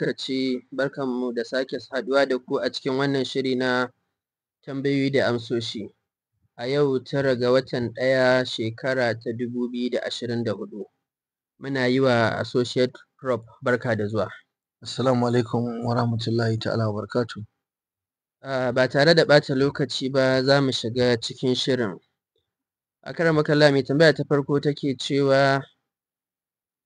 lokaci barkanmu da sake haɗuwa da ku a cikin wannan shiri na tambayoyi da amsoshi a yau tara ga watan ɗaya shekara ta dubu biyu da ashirin da hudu muna yi wa associate prof barka da zuwa assalamu alaikum wa rahmatullahi ta'ala wa barkatu ba tare da ɓata lokaci ba za mu shiga cikin shirin a karan makalla mai tambaya ta farko take cewa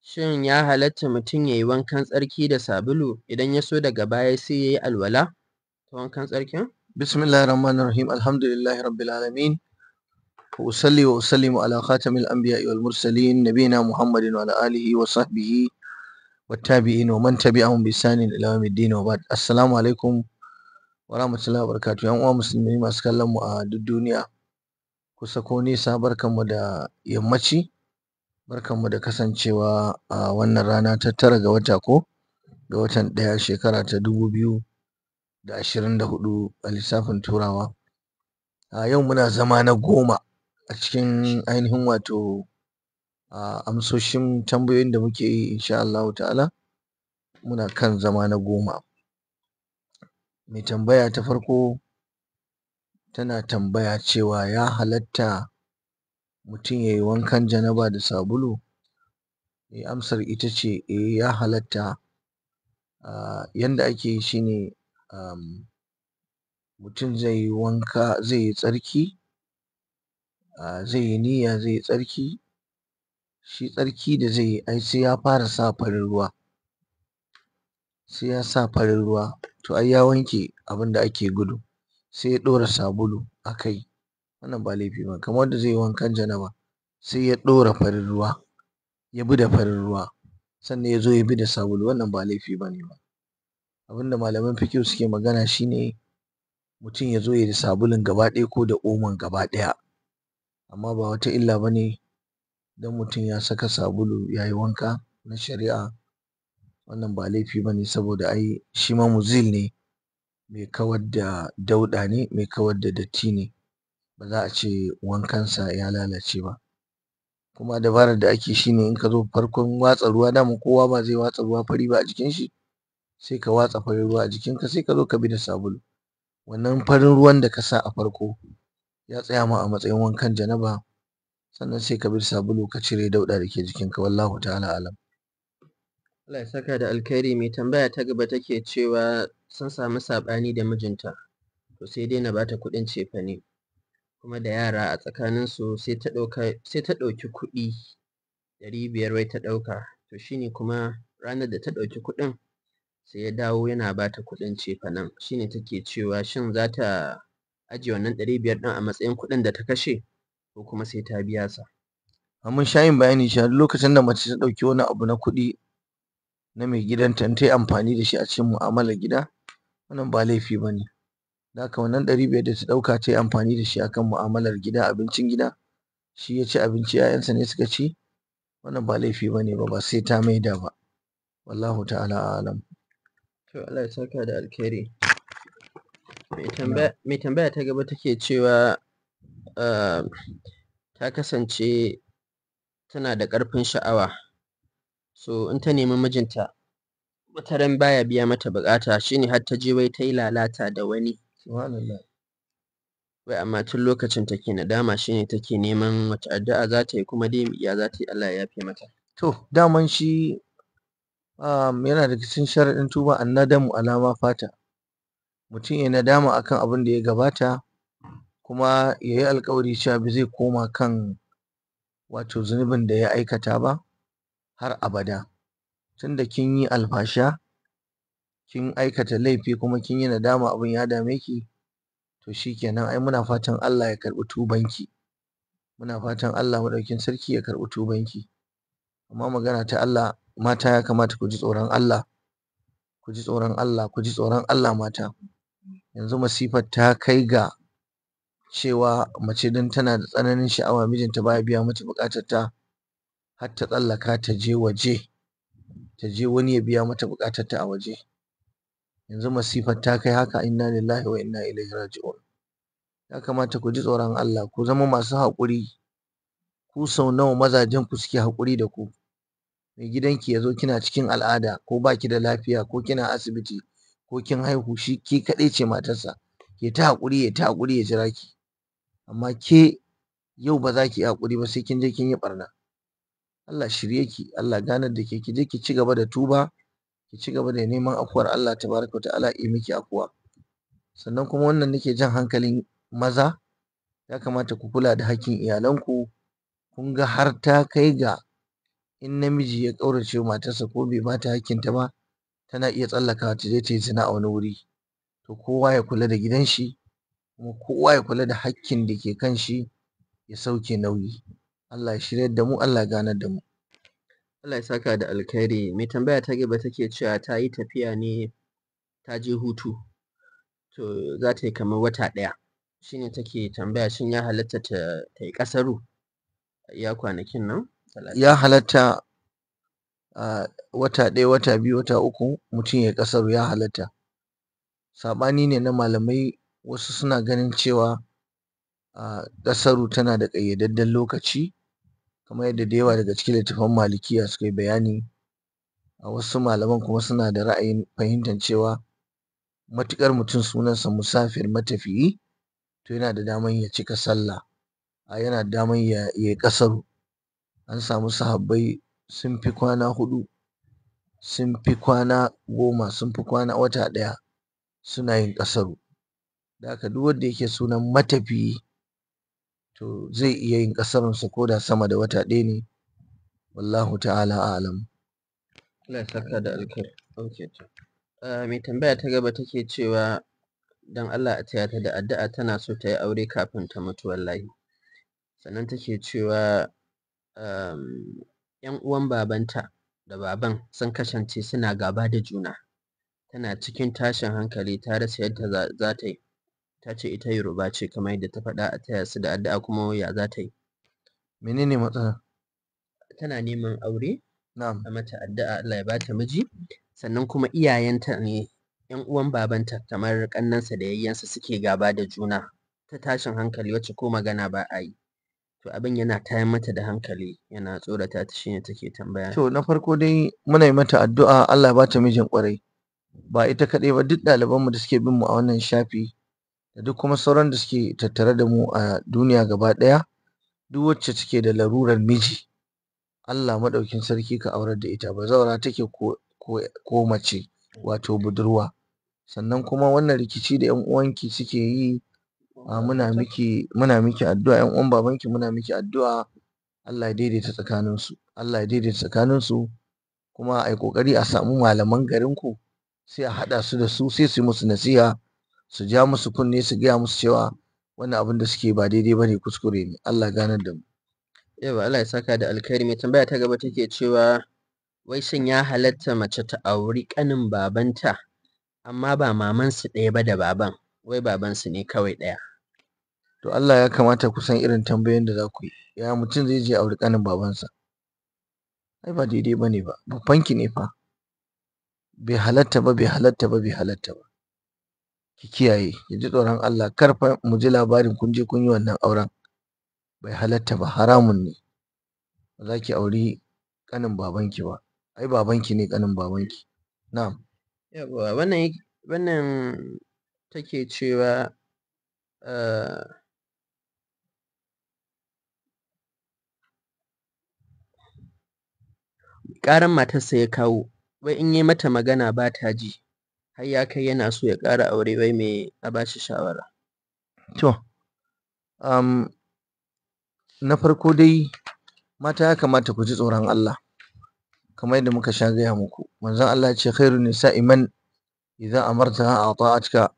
shin ya halatta mutum ya yi wankan tsarki da sabulu idan ya so daga baya sai ya yi alwala ta wankan tsarkin? Bismillahir Rahmanir Rahim Alhamdulillahi Rabbil Alamin wa usalli wa usallimu ala khatamil anbiya wal mursalin Nabina Muhammadin wa ala alihi wa sahbihi wa tabi'in wa man tabi'ahum bi ihsanin ila yawmiddin wa ba'd. Assalamu alaikum wa rahmatullahi wa barakatuh. Yan uwa musulmi masu kallon mu a duk duniya kusa ko nisa barkanmu da yammaci Barkanmu da kasancewa a wannan rana ta tara ga wata ko ga watan ɗaya shekara ta dubu biyu da ashirin da huɗu a lissafin Turawa. A yau muna zama na goma a cikin ainihin wato a amsoshin tambayoyin da muke yi in Allahu ta'ala. Muna kan zama na goma. Mai tambaya ta farko tana tambaya cewa ya halatta mutum yayi wankan janaba da sabulu? Eh amsar ita ce e ya halatta um yanda ake yi shi ne um mutum zai yi wanka zai yi tsarki um zai yi niyya zai yi tsarki shi tsarki da zai yi ai sai ya fara sa farin ruwa sai ya sa farin ruwa to ai ya wanke abinda ake gudu sai ya ɗora sabulu a kai wannan ba laifi kamar yadda zai yi wankan janaba sai ya ɗora farin ruwa ya bi da farin ruwa sannan ya zo ya bi da sabulu wannan ba laifi ba ne ba Abin da malaman fiqihu suke magana shi ne mutum ya zo ya da sabulun gaba ɗaya ko da omon gaba ɗaya amma ba wata illa ba ne idan mutum ya saka sabulu ya yi wanka na shari'a wannan ba laifi ba ne saboda ai shi ma muzil ne mai kawar da dauɗa ne mai kawar da datti ne ba za a ce wankansa ya lalace ba kuma dabarar da ake shi ne in ka zo farkon watsa ruwa dama kowa ba zai watsa ruwa fari ba a jikin shi sai ka watsa farin ruwa a jikinka sai ka zo ka bi da sabulu wannan farin ruwan da ka sa a farko ya tsaya ma a matsayin wankan janaba sannan sai ka bi da sabulu ka cire dauɗa da ke jikin ka wallahu ta'ala alam Allah ya saka da alkhairi mai tambaya ta gaba take cewa sun samu saɓani da mijinta to sai dai na bata kuɗin cefane kuma da yara a tsakaninsu sai ta sai ta ɗauki kuɗi ɗari biyar wai ta ɗauka to shine kuma ranar da ta ɗauki kuɗin sai ya dawo yana ba ta kuɗin cefanen shine take cewa shin za ta ajiye wannan ɗari biyar ɗin a matsayin kuɗin da ta kashe ko kuma sai ta biya sa mun shayin yin bayani cewa duk lokacin da mace ta ɗauki wani abu na kuɗi na mai gidanta in ta yi amfani da shi a cikin mu'amalar gida wannan ba laifi ba ne da haka wannan ɗari biyar da ta ɗauka ta yi amfani da shi akan mu'amalar gida abincin gida shi ya ci abinci ‘ya'yansa ne suka ci wannan ba laifi ba ne ba ba sai ta maida ba wallahu ta'ala a'lam to Allah ya saka da alkhairi mai tambaya ta gaba take cewa ah, ta kasance tana da ƙarfin sha'awa so in ta nemi mijinta wataran baya biya mata buƙata shine har ta je wai ta lalata da wani wai amma tun lokacin take nadama ne take neman wace addu'a za ta yi kuma dai ya za ta yi Allah ya yafe mata to daman shi um, yana daga cikin sharaɗin tuba annadamu ala ma fata mutum ya nadama akan abin da ya gabata kuma ya yi alƙawari cewa ba zai koma kan wato zunubin da ya aikata ba har abada tunda kin yi alfasha kin aikata laifi kuma kin yi nadama abun ya dame ki to shikenan ai muna fatan Allah ya karɓi tubanki muna fatan Allah maɗaukin sarki ya karɓi tubanki amma magana ta Allah mata ya kamata ku ji tsoron Allah ku ji tsoron Allah ku ji tsoron Allah mata yanzu masifar ta kai ga cewa mace don tana da tsananin sha'awa mijinta baya biya mata buƙatar ta har ta tsallaka ta je waje ta je wani ya biya mata buƙatar ta a waje yanzu masifar ta kai haka inna lillahi wa inna ilaihi raji'un ya kamata ku ji tsoron Allah ku zama masu haƙuri ku sau nawa mazajen ku suke haƙuri da ku mai gidanki ya zo kina cikin al'ada ko baki da lafiya ko kina asibiti ko kin haihu shi ke kaɗai ce matarsa ke ta haƙuri ya ta haƙuri ya jira ki amma ke yau ba za ki yi haƙuri ba sai kin je kin yi ɓarna Allah shirye ki Allah ganar da ke ki je ki ci gaba da tuba ki ci gaba da neman akuwar Allah tabaraka ta'ala yi miki afuwa sannan kuma wannan nake jan hankalin maza ya kamata ku kula da hakkin iyalanku kun ga har ta kai ga in namiji ya ƙaurace matarsa ko bai bata hakkin ta ba tana iya tsallakawa ta je ta yi zina a wani wuri to kowa ya kula da gidan shi kuma kowa ya kula da hakkin da ke kan shi ya sauke nauyi Allah ya shiryar da mu Allah ya ganar da mu Allah ya saka da alkhairi. Mai tambaya ta gaba take cewa ta yi tafiya ne ta je hutu. To za ta yi kamar wata ɗaya. Shi ne take tambaya shin ya halatta ta yi ƙasaru Ya kwanakin nan? Ya halatta wata ɗaya, wata biyu, wata uku mutum ya yi ƙasaru ya halatta. Saɓani ne na malamai wasu suna ganin cewa ƙasaru tana da ƙayyadadden lokaci. kamar yadda da yawa daga cikin littattafan malikiya sukai bayani a wasu malaman kuma suna da ra'ayin fahimtar cewa matuƙar mutum sunansa musafir matafiyi to yana da daman ya cika sallah a yana da daman ya yi ƙasaru an samu sahabbai sun fi kwana huɗu sun fi kwana goma sun fi kwana wata ɗaya suna yin ƙasaru don haka duk wanda yake sunan matafiyi to zai iya yin ƙasarsa ko da sama da wata ɗaya ne wallahu ta'ala a'lam Allah saka da to mai tambaya ta gaba take cewa don Allah a taya ta da addu'a tana so ta yi aure kafin ta mutu wallahi sannan take cewa yan uwan babanta da baban sun kasance suna gaba da juna tana cikin tashin hankali ta rasa yadda za ta yi ta ce ita Yoruba ce kamar yadda ta faɗa a taya su da addu'a kuma ya za ta yi. Menene matsalar? Tana neman aure. A mata addu'a Allah ya bata miji. Sannan kuma iyayenta ne ‘yan uwan babanta kamar ƙannensa da yayyansa suke gaba da juna ta tashin hankali wacce ko magana ba a yi. To abin yana tayar mata da hankali yana tsorata ta ne take tambaya. To na farko dai muna yi mata addu'a Allah ya bata mijin ƙwarai. Ba ita kaɗai ba duk ɗalibanmu da suke bin mu a wannan shafi da duk kuma sauran da suke tattare da mu a duniya gaba ɗaya duk wacce take da larurar miji Allah maɗaukin sarki ka aurar da ita zaura take ko mace wato budurwa sannan kuma wannan rikici da 'yan uwanki suke yi muna miki muna miki addu'a 'yan uwan babanki muna miki addu'a Allah ya daidaita tsakaninsu Allah ya daidaita tsakaninsu kuma ai ƙoƙari a samu malaman garinku sai a haɗa su da su sai su yi musu nasiha su ja musu kunne su gaya musu cewa wannan abin da suke ba daidai bane kuskure ne Allah ganar da mu yawa Allah ya saka da alkhairi mai tambaya ta gaba take cewa wai shin ya halatta mace ta auri kanin babanta amma ba maman su ɗaya ba da baban wai baban su ne kawai ɗaya to Allah ya kamata ku san irin tambayoyin da za ku yi ya mutum zai je auri kanin babansa ai ba daidai bane ba babbanki ne fa bai halatta ba bai halatta ba bai halatta ba ki kiyaye ki ji tsoron Allah kar fa mu ji labarin kun je kun yi wannan auren bai halatta ba haramun ne ba za ki auri kanin babanki ba ai babanki ne kanin babanki na'am yawa wannan wannan take cewa eh, ƙaran matarsa ya kawo wai in yi mata magana ba ta ji har ya kai yana so ya ƙara aure wai me a ba shi shawara? To, um, na farko dai mata ya kamata ku ji tsoron Allah kamar yadda muka sha gaya muku manzon Allah ya ce khairu iman man idza amartaha ata'atka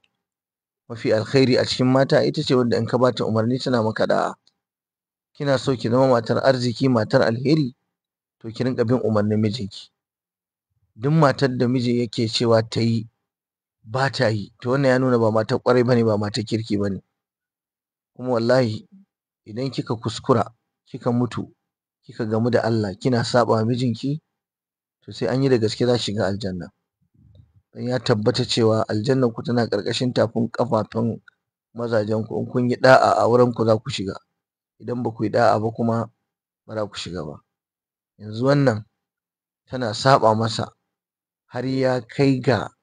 mafi alkhairi a cikin mata ita ce wanda in ka bata umarni tana maka da'a kina so ki zama matar arziki matar alheri to ki rinka bin umarnin mijinki duk matar da miji yake cewa ta yi ba ta yi to wannan ya nuna ba mata kwarai bane ba mata kirki bane kuma wallahi idan kika kuskura kika mutu kika gamu da Allah kina saɓawa mijinki to sai an yi da gaske za shiga aljanna dan ya tabbata cewa aljannar ku tana karkashin tafin kafafun mazajen ku in kun yi ɗa'a a wurin ku za ku shiga idan ba ku yi ɗa'a ba kuma ba za ku shiga ba yanzu wannan tana saɓa masa har ya kai ga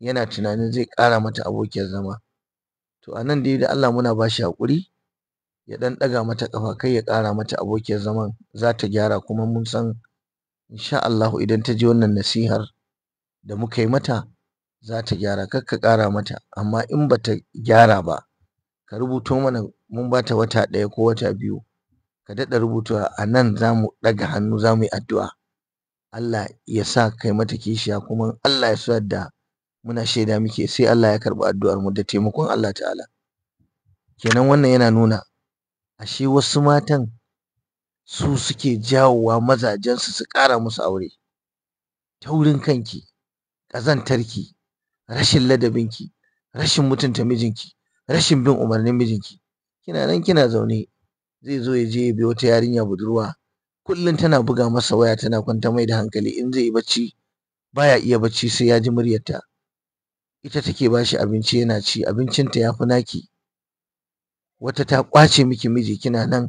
yana tunanin zai ƙara mata abokiyar zama to a nan dai da Allah muna ba shi haƙuri ya ɗan ɗaga mata ƙafa kai ya ƙara mata abokiyar zaman za ta gyara kuma mun san insha Allahu idan ta ji wannan nasihar da muka yi mata za ta gyara kar ka ƙara mata amma in ba ta gyara ba ka rubuto mana mun ba ta wata ɗaya ko wata biyu ka daɗa rubutuwa a nan za mu ɗaga hannu za mu yi addu'a Allah ya sa kai mata kishiya kuma Allah ya so yadda muna shaida muke sai Allah ya karɓi addu'ar mu da taimakon Allah ta'ala kenan wannan yana nuna ashe wasu matan su suke jawowa mazajensu su ƙara musu aure taurin kanki ƙazantarki rashin ladabinki rashin mutunta mijinki rashin bin umarnin mijinki kina nan kina zaune zai zo ya je ya bi wata yarinya budurwa kullum tana buga masa waya tana kwanta mai da hankali in zai yi bacci baya iya bacci sai ya ji muryarta ita take ba shi abinci yana ci abincinta ya fi naki wata ta ƙwace miki miji kina nan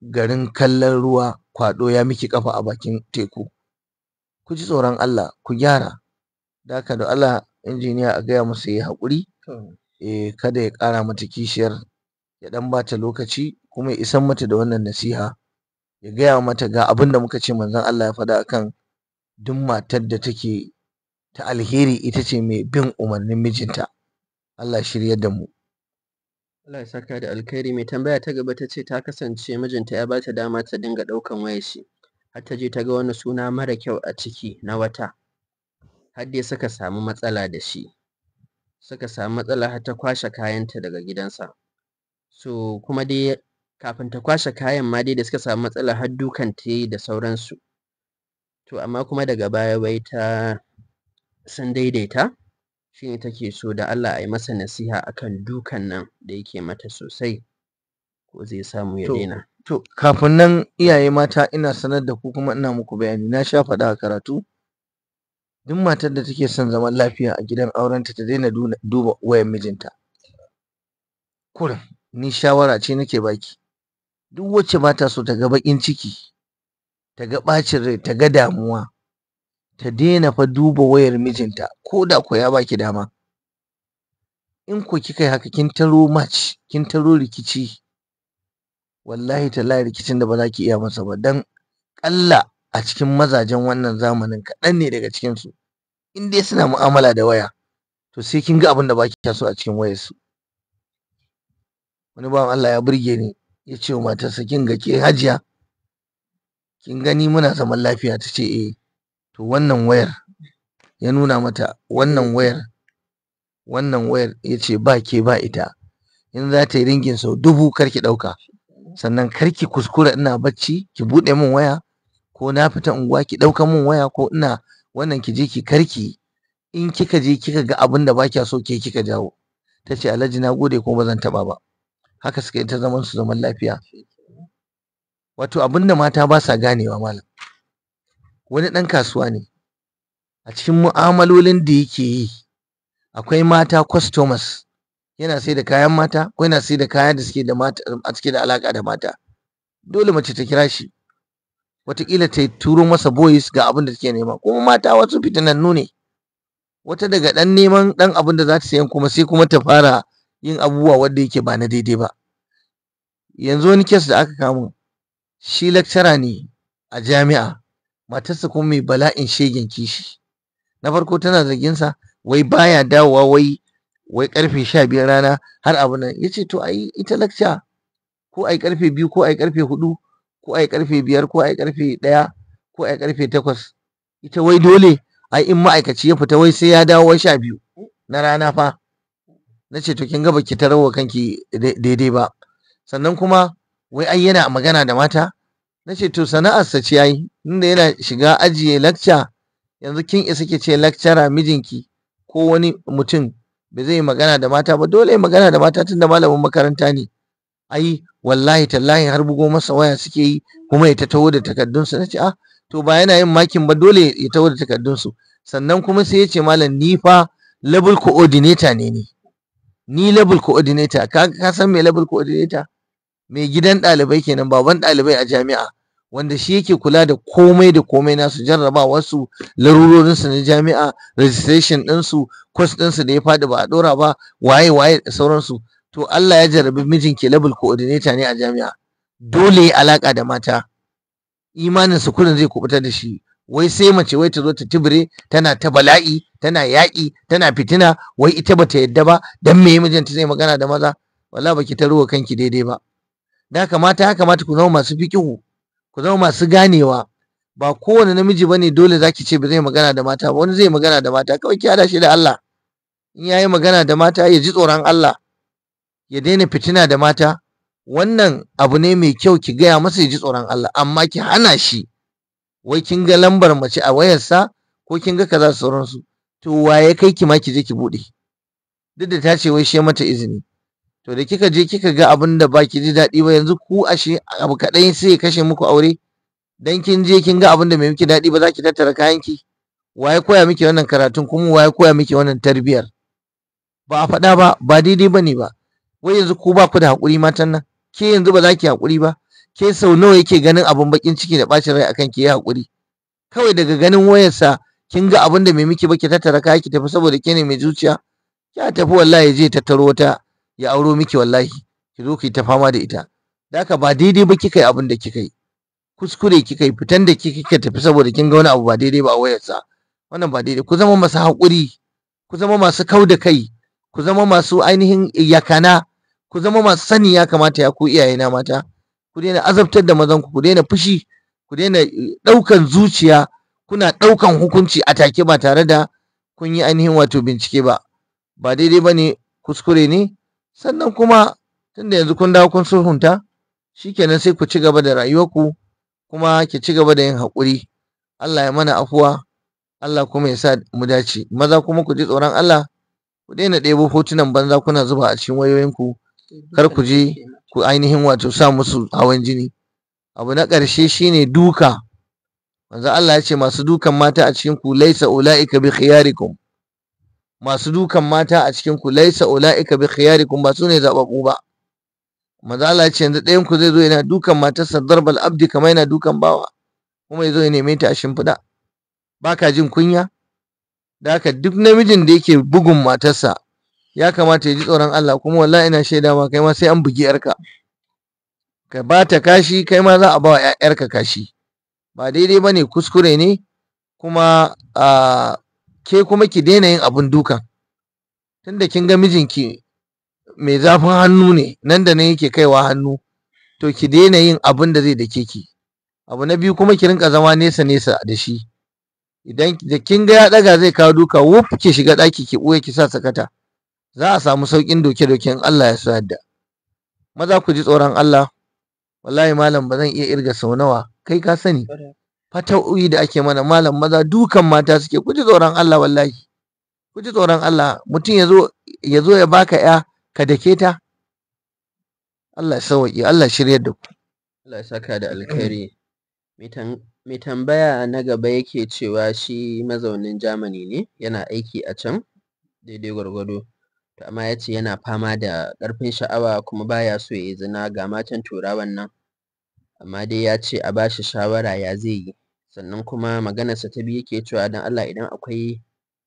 garin kallon ruwa kwaɗo ya miki ƙafa a bakin teku ku ji tsoron Allah ku gyara da haka da Allah injiniya a gaya masa ya hakuri? eh kada ya ƙara mata kishiyar ya ɗan ba ta lokaci kuma ya isan mata da wannan nasiha ya gaya mata ga abinda muka ce manzon Allah ya faɗa akan duk matar da take ta alheri ita ce mai bin umarnin mijinta. Allah shirya da mu. Allah saka da alkhairi mai tambaya ta gaba ta ce ta kasance mijinta ya bata dama ta dinga ɗaukan wayar shi har ta je ta ga wani suna mara kyau a ciki na wata har dai suka samu matsala da shi suka samu matsala har ta kwashe kayanta daga gidansa so kuma dai kafin ta kwashe kayan ma dai da suka samu matsala har dukan ta yi da sauransu to amma kuma daga baya wai ta sun daidaita shi ne take so da Allah a yi masa nasiha akan dukan nan da yake mata sosai ko zai samu ya daina. To, kafin nan iyaye mata ina sanar da ku kuma ina muku bayani na sha faɗa a karatu duk matar da take son zaman lafiya a gidan aurenta ta daina duba wayan mijinta. Kura, ni shawara ce nake baki duk wacce ba so ta ga baƙin ciki ta ga ɓacin rai ta ga damuwa ta daina fa duba wayar mijinta ko da ko ya baki dama in ko kika yi haka kin taro match kin taro rikici wallahi tallahi rikicin da ba za ki iya masa ba dan kalla a cikin mazajen wannan zamanin kaɗan ne daga cikin su in dai suna mu'amala da waya to sai kin ga abin da baki so a cikin wayar su wani bawan Allah ya burge ni ya ce wa matarsa kin ga ke hajiya kin gani muna zaman lafiya ta ce eh to wannan wayar ya nuna mata wannan wayar wannan wayar ya ce ba ke ba ita in za ta yi ringin sau dubu karki ɗauka sannan karki kuskura ina bacci ki buɗe min waya ko na fita unguwa ki ɗauka min waya ko ina wannan ki je ki karki in kika je kika ga abin da kya so ke kika jawo ta ce alhaji na gode ko ba zan taɓa ba haka suka yi ta zaman su zaman lafiya wato abin da mata ba sa ganewa malam wani ɗan kasuwa ne a cikin mu'amalolin da yake yi akwai mata customers yana sai da kayan mata ko yana sai da kaya da suke da mata a cike da alaka da mata dole mace ta kira shi wataƙila ta turo masa boys ga abin da take nema kuma mata wasu fitanannu ne wata daga ɗan neman ɗan abin da za ta sayan kuma sai kuma ta fara yin abubuwa wanda yake ba na daidai ba yanzu wani kes da aka kamu shi lecturer ne a jami'a matarsa kuma mai bala'in shegen kishi na farko tana zargin sa wai baya dawowa wai wai karfe sha biyar rana har abu nan ya ce to ai ita lacca. ko ai karfe biyu ko ai karfe hudu ko ai karfe biyar ko ai karfe ɗaya ko ai karfe takwas ita wai dole ai in ma'aikaci ya fita wai sai ya dawo wai sha biyu na rana fa na ce to kin ga baki tarawa kanki daidai ba sannan kuma wai ai yana magana da mata na ce to sana'arsa ce yayi inda yana shiga ajiye lakca yanzu kin isa ke ce lakcara mijinki ko wani mutum ba zai magana da mata ba dole magana da mata tunda malamin makaranta ne ai wallahi tallahi har bugo masa waya suke yi kuma ya taho da takardunsu na ce ah to ba yana yin makin ba dole ya taho da takardunsu sannan kuma sai ya ce malam ni fa level coordinator ne ni ni level coordinator ka, ka san me level coordinator mai gidan ɗalibai kenan baban ɗalibai a jami'a wanda shi yake kula da komai da komai nasu wasu larurorinsu na jami'a registration ɗinsu kwas ɗinsu da ya faɗi ba a ɗora ba waye waye da sauransu to Allah ya jarrabi mijin ke level coordinator ne a jami'a dole ya alaka da mata imanin su kurin zai kubuta da shi wai sai mace wai ta zo ta tibire tana ta bala'i tana yaƙi tana fitina wai ita bata yadda ba dan me mijinta zai magana da maza wala baki ta ruwa kanki daidai ba da kamata ya kamata ku zama masu fikihu ku zama masu ganewa ba kowane namiji bane dole zaki ce ba zai magana da mata ba wani zai magana da mata kawai ki hada shi da Allah in yayi magana da mata ya ji tsoron Allah ya daina fitina da mata wannan abu ne mai kyau ki gaya masa ya ji tsoron Allah amma ki hana shi wai kin ga lambar mace a wayarsa ko kin ga kaza sauransu to waye kai ki ma ki je ki bude duk da ta ce wai she mata izini to da kika je kika ga abin da baki ji daɗi ba yanzu ku ashe abu kaɗai sai ya kashe muku aure dan kin je kin ga abin da mai miki daɗi ba za ki tattara kayanki waye koya miki wannan karatun kuma waye koya miki wannan tarbiyar ba a faɗa ba ba daidai ba ne ba wai yanzu ku ba ku da haƙuri matan nan ke yanzu ba za ki haƙuri ba ke sau nawa yake ganin abin bakin ciki da ɓacin rai akan ki yi haƙuri kawai daga ganin wayarsa kin ga abin da mai miki ba ki tattara kaya ki tafi saboda ke ne mai zuciya ya tafi wallahi je tattaro wata ya auro miki wallahi ki zo ki ta fama da ita daka ba daidai ba kika yi abin da kika yi kuskure kika yi fitan da kika tafi saboda kin ga wani abu ba daidai ba a wayarsa wannan ba daidai ku zama masu haƙuri ku zama masu kau da kai ku zama masu ainihin yakana ku zama masu sani ya kamata ya ku iyayena mata ku daina azabtar da mazan ku ku daina fushi ku daina ɗaukan zuciya kuna ɗaukan hukunci a take ba tare da kun yi ainihin wato bincike ba ba daidai ba ne kuskure ne sannan kuma tunda yanzu kun dawo kun sulhunta kenan sai ku ci gaba da rayuwarku kuma ki ci gaba da yin haƙuri Allah ya mana afuwa Allah kuma ya sa mu dace maza kuma ku ji tsoron Allah ku daina ɗebo hotunan banza kuna zuba a cikin wayoyinku kar ku je ku ainihin wato sa musu hawan jini abu na ƙarshe shine duka manzo Allah ya ce masu dukan mata a cikin ku laisa ulaika bi khiyarikum masu dukan mata a cikin ku laisa ulaika bi khiyarikum ba sune zababu ba Maza Allah ce yanzu ɗayan ku zai zo yana dukan matarsa darbal abdi kama yana dukan bawa kuma ya zo ya neme ta a shimfiɗa baka jin kunya da haka duk namijin da yake bugun matarsa ya kamata ya ji tsoron Allah kuma wallahi ina shaida ma kai ma sai an bugi yarka ka ba ta kashi kai ma za a bawa yarka kashi ba daidai bane kuskure ne kuma a ah, ke kuma ki daina yin abin duka. tunda kin ga mijinki mai zafin hannu ne nan da nan yake kaiwa hannu to ki daina yin abin da zai dake ki abu na biyu kuma ki rinka zama nesa nesa da shi idan da kin ga ya daga zai kawo duka wuf ki shiga daki ki buye ki sa sakata za a samu saukin doke doken Allah ya sa da maza ku ji tsoron Allah wallahi malam ba zan iya irga sau nawa kai ka sani fata'u'i da ake mana malam maza dukan mata suke ku ji tsoron Allah wallahi ku ji tsoron Allah mutum ya zo ya baka ya ka dake ta Allah ya sauki Allah shiryar da ku Allah ya saka da alkhairi mai tambaya na gaba yake cewa shi mazaunin Germany ne yana aiki a can daidai gwargwado to amma ya ce yana fama da ƙarfin sha'awa kuma baya so ya yi zina ga matan turawan nan amma dai ya ce a bashi shawara ya zai yi sannan kuma maganarsa ta biyu yake cewa don Allah idan akwai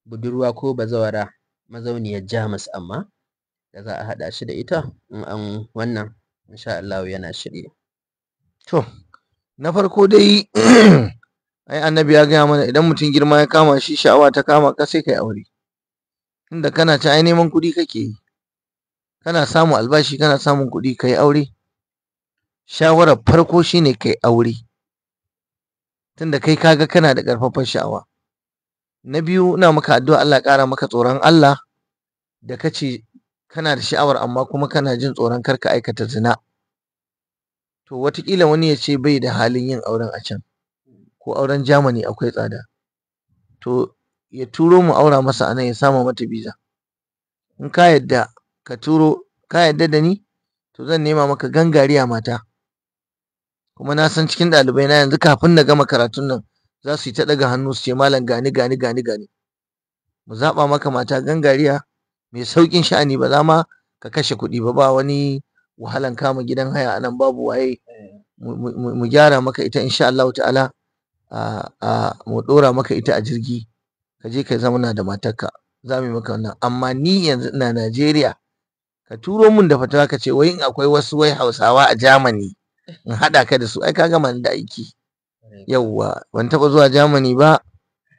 budurwa ko bazawara mazauniyar Jamus amma da za a haɗa shi da ita in an wannan insha Allah yana shirye. To na farko dai ai annabi ya gaya mana idan mutum girma ya kama shi sha'awa ta kama ka sai kai aure inda kana ta ai neman kuɗi kake yi kana samun albashi kana samun kuɗi kai aure shawarar farko shine kai aure tunda kai kaga kana da ƙarfafar sha'awa na biyu ina maka addu'a Allah ƙara maka tsoron Allah da kace kana da sha'awar amma kuma kana jin tsoron kar ka aikata zina to watakila wani ya ce bai da halin yin auren a can ko auren Germany akwai tsada to ya turo mu aura masa anan ya samu mata biza in ka yadda ka turo ka yadda da ni to zan nema maka gangariya mata kuma na san cikin ɗalibai na yanzu kafin na gama karatun nan za su yi ta ɗaga hannu su ce malam gani gani gani gani mu zaɓa maka mata gangariya mai sauƙin sha'ani ba za ma ka kashe kuɗi ba ba wani wahalan kama gidan haya nan babu waye mu gyara maka ita insha Allah ta'ala mu ɗora maka ita a jirgi ka je ka zamana da matarka za mu yi maka wannan amma ni yanzu ina Najeriya ka turo mun da fatawa ka ce wai in akwai wasu wai Hausawa a Germany in haɗa ka da su ai ka gama da aiki yawwa ban taɓa zuwa Germany ba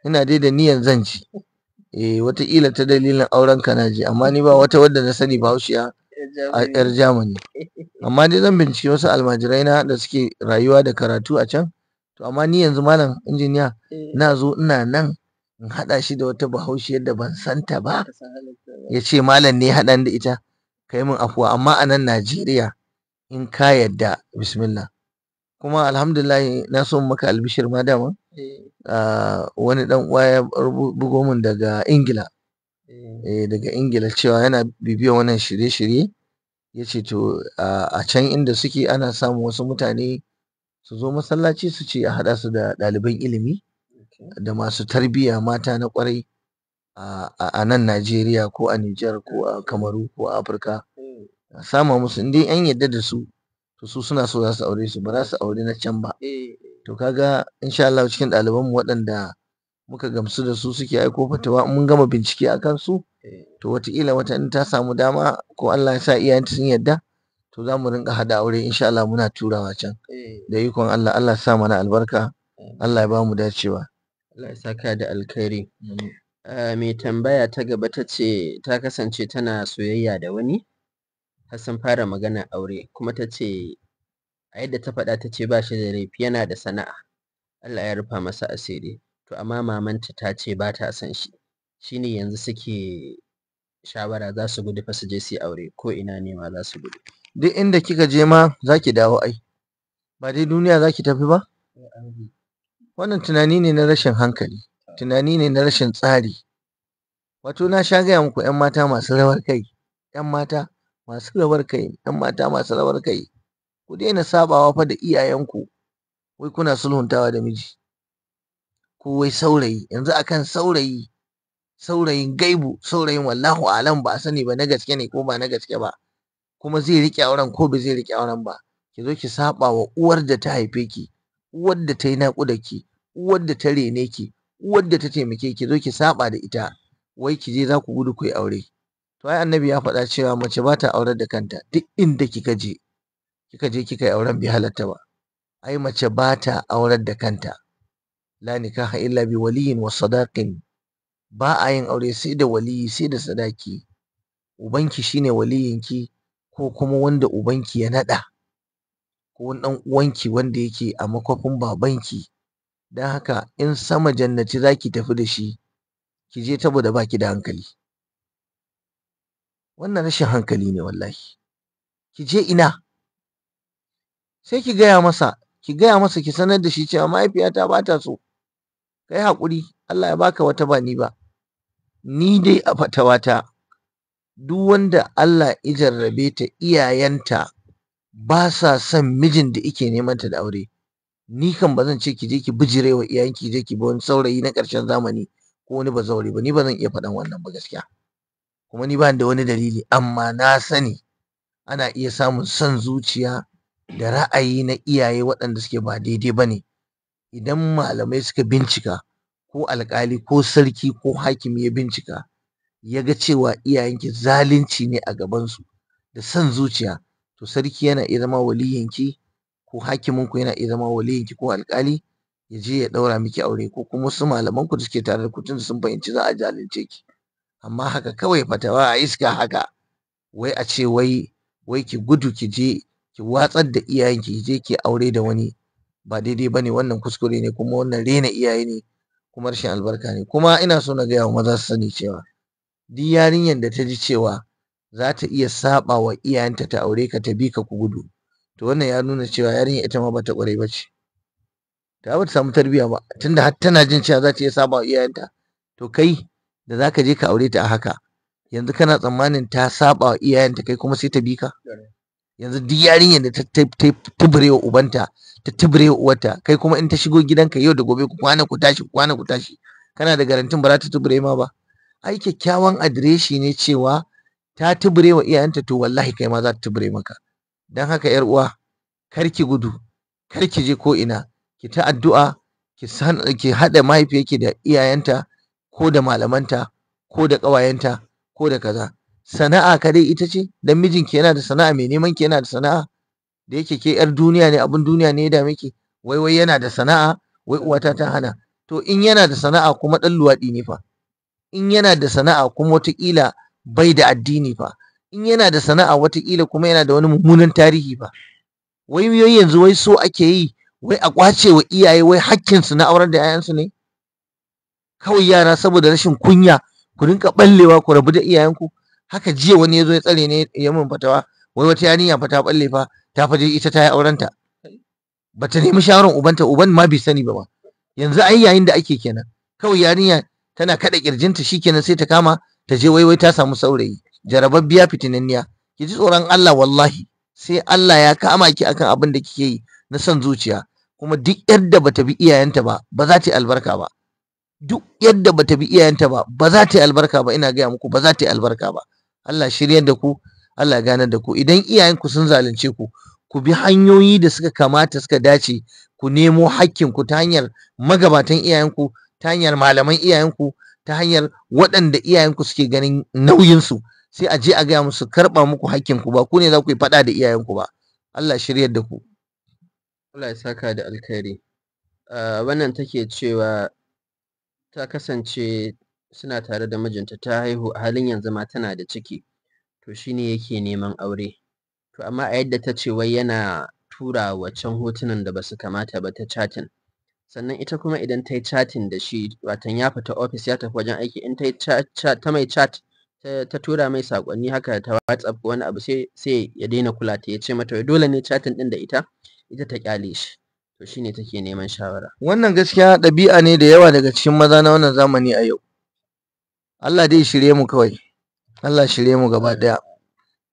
ina dai da niyan zan ci eh wataƙila ta dalilin auren ka na je. amma ni ba wata wadda na sani ba a yar Germany amma dai zan binciki wasu almajirai na da suke rayuwa da karatu a can to amma ni yanzu malam injiniya eh. na zo ina nan in haɗa shi da wata bahaushiyar da ban santa ba ya ce malam ne haɗan da ita kai min afuwa amma a nan Najeriya in ka yadda bismillah kuma alhamdulillah na so maka albishir ma dama eh. ah, wani dan uwa ya bugo min daga ingila eh. Eh, daga ingila cewa yana bibiya wannan shirye-shirye ya ce to a can inda suke ana samun wasu mutane su zo masallaci su ce a haɗa su da ɗaliban ilimi da masu tarbiyya mata na kwarai a nan najeriya ko a nijar ko a kamaru ko a afirka sama musu in dai an yadda da su to su suna so za su aure su ba za su aure na can ba eh, eh. to kaga insha Allah cikin ɗaliban mu waɗanda muka gamsu da su suke aiko fatawa mun gama bincike a kansu eh. to wataƙila wata in ta samu dama ko Allah ya sa iyayenta sun yadda to za mu rinka haɗa aure insha Allah muna turawa can da ikon Allah Allah sa mana albarka Allah ya ba mu dacewa Allah ya saka da alkhairi ah, mai tambaya ta gaba ta ce ta kasance tana soyayya da wani har sun fara magana aure kuma ta ce a yadda ta faɗa ta ce ba shi da laifi yana da sana'a Allah ya rufa masa asiri to amma mamanta ta ce ba ta san shi shine yanzu suke shawara za su gudu fa su je su yi aure ko ina ne ma za su gudu duk inda kika je ma za ki dawo ai ba dai duniya za ki tafi ba wannan tunani ne na rashin hankali tunani ne na rashin tsari wato na sha gaya muku 'yan mata masu rawar kai 'yan mata masu rawar kai ‘yan mata masu rawar kai ku daina saɓawa fa da iyayenku wai kuna sulhuntawa da miji ko wai saurayi yanzu akan saurayi saurayin gaibu saurayin wallahu alam ba a sani ba na gaske ne ko ba na gaske ba kuma zai riƙe auren ko ba zai riƙe auren ba ki zo ki saɓa wa uwar da ta haife ki uwar da ta yi naƙuda ki uwar da ta rene ki uwar da ta taimake ki zo ki saɓa da ita wai ki je za ku gudu ku yi aure to ai annabi ya faɗa cewa mace ba ta aurar da kanta duk inda kika je kika je kika yi auren bai halatta ba ai mace ba ta aurar da kanta la nikaha illa bi waliyin wa sadaqin ba a yin aure sai da waliyi sai da sadaki ubanki shine waliyinki ko kuma wanda ubanki ya naɗa ko wani ɗan uwanki wanda yake a makwafin babanki don haka in sama jannati za ki tafi da shi ki je saboda ba ki da hankali wannan rashin hankali ne wallahi ki je ina sai ki gaya masa ki gaya masa ki sanar da shi cewa mahaifiyata ba ta so kai haƙuri Allah ya baka wata ba ni ba ni dai a fatawata duk wanda Allah ya jarrabe ta iyayenta ba sa son mijin da ike neman ta da aure ni kan ba zan ce ki je ki bijire wa iyayenki je ki bi wani saurayi na ƙarshen zamani ko wani ba zaure ba ni ba zan iya faɗan wannan ba gaskiya kuma ni bani da wani dalili amma na sani ana iya samun son zuciya da ra'ayi na iyaye waɗanda suke ba daidai ba ne idan malamai suka bincika ko alƙali ko sarki ko hakimi ya bincika ya ga cewa iyayenki zalunci ne a gabansu da son zuciya to sarki yana iya zama waliyanki ko hakiminku yana iya zama waliyanki ko alƙali ya je ya ɗaura miki aure ko kuma wasu malamanku da suke tare da ku tunda sun fahimci za a zalunce ki amma haka kawai fatawa a iska haka wai a ce wai wai ki gudu ki je ki watsar da iyayen ki je ki aure da wani ba daidai bane wannan kuskure ne kuma wannan rena iyaye ne kuma rashin albarka ne kuma ina so na gaya wa maza su sani cewa duk yarinyar da ta ji cewa za ta iya saba wa iyayenta ta aure ka ta bi ka ku gudu to wannan ya nuna cewa yarinyar ita ma bata kware ba ce ta ba samu tarbiyya ba tunda har tana jin cewa za ta iya saba wa iyayenta to kai da zaka je ka aure ta a haka yanzu kana tsammanin ta saba wa iyayenta kai kuma sai ta bi ka yanzu duk yarinyar da ta tubure wa ubanta ta tubure wa uwarta kai kuma in ta shigo gidanka yau da gobe ku kwana ku tashi ku kwana ku tashi kana da garantin ba za ta tubure ma ba ai kyakkyawan adireshi ne cewa ta tubure wa iyayenta to wallahi kai ma za ta tubure maka dan haka yar uwa kar ki gudu kar ki je ko ina ki ta addu'a ki san ki hada mahaifiyarki da iyayenta ko da malamanta ko da ƙawayenta ko da kaza sana'a ka dai ita ce dan mijinki yana da sana'a mai neman ki yana da sana'a da yake ke yar duniya ne abin duniya ne ya dame ki wai wai yana da sana'a wai uwata ta hana to in yana da sana'a kuma dan luwaɗi ne fa in yana da sana'a kuma watakila bai da addini fa in yana da sana'a watakila kuma yana da wani mummunan tarihi fa wai yanzu wai so ake yi wai a kwace wa iyaye wai hakkinsu na aurar da 'ya'yansu ne kawai yara saboda rashin kunya ku rinka ballewa ku rabu da iyayenku haka jiya wani yazo ya tsare ne ya mun fatawa wai wata yarinya fa ta balle fa ta faje ita ta yi aurenta bata nemi shawaran ubanta uban ma bai sani ba ba. yanzu ai yayin da ake kenan kawai yarinya tana kada kirjinta shikenan sai ta kama ta je waiwai ta samu saurayi jarababbiya fitinanniya ki ji tsoron Allah wallahi sai Allah ya kama ki akan abin da kike yi na son zuciya kuma duk yadda bata bi iyayenta ba ba za ta yi albarka ba duk yadda bata bi iyayenta ba ba za ta yi albarka ba ina gaya muku ba za ta yi albarka ba Allah shiryar da ku Allah ganar da ku idan iyayenku sun zalunce ku ku bi hanyoyi da suka kamata suka dace ku nemo hakkinku ta hanyar magabatan iyayenku ta hanyar malaman iyayenku ta hanyar waɗanda iyayenku suke ganin nauyinsu sai a je a gaya musu karɓa muku hakkinku ba ku ne za ku yi faɗa da iyayenku ba Allah shiryar da ku Allah ya saka da alkhairi ah, wannan take cewa ta kasance suna tare da mijinta ta haihu a halin yanzu ma tana da ciki to shi ne yake neman aure to amma a yadda ta ce wai yana tura wa can hotunan da basu kamata ba ta chatting sannan ita kuma idan ta yi chatting da shi watan ya fita office ya tafi wajen aiki in ta yi ta mai chat ta tura mai sakonni haka ta WhatsApp wani abu sai ya daina kula ta ya ce mata dole ne chatting din da ita ita ta kyale shi to shine take neman shawara wannan gaskiya ɗabi'a ne da yawa daga cikin maza na wannan zamani a yau Allah dai shirye mu kawai Allah shirye mu gaba ɗaya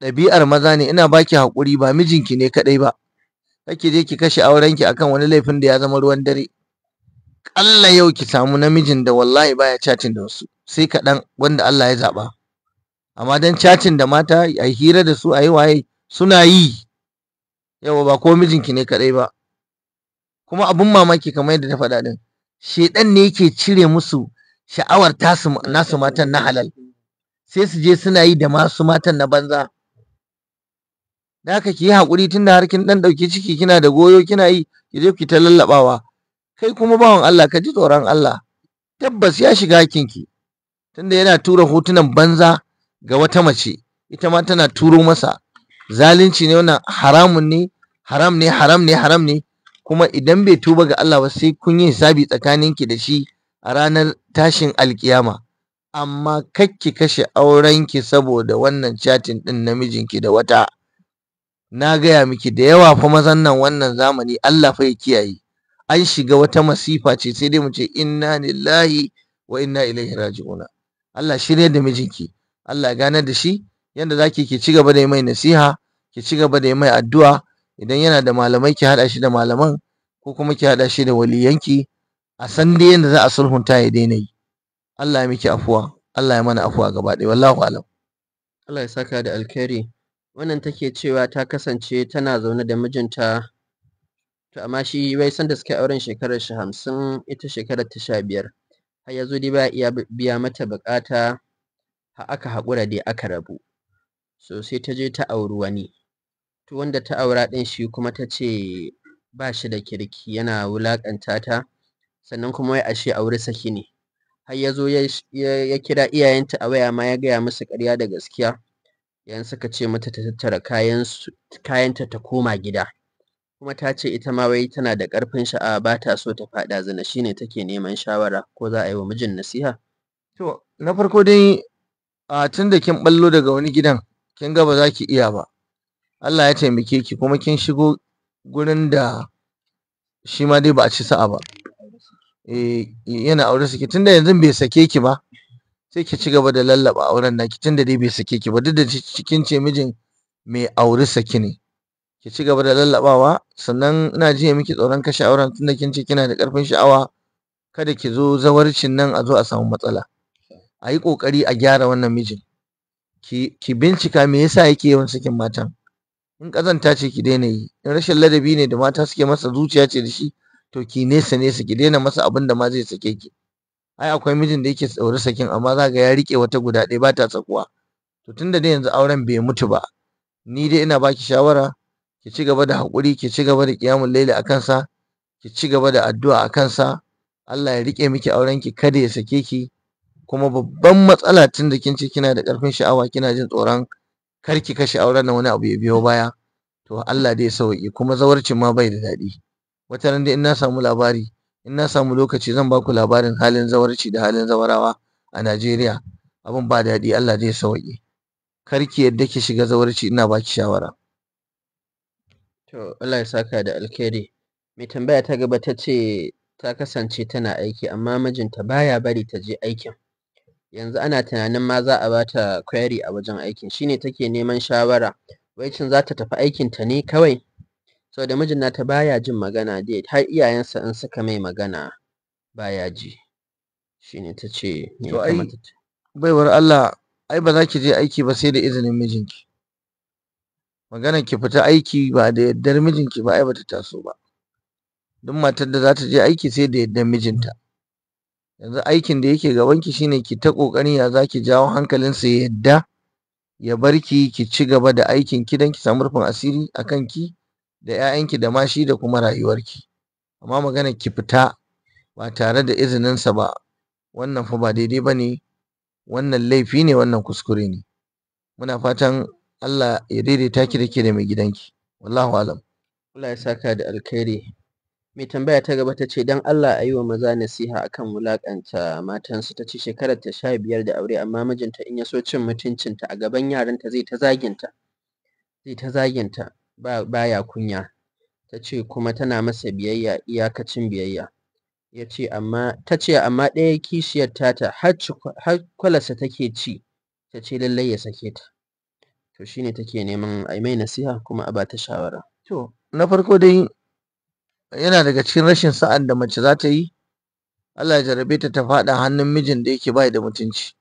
ɗabi'ar maza ne ina baki haƙuri ba mijinki ne kaɗai ba kake je ki kashe aurenki akan wani laifin da ya zama ruwan dare ƙalla yau ki samu namijin da wallahi baya cacin da wasu sai kaɗan wanda Allah ya zaɓa amma dan cacin da mata a hira da su a yi waye suna yi yawa ba ko mijinki ne kaɗai ba kuma abun mamaki kamar yadda ta faɗa din shedan ne yake cire musu sha'awar tasu nasu matan na halal sai su je suna yi da masu matan na banza da haka ki yi hakuri, tun da har kin ɗan ɗauki ciki kina da goyo kina yi ki je ki ta lallaɓawa kai kuma bawan Allah ka ji tsoron Allah tabbas ya shiga hakinki tunda yana tura hotunan banza ga wata mace ita ma tana turo masa zalunci ne wannan haramun ne haram ne haram ne haram ne kuma idan bai tuba ga Allah ba sai kun yi hisabi tsakaninki da shi a ranar tashin alkiyama amma kakki kashe aurenki saboda wannan chatin din namijinki da wata na gaya miki da yawa fa mazan nan wannan zamani Allah fa ya kiyaye an shiga wata masifa ce sai dai mu ce inna lillahi wa inna ilaihi raji'una Allah shirye da mijinki Allah ya ganar da shi yanda zaki ki ci gaba da yi mai nasiha ki ci gaba da yi mai addu'a idan yana da malamai ki haɗa shi da malaman ko kuma ki haɗa shi da waliyanki a san dai yadda za a sulhunta ya daina yi Allah ya miki afuwa Allah ya mana afuwa gaba ɗaya wallahu alam Allah ya saka da alkhairi wannan take cewa ta kasance tana zaune da mijinta to amma shi wai san da suka auren shekarar shi hamsin ita shekarar ta sha biyar har yazo dai ba iya biya mata bukata har aka haƙura dai aka rabu so sai ta je ta auri wani to wanda ta aura ɗin shi kuma ta ce ba shi da kirki yana wulaƙanta ta sannan kuma wai ashe aure saki ne har ya zo ya kira iyayenta a waya ma ya gaya musu ƙarya da gaskiya yan suka ce mata ta tattara kayanta ta koma gida kuma ta ce ita ma wai tana da ƙarfin sha'a ba ta so ta faɗa zina shi ne take neman shawara ko za a yi wa mijin nasiha to na farko dai a tun da kin ɓallo daga wani gidan kin ga ba za ki iya ba Allah ya taimake ki kuma kin shigo gurin da shi ma dai ba a ci sa'a ba eh yana aure saki tunda yanzu bai sake ki ba sai ki ci gaba da lallaba auren naki tunda dai bai sake ki ba duk da cikin ce mijin mai aure saki ne ki ci gaba da lallabawa sannan ina jiya miki tsoron kashe auren tunda kin ce kina da karfin sha'awa kada ki zo zawarcin nan a zo a samu matsala a yi kokari a gyara wannan mijin ki bincika me yasa yake yawan sakin matan in ƙazanta ce ki daina yi in rashin ladabi ne da mata suke masa zuciya ce da shi to ki nesa nesa ki daina masa abin da ma zai sake ki ai akwai mijin da yake tsauri sakin amma za ga ya rike wata guda ɗaya ba ta tsakuwa to tunda dai yanzu auren bai mutu ba ni dai ina baki shawara ki ci gaba da haƙuri ki ci gaba da ƙiyamun laili a kansa ki ci gaba da addu'a a kansa Allah ya rike miki auren ki kada ya sake ki kuma babban matsala tun da kin ce kina da ƙarfin sha'awa kina jin tsoron kar ki kashe auren nan wani abu ya biyo baya to Allah dai sauki kuma zawarcin ma bai da daɗi wata ran dai in na samu labari in na samu lokaci zan ba ku labarin halin zawarci da halin zawarawa a Najeriya abin ba daɗi Allah dai sauki kar ki yadda ki shiga zawarci ina baki shawara to Allah ya saka da alkhairi mai tambaya ta gaba ta ce ta kasance tana aiki amma mijinta baya bari ta je aikin yanzu ana tunanin ma za a ba ta query a wajen aikin shine take neman shawara wai cin za ta tafi aikin ta ne kawai sau da mijin nata baya jin magana dai har iyayensa in suka mai magana baya ji shine ta ce to ai baiwar Allah ai ba za ki je aiki ba sai da izinin mijinki magana ki fita aiki ba da yaddar mijinki ba ai ba ta taso ba duk matar da za ta je aiki sai da yaddar mijinta yanzu aikin da yake ki shine ki ta kokarin ya zaki jawo hankalinsa ya yadda ya barki ki ci gaba da aikin ki dan ki samu rufin asiri a ki da 'ya'yanki da ma shi da kuma rayuwarki amma magana ki fita ba tare da izininsa ba wannan fa ba daidai ba wannan laifi ne wannan kuskure ne muna fatan Allah ya daidaita ki da ke da mai gidanki wallahu alam Allah ya saka da alkhairi Mai tambaya ta gaba ta ce don Allah a yi wa maza nasiha akan wulaƙanta matansu ta ce shekarar ta sha biyar da aure amma mijinta in ya so cin mutuncinta a gaban yaranta zai ta zaginta zai ta zaginta baya kunya ta ce kuma tana masa biyayya iyakacin biyayya ya ce amma ta ce amma ɗaya kishiyar tata har kwalasa take ci ta ce lallai ya sake ta to shine take neman a mai nasiha kuma a ba ta shawara to na farko dai yana daga cikin rashin sa'an da mace za ta yi Allah ya jarabe ta ta faɗa hannun mijin da yake bai da mutunci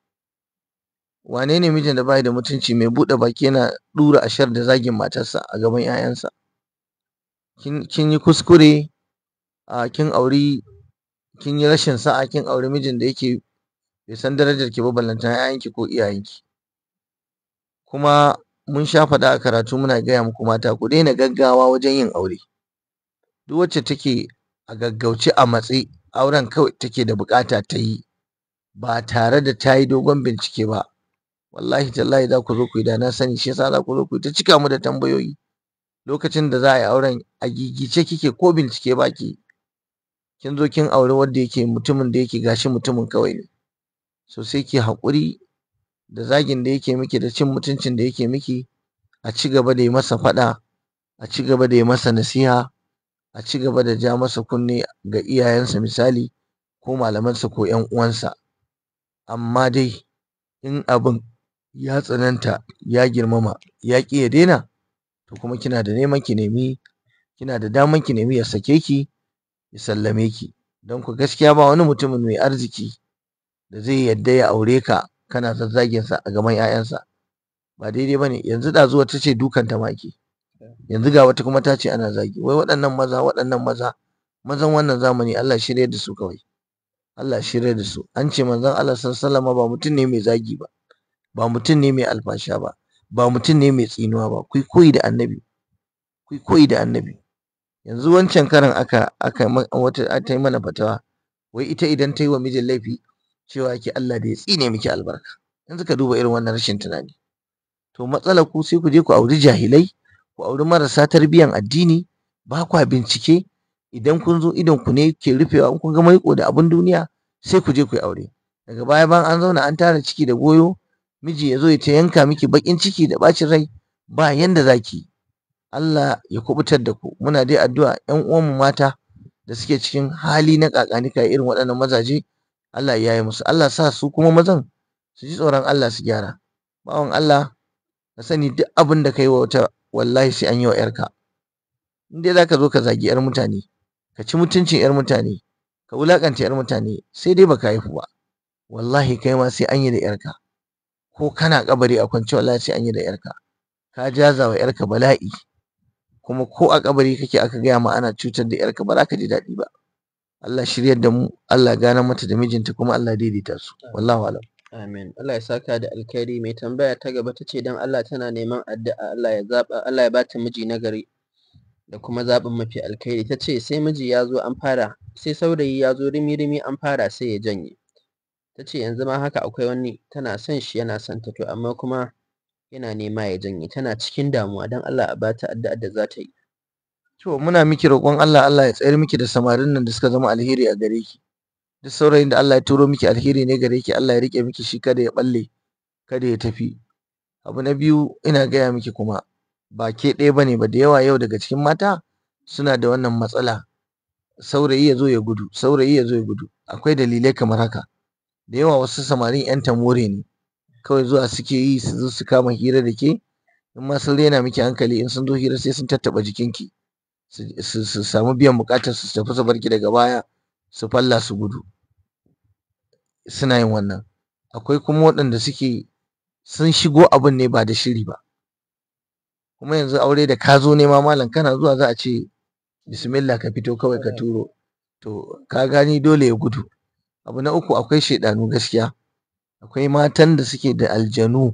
wane ne mijin da bai da mutunci mai buɗe baki yana ɗura ashar da zagin matarsa a gaban 'ya'yansa kin yi kuskure a kin auri kin yi rashin sa'a kin auri mijin da yake bai san darajar ki ba ballanta ƴaƴanki ko iyayenki kuma mun sha faɗa a karatu muna gaya muku mata ku daina gaggawa wajen yin aure duk wacce take a gaggauce a matse auren kawai take da bukata ta yi ba tare da ta yi dogon bincike ba wallahi tallahi za ku zo ku yi da na sani shi yasa za ku zo ku yi ta cika mu da tambayoyi lokacin da za a yi auren a gigice kike ko bincike ba ki kin zo kin aure wanda yake mutumin da yake gashi mutumin kawai ne so sai ki haƙuri da zagin da yake miki da cin mutuncin da yake miki a ci gaba da yi masa faɗa a ci gaba da yi masa nasiha a ci gaba da ja masa kunne ga iyayensa misali ko malamansa ko ‘yan uwansa amma dai in abin ya tsananta ya girmama ya ƙi ya daina to kuma kina da neman ki nemi kina da daman ki nemi ya sake ki ya sallame ki don ku gaskiya ba wani mutumin mai arziki da zai yadda ya aure ka kana zazzaginsa a gaban ‘ya'yansa ba daidai ba ne yanzu ɗazuwar ta ce dukanta ma ke. yanzu ga wata kuma ta ce ana zagi wai waɗannan maza waɗannan maza mazan wannan zamani Allah shirye da su kawai Allah shirye da su an ce manzon Allah sallallahu ba mutum ne mai zagi ba ba mutum ne mai alfasha ba ba mutum ne mai tsinuwa ba kui koyi da annabi kui koyi da annabi yanzu wancan karan aka aka wata ta yi mana fatawa wai ita idan ta yi wa mijin laifi cewa ki Allah da ya tsine miki albarka yanzu ka duba irin wannan rashin tunani to matsalar ku sai ku je ku auri jahilai ku auri marasa tarbiyyan addini ba kwa bincike idan kun zo idon ku ne ke rufewa in kun ga maiƙo da abin duniya sai ku je ku yi aure daga baya ban an zauna an tara ciki da goyo miji ya zo ya ta yanka miki bakin ciki da bacin rai ba yanda zaki Allah ya kubutar da ku muna dai addu'a ƴan uwanmu mata da suke cikin hali na kakanika irin waɗannan mazaje Allah ya yi musu Allah sa su kuma mazan su ji tsoron Allah su gyara bawan Allah ka sani duk abin da kai wa wata wallahi sai an yi wa yarka in dai ka zo ka zagi yar mutane ka ci mutuncin yar mutane ka wulaƙanta yar mutane sai dai baka haifu ba wallahi kai ma sai an yi da yarka ko kana ƙabari a kwance wallahi sai an yi da yarka ka jaza wa yarka bala'i kuma ko a ƙabari kake aka gaya ma ana cutar da yarka ba za ka ji daɗi ba Allah shiryar da mu Allah gana mata da mijinta kuma Allah daidaita su wallahu alam Amin. Allah ya saka da alkhairi mai tambaya ta gaba ta ce don Allah tana neman addu'a Allah ya zaba Allah ya bata miji nagari da kuma zaɓin mafi alkhairi ta ce sai miji ya zo an fara sai saurayi ya zo rimi-rimi an fara sai ya janye ta ce yanzu ma haka akwai wani tana son shi yana son ta to amma kuma yana nema ya janye tana cikin damuwa don Allah a bata addu'a da za ta yi. To muna miki roƙon Allah Allah ya tsayar miki da samarin nan da suka zama alheri a gare ki. duk saurayin da Allah ya turo miki alheri ne gare ki Allah ya rike miki shi kada ya balle kada ya tafi abu na biyu ina gaya miki kuma ba ke ɗaya bane ba da yawa yau daga cikin mata suna da wannan matsala saurayi ya zo ya gudu saurayi ya ya gudu akwai dalilai kamar haka da yawa wasu samarin yan tamore ne kawai zuwa suke yi su zo su kama hira da ke in ma sun rena miki hankali in sun zo hira sai sun tattaɓa jikinki su samu biyan bukatar su tafi su barki daga baya su falla su gudu suna yin wannan akwai kuma waɗanda suke sun shigo abin ne ba da shiri ba kuma yanzu aure da ka zo nema malam kana zuwa za a ce bismillah ka fito kawai ka turo to ka gani dole ya gudu abu na uku akwai shaidanu gaskiya akwai matan da suke da aljanu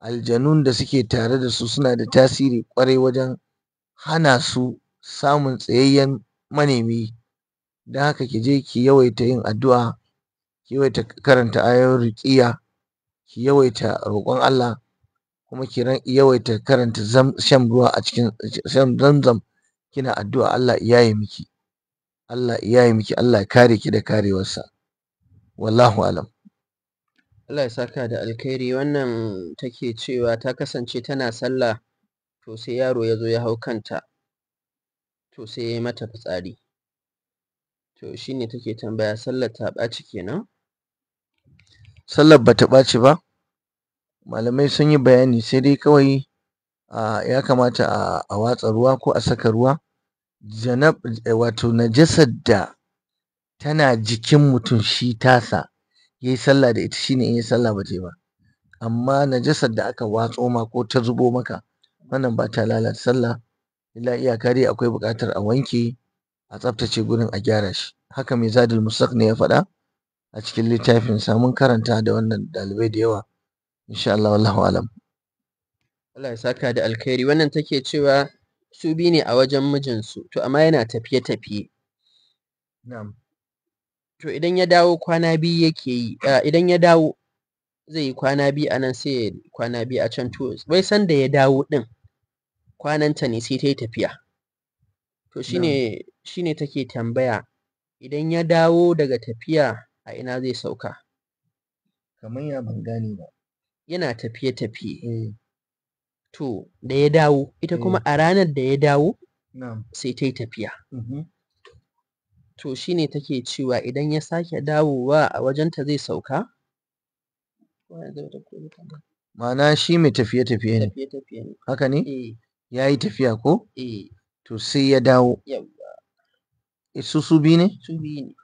aljanun da suke tare da su suna da tasiri kwarai wajen hana su samun tsayayyen manemi da haka ki je ki yawaita yin addu'a ki yawaita karanta ayoyin ruqiyya ki yawaita roƙon Allah kuma ki yawaita karanta shan ruwa a cikin shan zamzam kina addu'a Allah ya yi miki Allah ya yi miki Allah ya kare ki da karewarsa wallahu alam Allah ya saka da alkhairi wannan take cewa ta kasance tana sallah to sai yaro ya zo ya hau kanta to sai ya yi mata fitsari to shi ne take tambaya sallar ta ɓaci kenan sallar bata ɓaci ba malamai sun yi bayani sai dai kawai ya kamata a watsa ruwa ko a saka ruwa janab eh, wato najasar da tana jikin mutum shi tasa yayi sallah da ita shine in yi sallah ba yi ba amma najasar da aka watso ma ko ta zubo maka wannan ba ta lalata sallah illa iyaka dai akwai buƙatar a wanke a tsaftace gurin a gyara shi haka mai zadul ne ya faɗa a cikin littafin mun karanta da wannan dalibai da yawa insha Allah wallahu alam Allah ya saka da alkhairi wannan take cewa su bi ne a wajen mijinsu to amma yana tafiye tafiye na'am to idan ya dawo kwana biyu yake yi idan ya dawo zai yi kwana biyu a nan sai kwana biyu a can to bai san da ya dawo din kwananta ne sai ta yi tafiya to shine shi ne take tambaya idan ya dawo daga tafiya a ina zai sauka? Kamar ya ban gane ba. Yana tafiye-tafiye. Eh. To, da ya dawo, ita eh. kuma a ranar da ya dawo sai ta yi tafiya. Mm-hmm. To shi ne take cewa idan ya sake dawowa a wajenta zai sauka? Ma'ana shi mai tafiye-tafiye ne. Haka ne? Eh. Ya yi tafiya ko? To sai ya dawo. Eh, su su biyu ne su biyu ne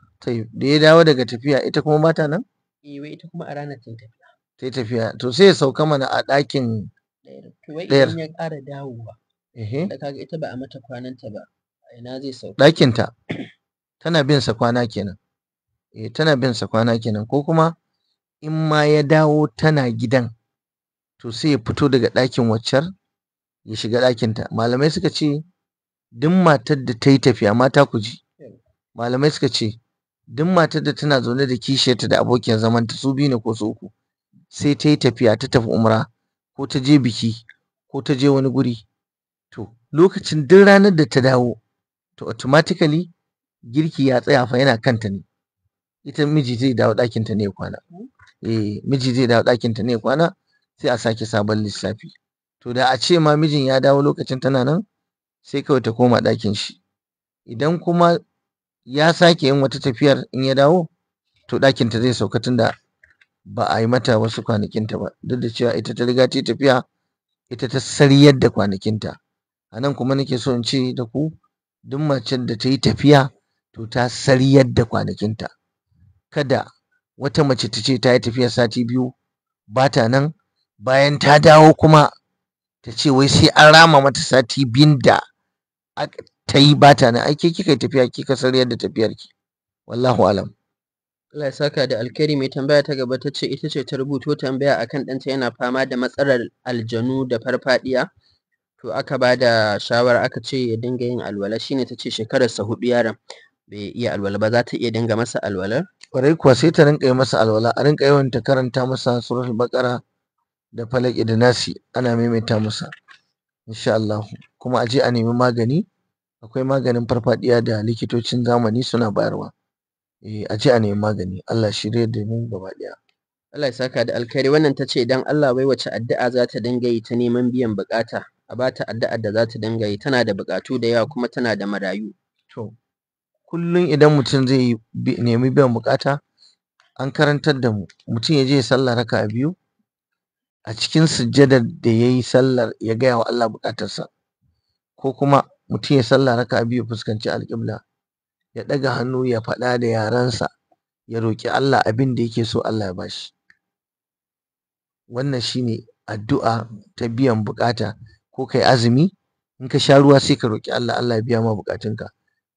da ya dawo daga tafiya ita kuma ba ta nan eh ita kuma a ranar ta tafiya ta tafiya to sai ya sauka mana a ɗakin ɗayar idan ya ƙara dawowa da kaga ita ba a mata kwananta ba ina zai sauka ɗakin ta tana bin sa kwana kenan eh tana bin sa kwana kenan ko kuma in ma ya dawo tana gidan to sai ya fito daga ɗakin waccar ya shiga ɗakinta malamai suka ce duk matar da ta yi tafiya mata ku ji Malamai suka ce duk matar da tana zaune da kishiyarta da abokiyar zamanta su biyu ne ko su uku sai ta yi tafiya ta tafi umra ko ta je biki ko ta je wani guri to lokacin duk ranar da ta dawo to automatically girki ya tsaya fa yana kanta ne ita miji zai dawo ɗakinta ne ya kwana eh miji zai dawo ɗakinta ne ya kwana sai a sake sabon lissafi to da a ce ma mijin ya dawo lokacin tana nan sai kawai ta koma ɗakin shi idan kuma ya sake yin wata tafiyar in ya dawo to ɗakinta zai sauka tunda ba a yi mata wasu kwanakinta ba duk da cewa ita ta riga ta tafiya ita ta sariyar da kwanakinta a nan kuma nake so in ce da ku duk macen da ta yi tafiya to ta sariyar da kwanakinta kada wata mace ta ce ta yi tafiya sati biyu ba ta nan bayan ta dawo kuma ta ce wai sai an rama mata sati biyun da ta yi ba ta nan kika yi tafiya kika san yadda tafiyar ki wallahu alam Allah ya saka da alkhairi mai tambaya ta gaba ta ce ita ce ta rubuto tambaya akan ɗanta yana fama da matsalar aljanu da farfadiya to aka ba da shawara aka ce ya dinga yin alwala shine ta ce shekarar sa hudu yaran bai iya alwala ba za ta iya dinga masa alwalar kwarai kuwa sai ta rinka yi masa alwala a rinka yawan ta karanta masa suratul baqara da falaki da nasi ana maimaita masa insha Allah kuma a je a nemi magani akwai maganin farfaɗiya da likitocin zamani suna bayarwa eh a je a nemi magani Allah ya shiryar da mu gaba ɗaya Allah ya saka da alkhairi wannan ta ce dan Allah wai wace addu'a za ta dinga yi ta neman biyan buƙata a ba ta addu'ar da za ta dinga yi tana da bukatu da yawa kuma tana da marayu to kullum idan mutum zai nemi biyan bukata an karantar da mu mutum ya je ya raka a biyu a cikin sujjadar da ya yi sallar ya gaya wa Allah bukatarsa ko kuma mutum ya sallah raka biyu ya fuskanci alƙibla ya ɗaga hannu ya faɗa da yarensa ya roƙi Allah abin da yake so Allah ya bashi wannan shine addu'a ta biyan buƙata ko kai azumi in ka sha ruwa sai ka roƙi Allah Allah ya biya ma buƙatunka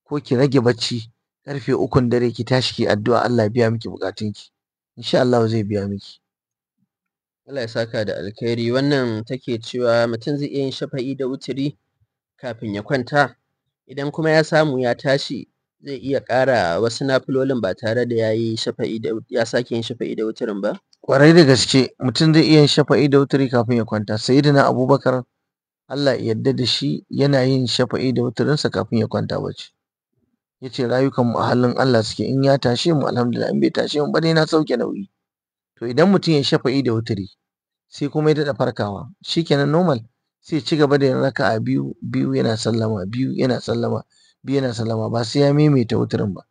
ko ki rage bacci karfe ukun dare ki tashi ki addu'a Allah ya biya miki buƙatunki insha Allah zai biya miki Allah ya saka da alkhairi wannan take cewa mutum zai iya yin shafa'i da wuturi kafin ya kwanta. Idan kuma ya samu ya tashi zai iya ƙara wasu nafilolin ba tare da ya sake yin shafa'i da wutarin ba? Ƙwarai da gaske mutum zai iya shafa'i da wutari kafin ya kwanta. na Abubakar Allah ya yarda da shi yana yin shafa'i da wutirinsa kafin ya kwanta bacci. Ya ce rayukanmu a hannun Allah suke in ya tashe mu alhamdulillah in bai tashe mu ba dai na sauke nauyi. To idan mutum ya shafa'i da wutiri sai kuma ya daɗa farkawa shi shikenan normal. sai ci gaba da raka'a biyu biyu yana sallama biyu yana sallama biyu yana sallama ba sai ya maimaita wuturin ba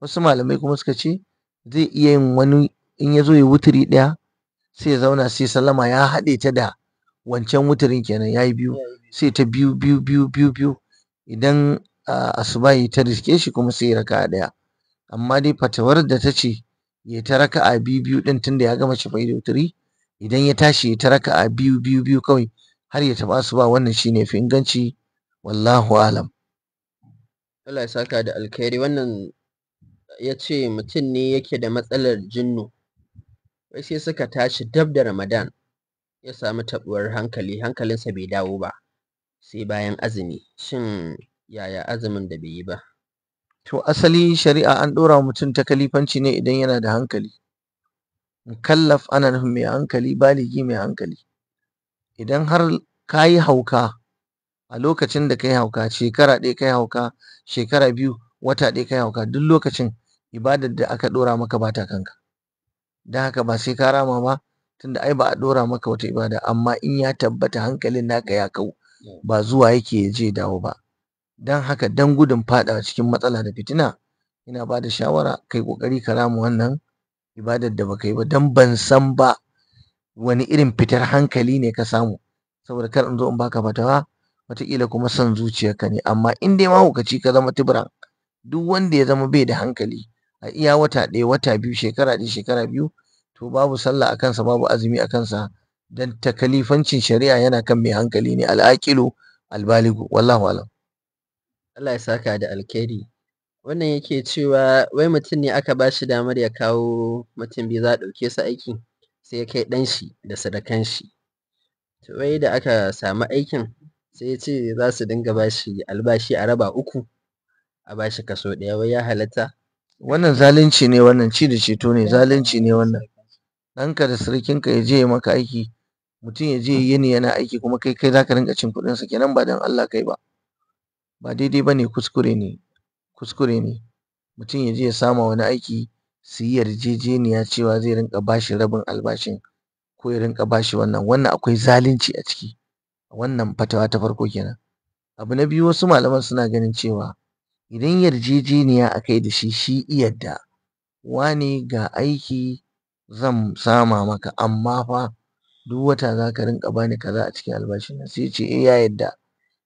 wasu malamai kuma suka ce zai iya yin wani in ya zo ya wuturi ɗaya sai ya zauna sai sallama ya haɗe ta da wancan wuturin kenan ya yi biyu sai ta biyu biyu biyu biyu biyu idan asuba yi ta riske shi kuma sai ya raka'a ɗaya amma dai fatawar da ta ce ya ta raka'a biyu biyu ɗin tunda ya gama shi da wuturi idan ya tashi ya ta raka'a biyu biyu biyu kawai har ya taɓa ba wannan shine fi inganci wallahu alam Allah ya saka da alkhairi wannan ya ce mutum ne yake da matsalar jinnu wai sai suka tashi dab da ramadan ya samu tabuwar hankali hankalinsa bai dawo ba sai bayan azumi shin yaya azumin da bai yi ba to asali shari'a an ɗora wa mutum ta kalifanci ne idan yana da hankali mukallaf ana nufin mai hankali baligi mai hankali idan har ka yi hauka a lokacin da ka yi hauka shekara ɗaya ka yi hauka shekara biyu wata ɗaya ka yi hauka duk lokacin ibadar da aka ɗora maka ba ta kanka don haka ba sai ka rama ba tunda ai ba a ɗora maka wata ibada amma in ya tabbata hankalin naka ya kau ba zuwa yake ya je dawo ba don haka don gudun faɗa cikin matsala da fitina ina ba da shawara kai ƙoƙari ka rama wannan ibadar da baka yi ba don ban san ba wani irin fitar hankali ne ka samu saboda kar in zo in baka fatawa wataƙila kuma son zuciyarka ne amma in dai mahaukaci ka zama tibran duk wanda ya zama bai da hankali a iya wata ɗaya wata biyu shekara ɗaya shekara biyu to babu sallah a kansa babu azumi a kansa dan takalifancin shari'a yana kan mai hankali ne al'aqilu albaligu wallahu alam Allah ya saka da alkhairi wannan yake cewa wai mutum ne aka ba shi damar ya kawo mutum biyu za a ɗauke su aiki sai ya kai ɗan shi da sadakan shi to wai da aka samu aikin sai ya ce za su dinga ba shi albashi a raba uku a ba shi kaso ɗaya wai ya halatta wannan zalunci ne wannan ci da ceto ne zalunci ne wannan ɗanka da sarkinka ya je ya maka aiki mutum ya je yini yana aiki kuma kai kai za ka rinka cin sa kenan ba dan Allah kai ba ba daidai ba ne kuskure ne kuskure ne mutum ya je ya sama wani aiki su yi yarjejeniya cewa zai rinƙa ba shi rabin albashin ko ya rinƙa ba shi wannan wannan akwai zalunci a ciki wannan fatawa ta farko kenan abu na biyu wasu malaman suna ganin cewa idan yarjejeniya aka yi da shi shi iyadda wane ga aiki zan sama maka amma fa duk wata za ka rinƙa ba kaza a cikin albashin sai ya ce eh ya yadda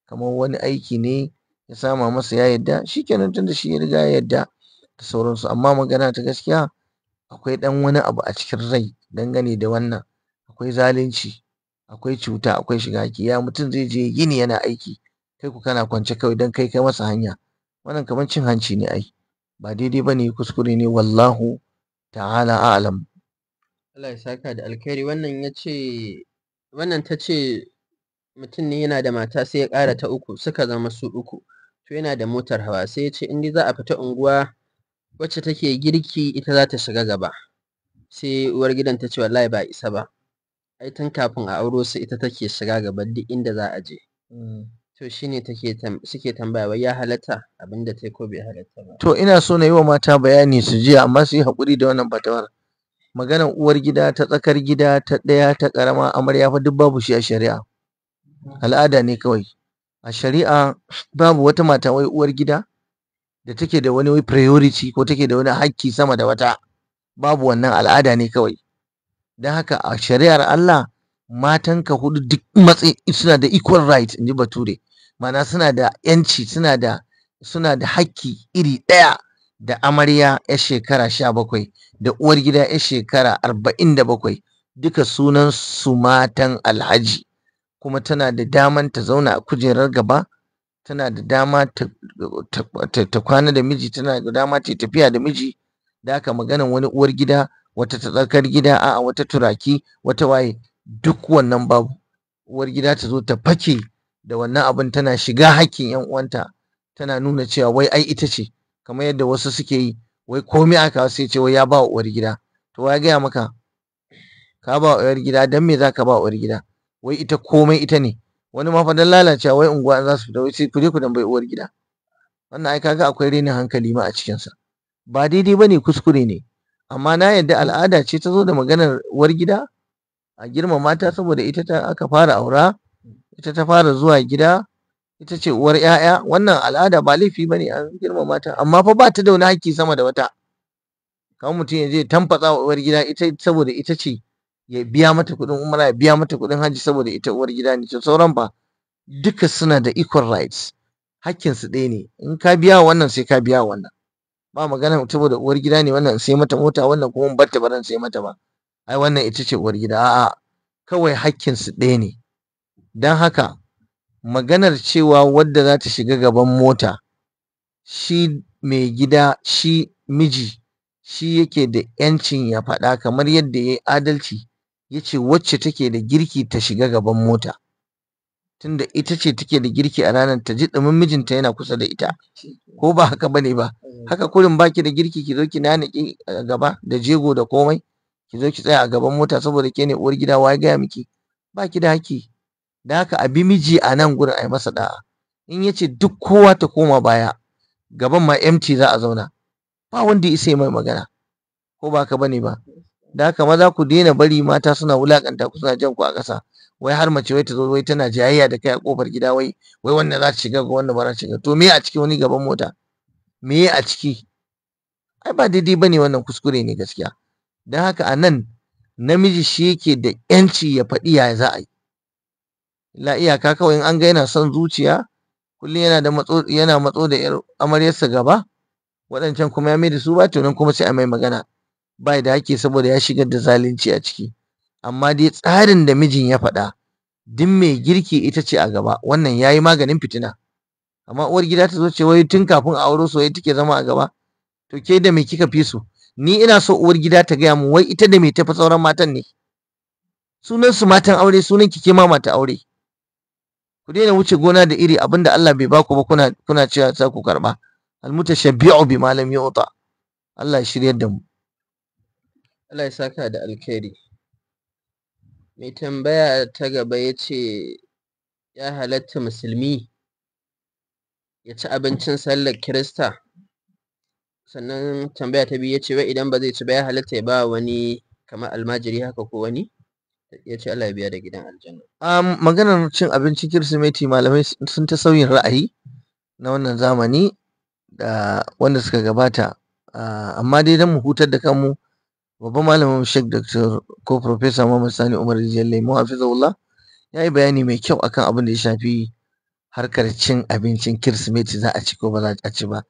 kamar wani aiki ne ya sama masa ya yadda shi kenan tunda shi ya riga ya yadda da sauransu amma magana ta gaskiya akwai ɗan wani abu a cikin rai dangane da wannan akwai zalunci akwai cuta akwai shiga haƙƙi mutum zai je yini yana aiki kai ku kana kwance kawai dan kai ka masa hanya wannan kamar cin hanci ne ai ba daidai ba ne kuskure ne wallahu ta'ala a'lam Allah ya saka da alkhairi wannan ya wannan ta ce mutum ne yana da mata sai ya kara ta uku suka zama su uku to yana da motar hawa sai ya ce in dai za a fita unguwa wacce take girki ita za ta shiga gaba sai uwar gidan ta ce wallahi ba isa ba ai tun kafin a auro su ita take shiga gaba duk inda za a je mm. to shine take suke tambaya wai ya halatta abinda ta ko bai halatta ba to ina so na yi wa mata bayani su jiya amma su yi haƙuri da wannan fatawar maganar uwar gida ta tsakar gida ta ɗaya ta ƙarama amarya fa duk babu shi a shari'a al'ada ne kawai a shari'a babu wata mata wai uwar gida da take da wani priority ko take da wani hakki sama da wata babu wannan al'ada ne kawai don haka a shari'ar Allah matanka hudu duk matsayi suna da equal right in ji bature ma'ana suna da yanci suna da suna da hakki iri ɗaya da amarya ya shekara sha bakwai da uwar gida 'yar shekara arba'in da bakwai duka sunan su matan alhaji kuma tana da daman ta zauna a kujerar gaba tana da dama ta kwana da miji tana da dama ta tafiya da miji da aka maganan wani uwar gida wata tsakar gida a wata turaki wata waye duk wannan babu uwar gida ta zo ta fake da wannan abin tana shiga hakkin yan uwanta tana nuna cewa wai ai ita ce kamar yadda wasu suke yi wai komai aka sai ce wai ya ba uwar gida to ya gaya maka ka ba uwar gida dan me zaka ba uwar gida wai ita komai ita ne wani ma fa dan lalacewa wai unguwa za su fita wai sai kuje ku dan bai uwar gida wannan ai kaga akwai rini hankali ma a cikin sa ba daidai bane kuskure ne amma na yadda al'ada ce ta zo da maganar uwar gida a girma mata saboda ita ta aka fara aura ita ta fara zuwa gida ita ce uwar 'ya'ya wannan al'ada ba laifi bane an girma mata amma fa ba ta da wani hakki sama da wata kamar mutum ya je tamfatsa wa uwar gida ita saboda ita ce ya biya mata kuɗin umara ya biya mata kuɗin hajji saboda ita uwar gida ne to sauran ba duka suna da equal rights hakkin su ɗaya ne in ka biya wannan sai ka biya wannan ba magana saboda uwar gida ne wannan sai mata mota wannan kuma ta baran sai mata ba ai wannan ita ce uwar gida a'a kawai hakkin su ɗaya ne don haka maganar cewa wadda za ta shiga gaban mota shi mai gida shi miji shi yake da yancin ya faɗa kamar yadda ya yi adalci ya ce wacce take da girki ta shiga gaban mota tunda ita ce take da girki a ranar ta ji dumin mijinta yana kusa da ita ko ba haka bane ba eh. haka kurin baki da girki ki zo ki nanaki a gaba da jego da komai ki zo ki tsaya a gaban mota saboda ke ne uwar gida waye gaya miki baki da haki da haka a bi miji a nan gurin a yi masa da'a in yace duk kowa ta koma baya gaban ma empty za a zauna ba wanda ya isa mai magana ko ba haka bane ba da haka maza ku daina bari mata suna wulakanta ku suna jan ku a ƙasa wai har mace wai ta zo wai tana jayayya da kai a kofar gida wai wai wannan za ta shiga ga wannan ba za ta shiga to me a ciki wani gaban mota me a ciki ai ba daidai bane wannan kuskure ne gaskiya don haka anan namiji shi yake da yanci ya faɗi ya za a yi la iyaka kawai in an ga yana son zuciya kullum yana da matso yana matso da yar amaryarsa gaba waɗancan kuma ya mai da su ba to nan kuma sai a mai magana Ba da haƙƙi saboda ya shigar da zalunci a ciki amma dai tsarin da mijin ya faɗa duk mai girki ita ce a gaba wannan yayi maganin fitina amma uwar gida ta zo ce wai tun kafin a auro soyayya take zama a gaba to ke da me kika fi so ni ina so uwar gida ta gaya mu wai ita da me tafi sauran matan ne sunan su matan aure sunan ki ke ma mata aure ku daina wuce gona da iri abinda Allah bai baku ba kuna kuna cewa za ku karba almutashabbi'u bi malam yu'ta Allah ya shiryar da mu Allah ya saka da alkhairi. Mai tambaya ta gaba ya ce, ya halatta musulmi ya ci abincin sallar Kirista? Sannan tambaya ta biyu ya ce, wai idan ba zai ci ba ya halatta ya ba wani kamar almajiri haka ko wani? Ya ce Allah ya biya da gidan aljanna. Um, maganar cin abincin Kirsimeti malamai sun ta sauyin ra'ayi na wannan zamani da wanda suka gabata. Uh, amma dai don mu hutar da kanmu babban malamin Sheikh Dr. ko Professor Muhammad Sani Umar Jalle mu Hafizahullah ya yi bayani mai kyau akan abin da ya shafi harkar cin abincin Kirsimeti za a ci ko ba za a ci ba.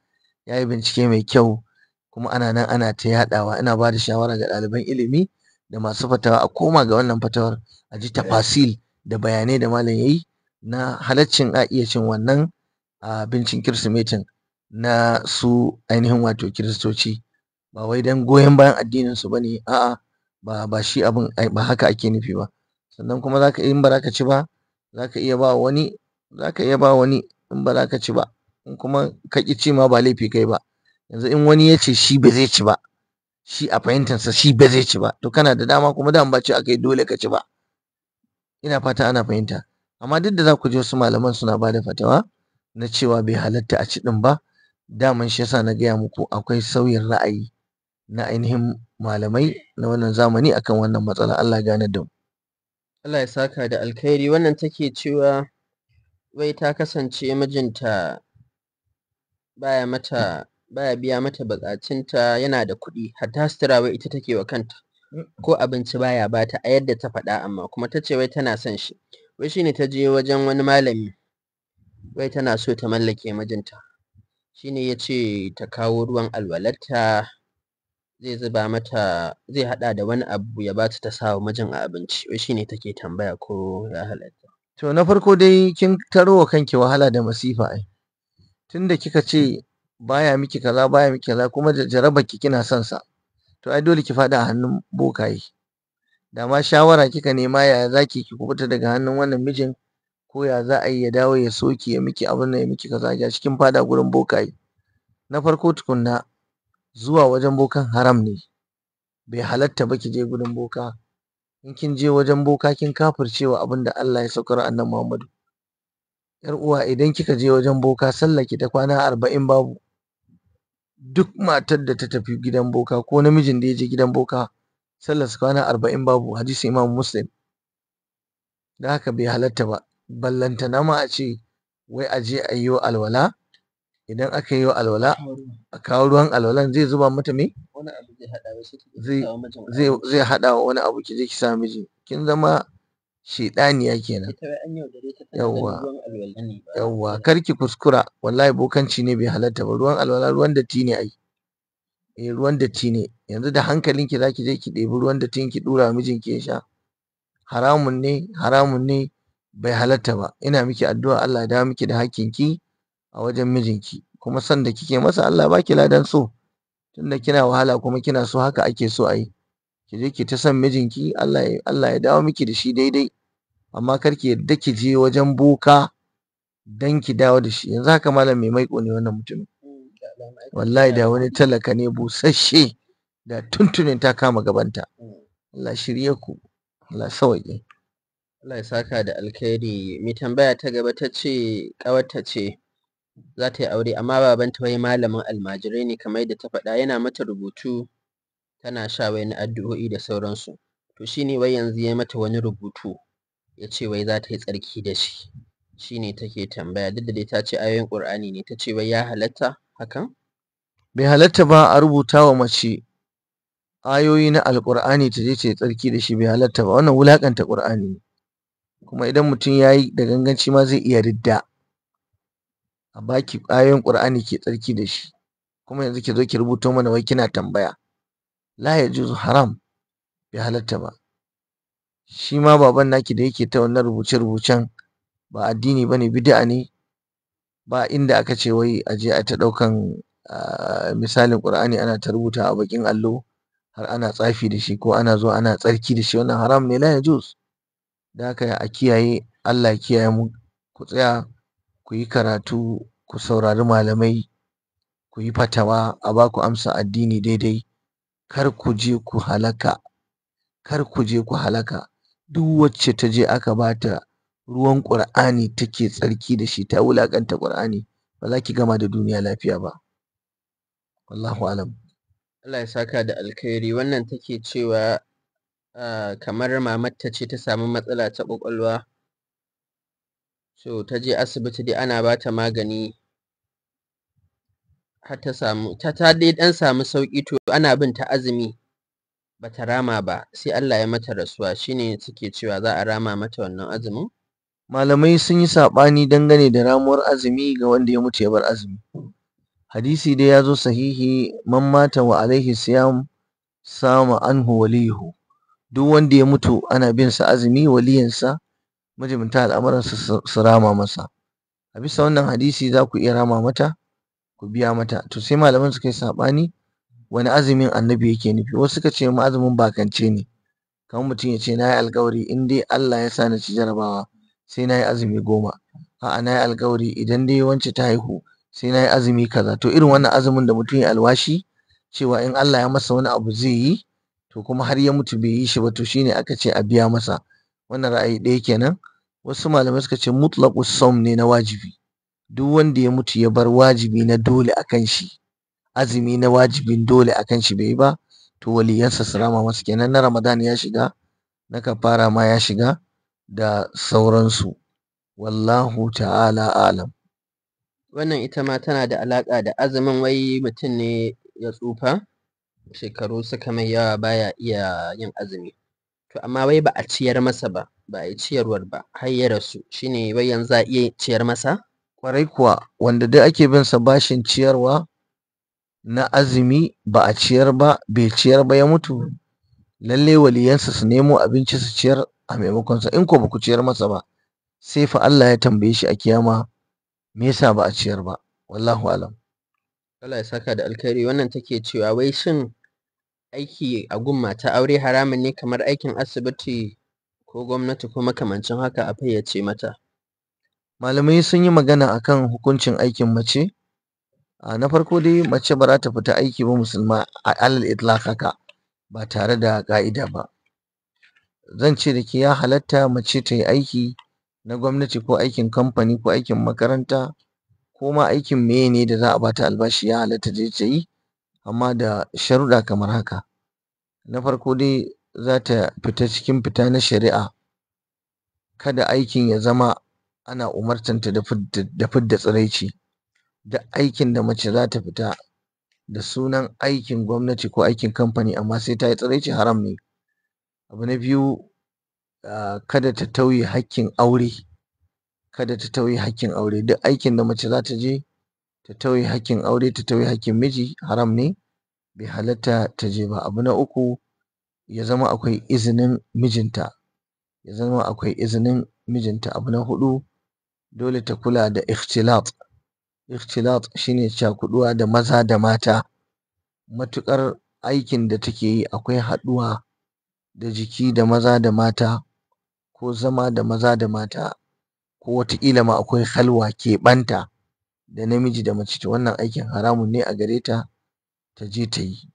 Ya yi bincike mai kyau kuma ana nan ana ta yadawa ina ba da shawara ga ɗaliban ilimi da masu fatawa a koma ga wannan fatawar a ji tafasil da bayanai da malam yayi na halaccin a iya cin wannan ah, abincin Kirsimetin na su ainihin wato Kiristoci. ba wai don goyon bayan addinin su bane a'a ba ba shi abin ba haka ake nufi ba sannan kuma zaka in ba zaka ci ba zaka iya ba wani zaka iya ba wani in ba zaka ci ba in kuma ka ki ci ma ba laifi kai ba yanzu in wani ya ce shi ba zai ci ba shi a sa shi ba zai ci ba to kana da dama kuma da ba ce akai dole ka ci ba ina fata ana fahimta amma duk da za ku je wasu malaman suna ba da fatawa na cewa bai halatta a ci ɗin ba daman shi yasa na gaya muku akwai sauyin ra'ayi na ainihin malamai na wannan zamani akan wannan matsala Allah ya gane da mu Allah ya saka da alkhairi wannan take cewa wai ta kasance mijinta baya mata baya biya mata bukatunta yana da kuɗi Harta sutura wai ita take wa kanta ko abinci baya bata a yadda ta faɗa amma kuma ta ce wai tana son shi wai shine ta je wajen wani malami wai tana so ta mallake mijinta shine ya ce ta kawo ruwan alwalarta zai zuba mata zai haɗa da wani abu ya bata ta sa mijin a abinci wai shine take tambaya ko ya halatta to na farko dai kin wa kanki wahala da masifa ai tunda kika ce baya miki kaza baya miki kaza kuma jarabar ki kina son sa to ai dole ki faɗi a hannun bokaye Dama shawara kika nema yaya zaki ki kubuta daga hannun wannan mijin ko ya za a yi ya dawo ya soki ya miki abin nan ya miki kaza ya cikin fada gurin bokaye na farko tukunna zuwa wajen bokan haram ne bai halatta ba ki je gurin boka in kin je wajen boka kin wa abin da Allah ya saukar annabi Muhammadu yar uwa idan kika je wajen boka sallar ki ta kwana arba'in babu duk matar da ta tafi gidan boka ko namijin da ya je gidan boka sallar su kwana arba'in babu hadisi imam muslim da haka bai halatta ba ballantana ma a ce wai a je a yi alwala idan aka yi wa alwala a kawo ruwan alwalan zai zuba mata me zai haɗa wa wani abu ki je ki sa miji kin zama shedaniya kenan yawwa yawwa kar ki kuskura wallahi bokanci ne bai halatta ba ruwan alwala ruwan da ne ai eh ruwan ne yanzu da hankalin hankalinki zaki je ki ɗebi ruwan dattin ki ɗura mijinki ya sha haramun ne haramun ne bai halatta ba ina miki addu'a Allah ya dawo miki da ki? a wajen mijinki kuma sanda kike masa Allah baki ladan so tunda kina wahala kuma kina so haka ake so ayi yi ki je ki ta san mijinki Allah ya Allah ya dawo miki da shi daidai amma kar ki yadda ki je wajen boka dan ki dawo da shi yanzu haka malam mai maiko ne wannan mutumin wallahi da wani talaka ne busasshe da tuntunin ta kama gabanta Allah shirye ku Allah sawaye Allah ya saka da alkhairi mai tambaya ta gaba ta ce ta ce za ta yi aure amma babanta wai malamin almajirai ne kamar yadda ta faɗa yana mata rubutu tana sha wai na addu'o'i da sauransu to shi ne wai yanzu ya mata wani rubutu ya ce wai za ta yi tsarki da shi ne take tambaya duk da dai ta ce ayoyin ƙur'ani ne ta ce wai ya halatta hakan bai halatta ba a rubuta wa mace ayoyi na alƙur'ani ta je ta yi tsarki da shi bai halatta ba wannan wulaƙanta ƙur'ani ne kuma idan mutum ya yi da ganganci ma zai iya ridda a baki ayoyin Qur'ani ke tsarki da shi kuma yanzu ke zo ki rubuto mana wai kina tambaya la juzu haram bai halatta ba shi ma baban naki da yake ta wannan rubuce rubucen ba addini ba ne bid'a ne ba inda aka ce wai a je a ta ɗaukan misalin Qur'ani ana ta rubuta a bakin allo har ana tsafi da shi ko ana zuwa ana tsarki da shi wannan haram ne la juzu da haka a kiyaye Allah ya kiyaye mu ku tsaya ku yi karatu ku saurari malamai ku yi fatawa a ba ku amsa addini daidai kar ku je ku halaka kar ku je ku halaka duk wacce ta je aka ba ta ruwan Ƙur'ani take tsarki da shi ta wulaƙanta Ƙur'ani ba za ki gama da duniya lafiya ba wallahu alam Allah ya saka da alkhairi wannan take cewa ah, kamar ta ce ta samu matsala ta ƙwaƙwalwa so ta je asibiti dai ana ba ta magani har ta samu ta ta dai dan samu sauki to ana bin ta azumi ba ta rama ba sai Allah ya mata rasuwa shine suke cewa za a rama mata wannan azumin malamai sun yi saɓani dangane da ramuwar azumi ga wanda ya mutu ya bar azumi hadisi dai ya zo sahihi man mata wa alaihi siyam sama anhu walihu duk wanda ya mutu ana bin sa azumi waliyansa majibinta al'amuransa su rama masa a bisa wannan hadisi za ku iya rama mata ku biya mata to sai malaman suka yi saɓani wani azumin annabi yake nufi wasu suka ce ma azumin bakance ne kamar mutum ya ce na yi alkawari in dai Allah ya sa na ci jarabawa sai na yi azumi goma a'a na yi alkawari idan dai wance ta haihu sai na yi azumi kaza to irin wannan azumin da mutum ya alwashi cewa in Allah ya masa wani abu zai yi to kuma har ya mutu bai yi shi ba to shine aka ce a biya masa wannan ra'ayi ɗaya kenan wasu malamai suka ce mutlaƙu som ne na wajibi duk wanda ya mutu ya bar wajibi na dole akan shi azumi na wajibin dole akan shi bai ba to waliyansa su rama masa kenan na ramadan ya shiga na kafara ma ya shiga da sauransu wallahu ta'ala alam wannan ita ma tana da alaƙa da azumin wai mutum ne ya tsufa shekaru suka mai yawa baya iya yin azumi to amma wai ba a ciyar masa ba ba a yi ciyarwar ba har ya rasu shine wai yanzu za a iya ciyar masa kwarai kuwa wanda dai ake bin sa bashin ciyarwa na azumi ba a ciyar ba bai ciyar ba ya mutu lalle waliyansa su nemo abinci su ciyar a maimakon sa in ko ba ku ciyar masa ba sai fa Allah ya tambaye shi a kiyama me yasa ba a ciyar ba wallahu alam Allah ya saka da alkhairi wannan take cewa wai shin aiki a gun mata aure haramun ne kamar aikin asibiti ko gwamnati ko makamancin haka a fayyace mata. Malamai sun yi magana a kan hukuncin aikin mace. Na farko dai mace ba za ta fita aiki ba musulma a alal itlaq haka ba tare da ƙa'ida ba. Zan ce da ke ya halatta mace ta yi aiki na gwamnati ko aikin kamfani ko aikin makaranta ko ma aikin meye ne da za a ba ta albashi ya halatta je ta yi amma da sharuɗa kamar haka. Na farko dai za ta fita cikin fita na shari'a, kada aikin ya zama ana umartanta da fidda tsiraici. da aikin da mace za ta fita da sunan aikin gwamnati ko aikin kamfani amma sai ta yi tsiraici haram ne. Abu na biyu kada ta tauye haƙƙin aure, kada ta tauye haƙƙin aure, duk aikin da mace za ta je ta tauye haƙƙin aure ta tauye haƙƙin miji haram ne bai halatta ta je ba abu na uku ya zama akwai izinin mijinta ya zama akwai izinin mijinta abu na huɗu dole ta kula da ikhtilat ikhtilat shine cakuɗuwa da maza da mata matuƙar aikin da take yi akwai haɗuwa da jiki da maza da mata ko zama da maza da mata ko wataƙila ma akwai halwa keɓanta da namiji da mace to wannan aikin haramun ne a gare ta ta je ta yi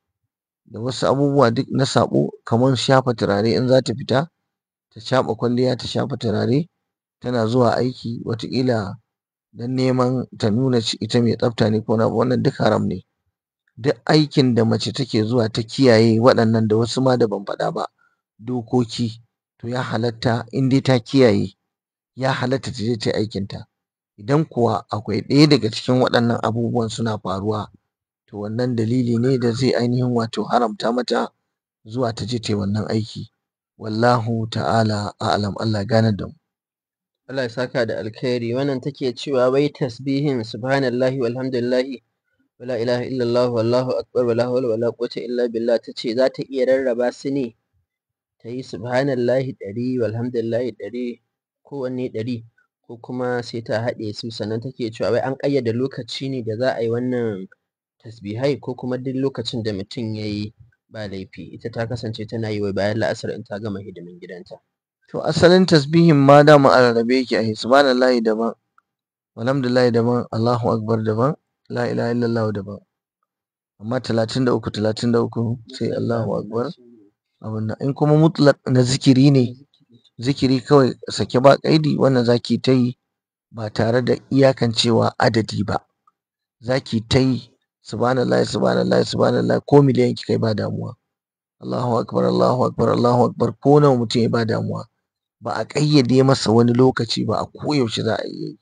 da wasu abubuwa duk na saɓo kamar shafa turare in za ta fita ta shaɓa kwalliya ta shafa turare tana zuwa aiki wataƙila don neman ta nuna ita mai tsafta ne ko wani abu wannan duk haram ne duk aikin da mace take zuwa ta kiyaye waɗannan da wasu ma da ban faɗa ba dokoki to ya halatta in dai ta kiyaye ya halatta ta je ta yi aikinta idan kuwa akwai ɗaya daga cikin waɗannan abubuwan suna faruwa to wannan dalili ne da zai ainihin wato haramta mata zuwa ta je ta wannan aiki wallahu ta'ala a'lam Allah ya ganar da mu Allah ya saka da alkhairi wannan take cewa wai tasbihin subhanallahi walhamdulillahi wala ilaha illallah wallahu akbar wala hawla wala quwwata illa billah tace za ta iya rarraba su ne ta yi subhanallahi ɗari walhamdulillahi ɗari kowanne ɗari ko kuma sai ta haɗe su sannan take cewa wai an ƙayyade lokaci ne da za a yi wannan tasbihai ko kuma duk lokacin da mutum ya yi ba laifi ita ta kasance tana yi wai bayan la'asar in ta gama hidimin gidanta. To asalin tasbihin ma dama a rarrabe yake a layi daban walhamdulillahi daban Allahu akbar daban la ilaha illallah daban amma talatin da uku talatin da uku sai Allahu akbar abin in kuma mutlaq na zikiri ne zikiri kawai sake ba ƙaidi wannan za ki ta yi ba tare da iyakancewa adadi ba za ki ta yi subhanallah subhanallah subhanallah ko miliyan ki kai ba damuwa Allahu akbar Allahu akbar Allahu akbar ko nawa mutum ya ba damuwa ba a ƙayyade masa wani lokaci ba a koyaushe za a yi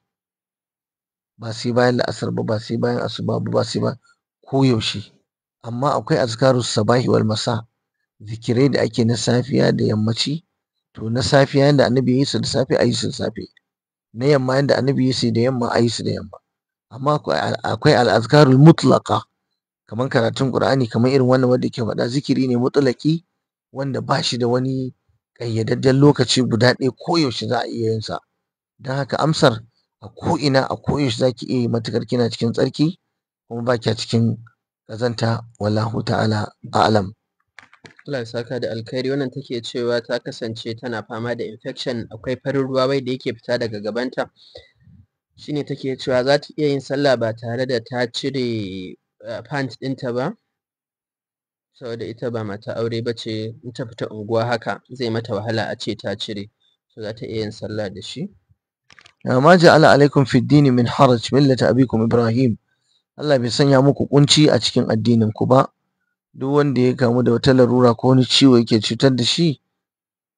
ba sai bayan la'asar ba ba sai bayan asuba ba ba sai ba koyaushe amma akwai azkaru sabahi wal masa zikirai da ake na safiya da yammaci to na safiya yanda annabi ya yi su da safe a yi su da safe na yamma yanda annabi ya yi su da yamma a yi su da yamma amma akwai al'azkarul mutlaka kamar karatun qur'ani kamar irin wannan wanda ke faɗa zikiri ne mutlaki wanda ba shi da wani ƙayyadadden lokaci guda ɗaya koyaushe za a iya yin sa don haka amsar a ko'ina a koyaushe za ki iya yi matuƙar kina cikin tsarki kuma ba kya cikin ƙazanta wallahu ta'ala a'lam Allah ya saka da alkhairi wannan take cewa ta kasance tana fama da infection akwai farin ruwa wai da yake fita daga gabanta shine take cewa za ta iya yin sallah ba tare da ta cire eh, pant ɗinta ba saboda ita ba mata aure ba ce in ta fita unguwa haka zai mata wahala a ce ta cire to za ta iya yin sallah da shi ma ja'ala alaikum fi dini min haraj millata abikum ibrahim Allah bai sanya muku kunci a cikin addinin ku ba duk wanda ya kamu da wata larura ko wani ciwo yake cutar da shi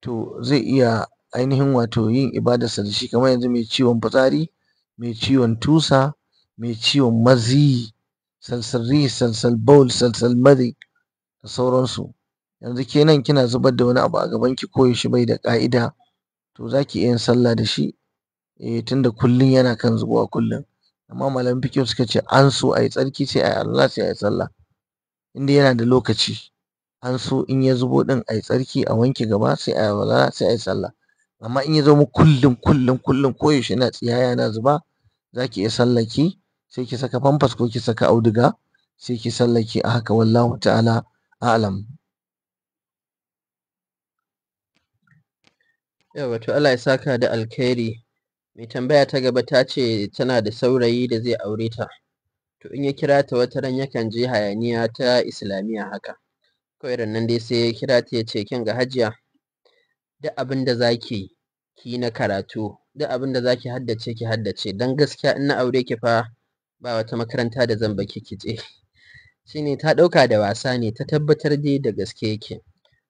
to zai iya ainihin wato yin ibadarsa da shi kamar yanzu mai ciwon fitsari mai ciwon tusa mai ciwon maziyyi salsal rihi salsal bawl mari da sauransu yanzu kenan kina zubar da wani abu a gabanki ko shi bai da ƙa'ida to zaki iya yin sallah da shi eh tunda kullum yana kan zuwa kullum amma malaman fiqh suka ce an so ayi tsarki sai ayi allah sai ayi sallah Inda yana da lokaci an so in ya zubo ɗin a yi tsarki a wanke gaba sai a yi sai a yi sallah amma in ya zamo kullum kullum kullum koyaushe yana tsiyaya yana zuba za ki iya sallaki sai ki saka famfas ko ki saka auduga sai ki sallaki a haka wallahu ta'ala a'lam yawa to Allah ya saka da alkhairi mai tambaya ta gaba ta ce tana da saurayi da zai aure ta to in ya kira ta wata ran yakan je hayaniya ta islamiyya haka kawai rannan dai sai ya kira ta ya ce kin ga hajiya duk abin da zaki ki na karatu duk abin da zaki haddace ki haddace dan gaskiya in na aure ki fa ba wata makaranta da zan baki ki je shine ta ɗauka da wasa ne ta tabbatar dai da gaske yake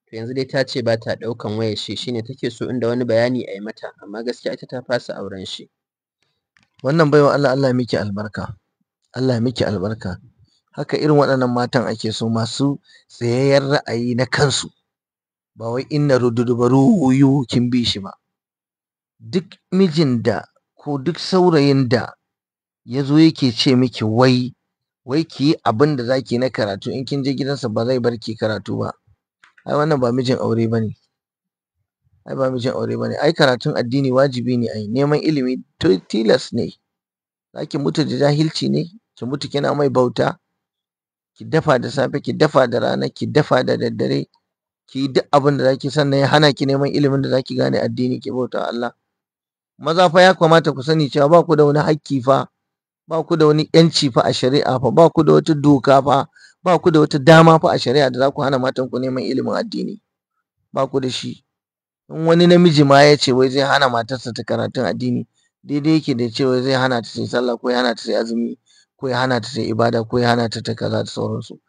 to yanzu dai ta ce ba ta ɗaukan wayar shi shine take so inda wani bayani a yi mata amma gaskiya ita ta fasa auren shi wannan baiwa Allah Allah miki albarka Allah ya miki albarka haka irin waɗannan matan ake so masu tsayayyar ra'ayi na kansu ba wai inna rududubaru kin bi shi ba duk mijin da ko duk saurayin da ya zo yake ce miki wai wai ki yi abin da za ki na karatu in kin je gidansa ba zai bar ki karatu ba ai wannan ba mijin aure ba ne ai ba mijin aure ba ne ai karatun addini wajibi ne ai neman ilimi tilas ne za ki mutu da jahilci ne ki mutu kina mai bauta ki dafa da safe ki dafa da rana ki dafa da daddare ki duk abin da zaki sannan ya hana ki neman ilimin da zaki gane addini ki bauta Allah maza fa ya kamata ku sani cewa ba ku da wani hakki fa ba ku da wani yanci fa a shari'a fa ba ku da wata doka fa ba ku da wata dama fa a shari'a da za ku hana matan ku neman ilimin addini ba ku da shi in wani namiji ma ya ce wai zai hana matarsa ta karatun addini daidai yake da cewa zai hana ta sai sallah ko ya hana ta sai azumi ko ya hana ta ta ibada ko ya hana ta ta kaza da sauransu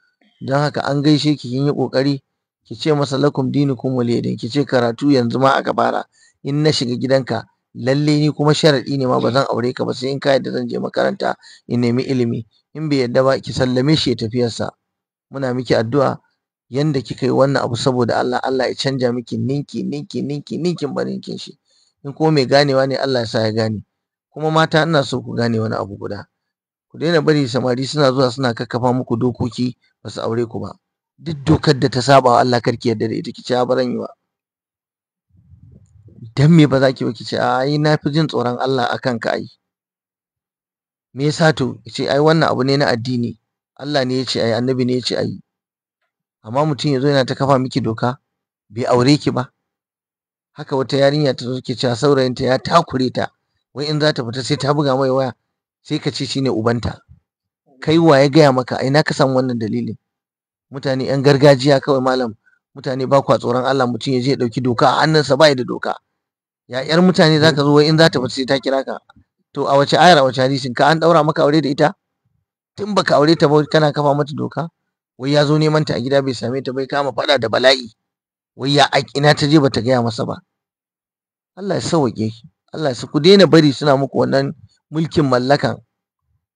don haka an gaishe ki kin yi kokari ki ce masa lakum dinukum waliyadin ki ce karatu yanzu ma aka fara in na shiga gidanka lalle ni kuma sharaɗi ne ma ba zan aure ka ba sai in ka yadda zan je makaranta in nemi ilimi in bai yadda ba ki sallame shi ya tafiyarsa muna miki addu'a yanda kika yi wannan abu saboda Allah Allah ya canja miki ninki ninki ninki ninkin ba shi in ko mai ganewa ne Allah ya sa ya gane kuma mata ina so ku gane wani abu guda ku daina bari samari suna zuwa suna kakkafa muku dokoki ba su aure ku ba duk dokar da ta saba wa Allah karki yarda da ita kici ya baran yi ba dan me ba za ki ba ki ai na fi jin tsoron Allah akan ka ai me yasa to ce ai wannan abu ne na addini Allah ne ya ce ai annabi ne ya ce ai amma mutum ya zo yana ta kafa miki doka bai aure ki ba haka wata yarinya ta zo ke cewa saurayinta ya takure ta wai in za ta fita sai ta buga mai waya sai ka ce shine ubanta kai wa ya gaya maka a ina ka samu wannan dalilin mutane yan gargajiya kawai malam mutane ba kwa tsoron Allah mutum ya je ya dauki doka a hannunsa bai da doka ya yar mutane zaka zo in za ta fita sai ta kira ka to a wace ayar a wace hadisin ka an daura maka aure da ita tun baka aure ta ba kana kafa mata doka wai ya zo neman ta a gida bai same ta bai kama fada da bala'i wai ya ina ta je bata gaya masa ba Allah ya sauke ki Allah ya ku daina bari suna muku wannan mulkin mallaka.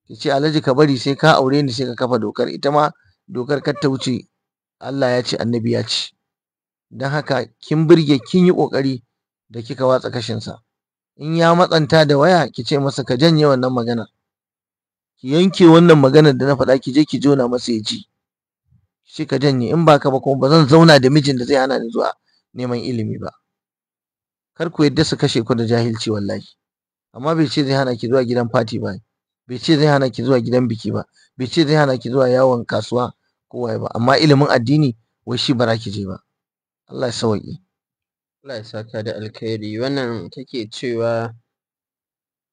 ya ce alhaji ka bari sai ka aure ni sai ka kafa dokar ita ma dokar kar ta wuce Allah ya ce annabi ya ce don haka kin birge kin yi ƙoƙari da kika watsa kashinsa in ya matsanta da waya ki ce masa ka janye wannan magana ki yanke wannan maganar da na faɗa ki je ki jona masa ya ji shi ka janye in baka ba kuma ba zan zauna da mijin da zai hana ni zuwa neman ilimi ba kar ku yadda su kashe ku da jahilci wallahi amma bai ce zai hana ki zuwa gidan fati ba bai ce zai hana ki zuwa gidan biki ba bai ce zai hana ki zuwa yawon kasuwa ko waye ba amma ilimin addini wai shi ba ki je ba Allah ya sauki Allah ya saka da alkhairi wannan take cewa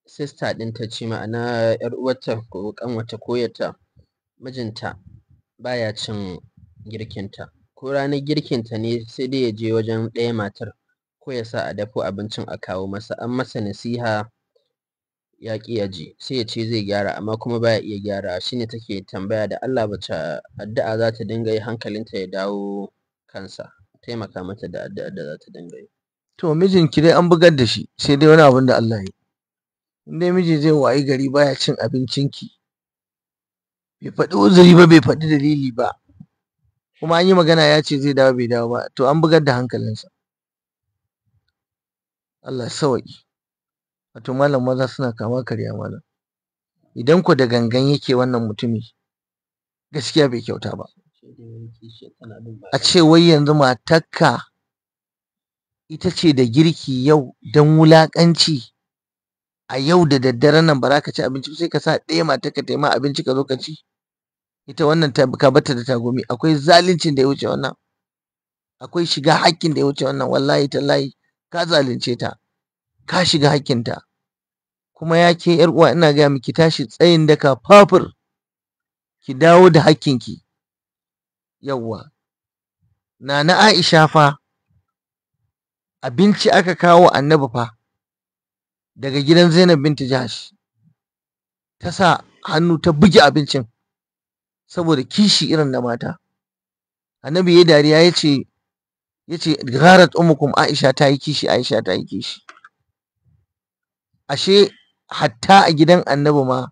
sista din ta ce ma'ana yar uwarta ko kanwata koyarta mijinta baya cin girkinta ko ranar ta ne sai dai ya je wajen ɗaya matar ko ya sa a dafo abincin a kawo masa an masa nasiha ya ƙi ya ji sai ya ce zai gyara amma kuma baya iya gyara shine take tambaya da Allah ta addu'a za ta dinga yi hankalinta ya dawo kansa taimaka mata da addu'a da za ta dinga yi to mijinki dai an bugar da shi sai dai wani abun da Allah ya yi in dai miji zai wayi gari baya cin abincinki bai faɗi uzuri ba bai faɗi dalili ba kuma an yi magana ya ce zai dawo bai dawo ba to an bugar da hankalinsa Allah ya wato malam maza suna kama karya malam idan ku da gangan yake wannan mutumi gaskiya bai kyauta ba a ce wai yanzu matakka ita ce da girki yau don wulaƙanci a yau da daddare nan ba za ka ci abinci sai ka sa ɗaya matakka ta yi ma abinci ka zo ka ci ita wannan ka bata da tagomi akwai zaluncin da ya wuce wannan akwai shiga hakkin da ya wuce wannan wallahi tallahi ka zalunce ta ka shiga ta kuma ya ke yar uwa ina gaya miki tashi tsayin daka fafur ki dawo da hakkinki yawwa nana Aisha fa abinci aka kawo annabi fa daga gidan Zainab binti Jahsh ta sa hannu ta buge abincin saboda kishi irin na mata annabi ya dariya ya ce ya ce gharat umukum aisha ta yi kishi aisha ta yi kishi ashe hatta a gidan annabi ma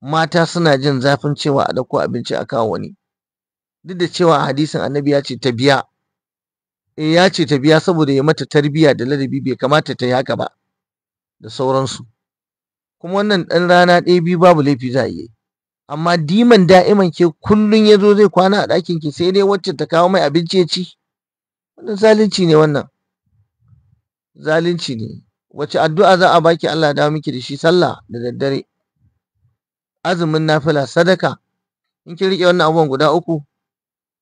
mata suna jin zafin cewa a ɗauko abinci a kawo wani duk da cewa hadisin annabi ya ce ta biya eh ya ce ta biya saboda ya mata tarbiyya da ladabi bai kamata ta yi haka ba da sauransu kuma wannan dan rana ɗaya biyu babu laifi za a yi amma diman da'iman ke kullum ya zo zai kwana a ɗakin ki sai dai wacce ta kawo mai abinci ya ci wannan zalunci ne wannan zalunci ne wace addu'a za a baki Allah da miki da shi sallah da daddare azumin nafila sadaka in kin rike wannan abubuwan guda uku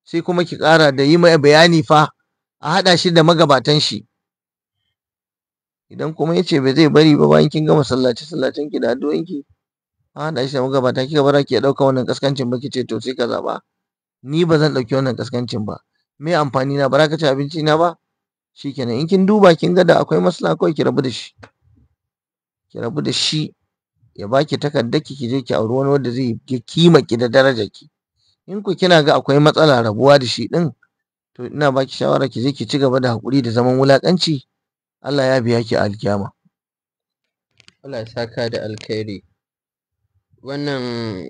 sai kuma ki ƙara da yi mai bayani fa a haɗa shi da magabatan shi idan kuma ya ce bai zai bari ba bayan kin gama sallace sallacen ki da addu'an ki a haɗa shi da magabata. ki bara ki ɗauka wannan kaskancin ba kice to sai ka zaba. ni ba zan ɗauki wannan kaskancin ba me amfani na baraka ci abinci na ba shikenan in kin duba kin ga da akwai masala kawai ki rabu da shi ki rabu da shi ya baki takardar ki ki je ki auri wani wanda zai ki kima ki da daraja ki in ku kina ga akwai matsala rabuwa da shi din to ina baki shawara ki je ki ci gaba da hakuri da zaman wulakanci Allah ya biya ki alkiyama Allah ya saka da alkhairi wannan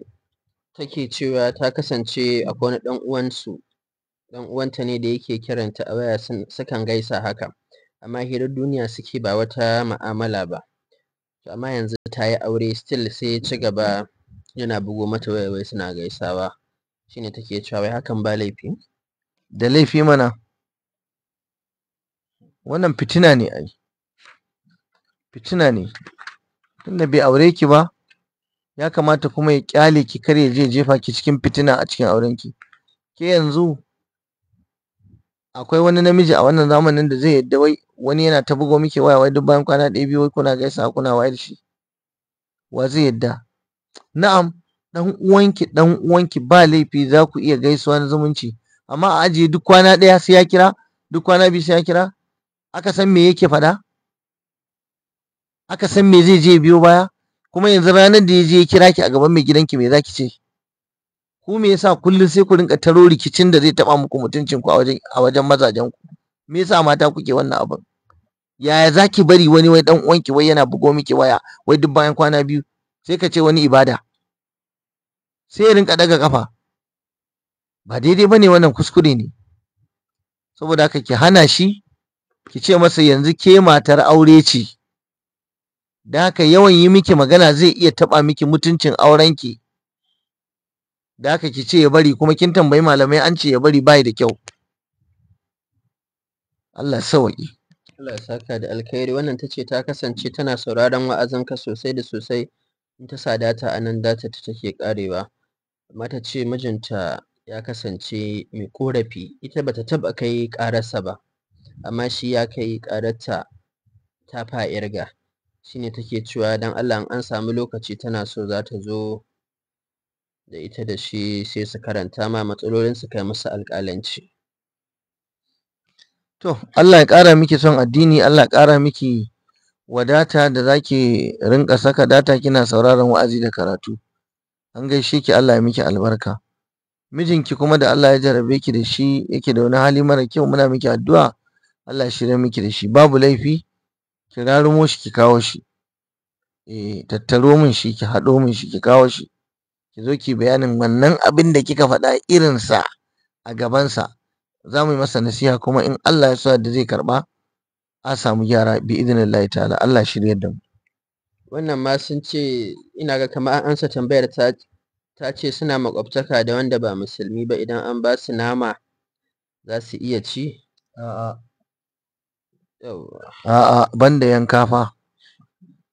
take cewa ta kasance akwai wani dan uwansu ɗan uwanta ne da yake kiranta a waya sukan gaisa haka amma hirar duniya suke ba wata ma'amala ba to amma yanzu ta yi aure still sai ya ci gaba yana bugo mata waya wai suna gaisawa shine take cewa wai hakan ba laifi da laifi mana wannan fitina ne ai fitina ne tunda bai aure ki ba ya kamata kuma ya kyale ki kar ya je jefa ki cikin fitina a cikin aurenki ke yanzu akwai wani namiji a wannan zamanin da zai yadda wai wani yana ta bugo miki waya wai duk bayan kwana ɗaya biyu wai kuna gaisawa kuna da shi wa zai yadda na'am dan uwanki dan uwanki ba laifi za ku iya gaisuwa na zumunci amma a ajiye duk kwana ɗaya sai ya kira duk kwana biyu sai ya kira aka san me yake faɗa aka san me zai je biyo baya kuma yanzu ranar da ya je ya kira ki a gaban mai gidanki me za ki ce ku me yasa kullum sai ku rinka taro rikicin da zai taba muku mutuncin ku a wajen a wajen mazajen ku me yasa mata kuke wannan abin yaya zaki bari wani wai dan uwanki wai yana bugo miki waya wai duk bayan kwana biyu sai ka ce wani ibada sai ya rinka daga kafa ba daidai bane wannan kuskure ne saboda haka ki hana shi ki ce masa yanzu ke matar aure ce da haka yawan yi miki magana zai iya taba miki mutuncin aurenki da aka ki ce ya bari kuma kin tambayi malamai an ce ya bari bai da kyau Allah Allah saka da alkhairi wannan tace ta kasance tana sauraron wa'azinka sosai da sosai in ta sadata a nan data ta take karewa amma ta ce mijinta ya kasance mai korafi ita bata taba kai karasa ba amma shi ya kai kararta ta fa'irga shine take cewa dan Allah an samu lokaci tana so za ta zo da ita da shi sai su karanta ma matsalolin su kai musu alƙalanci to Allah ya ƙara miki son addini Allah ya ƙara miki wadata da zaki rinka saka data kina sauraron wa'azi da karatu an gaishe ki Allah ya miki albarka mijinki kuma da Allah ya jarabe ki da shi yake da wani hali mara kyau muna miki addu'a Allah shirya miki da shi babu laifi ki rarumo shi ki kawo shi eh tattaro min shi ki haɗo min shi ki kawo shi ki zo ki bayanin wannan abin da kika faɗa irinsa a gabansa za mu yi masa nasiha kuma in Allah ya sa da zai karɓa a samu gyara bi idinillahi ta'ala Allah shirya da mu wannan ma sun ce ina ga kamar an ansa tambayar ta ta ce suna makwabtaka da wanda ba musulmi ba idan an ba su nama za su iya ci a'a a'a banda yanka fa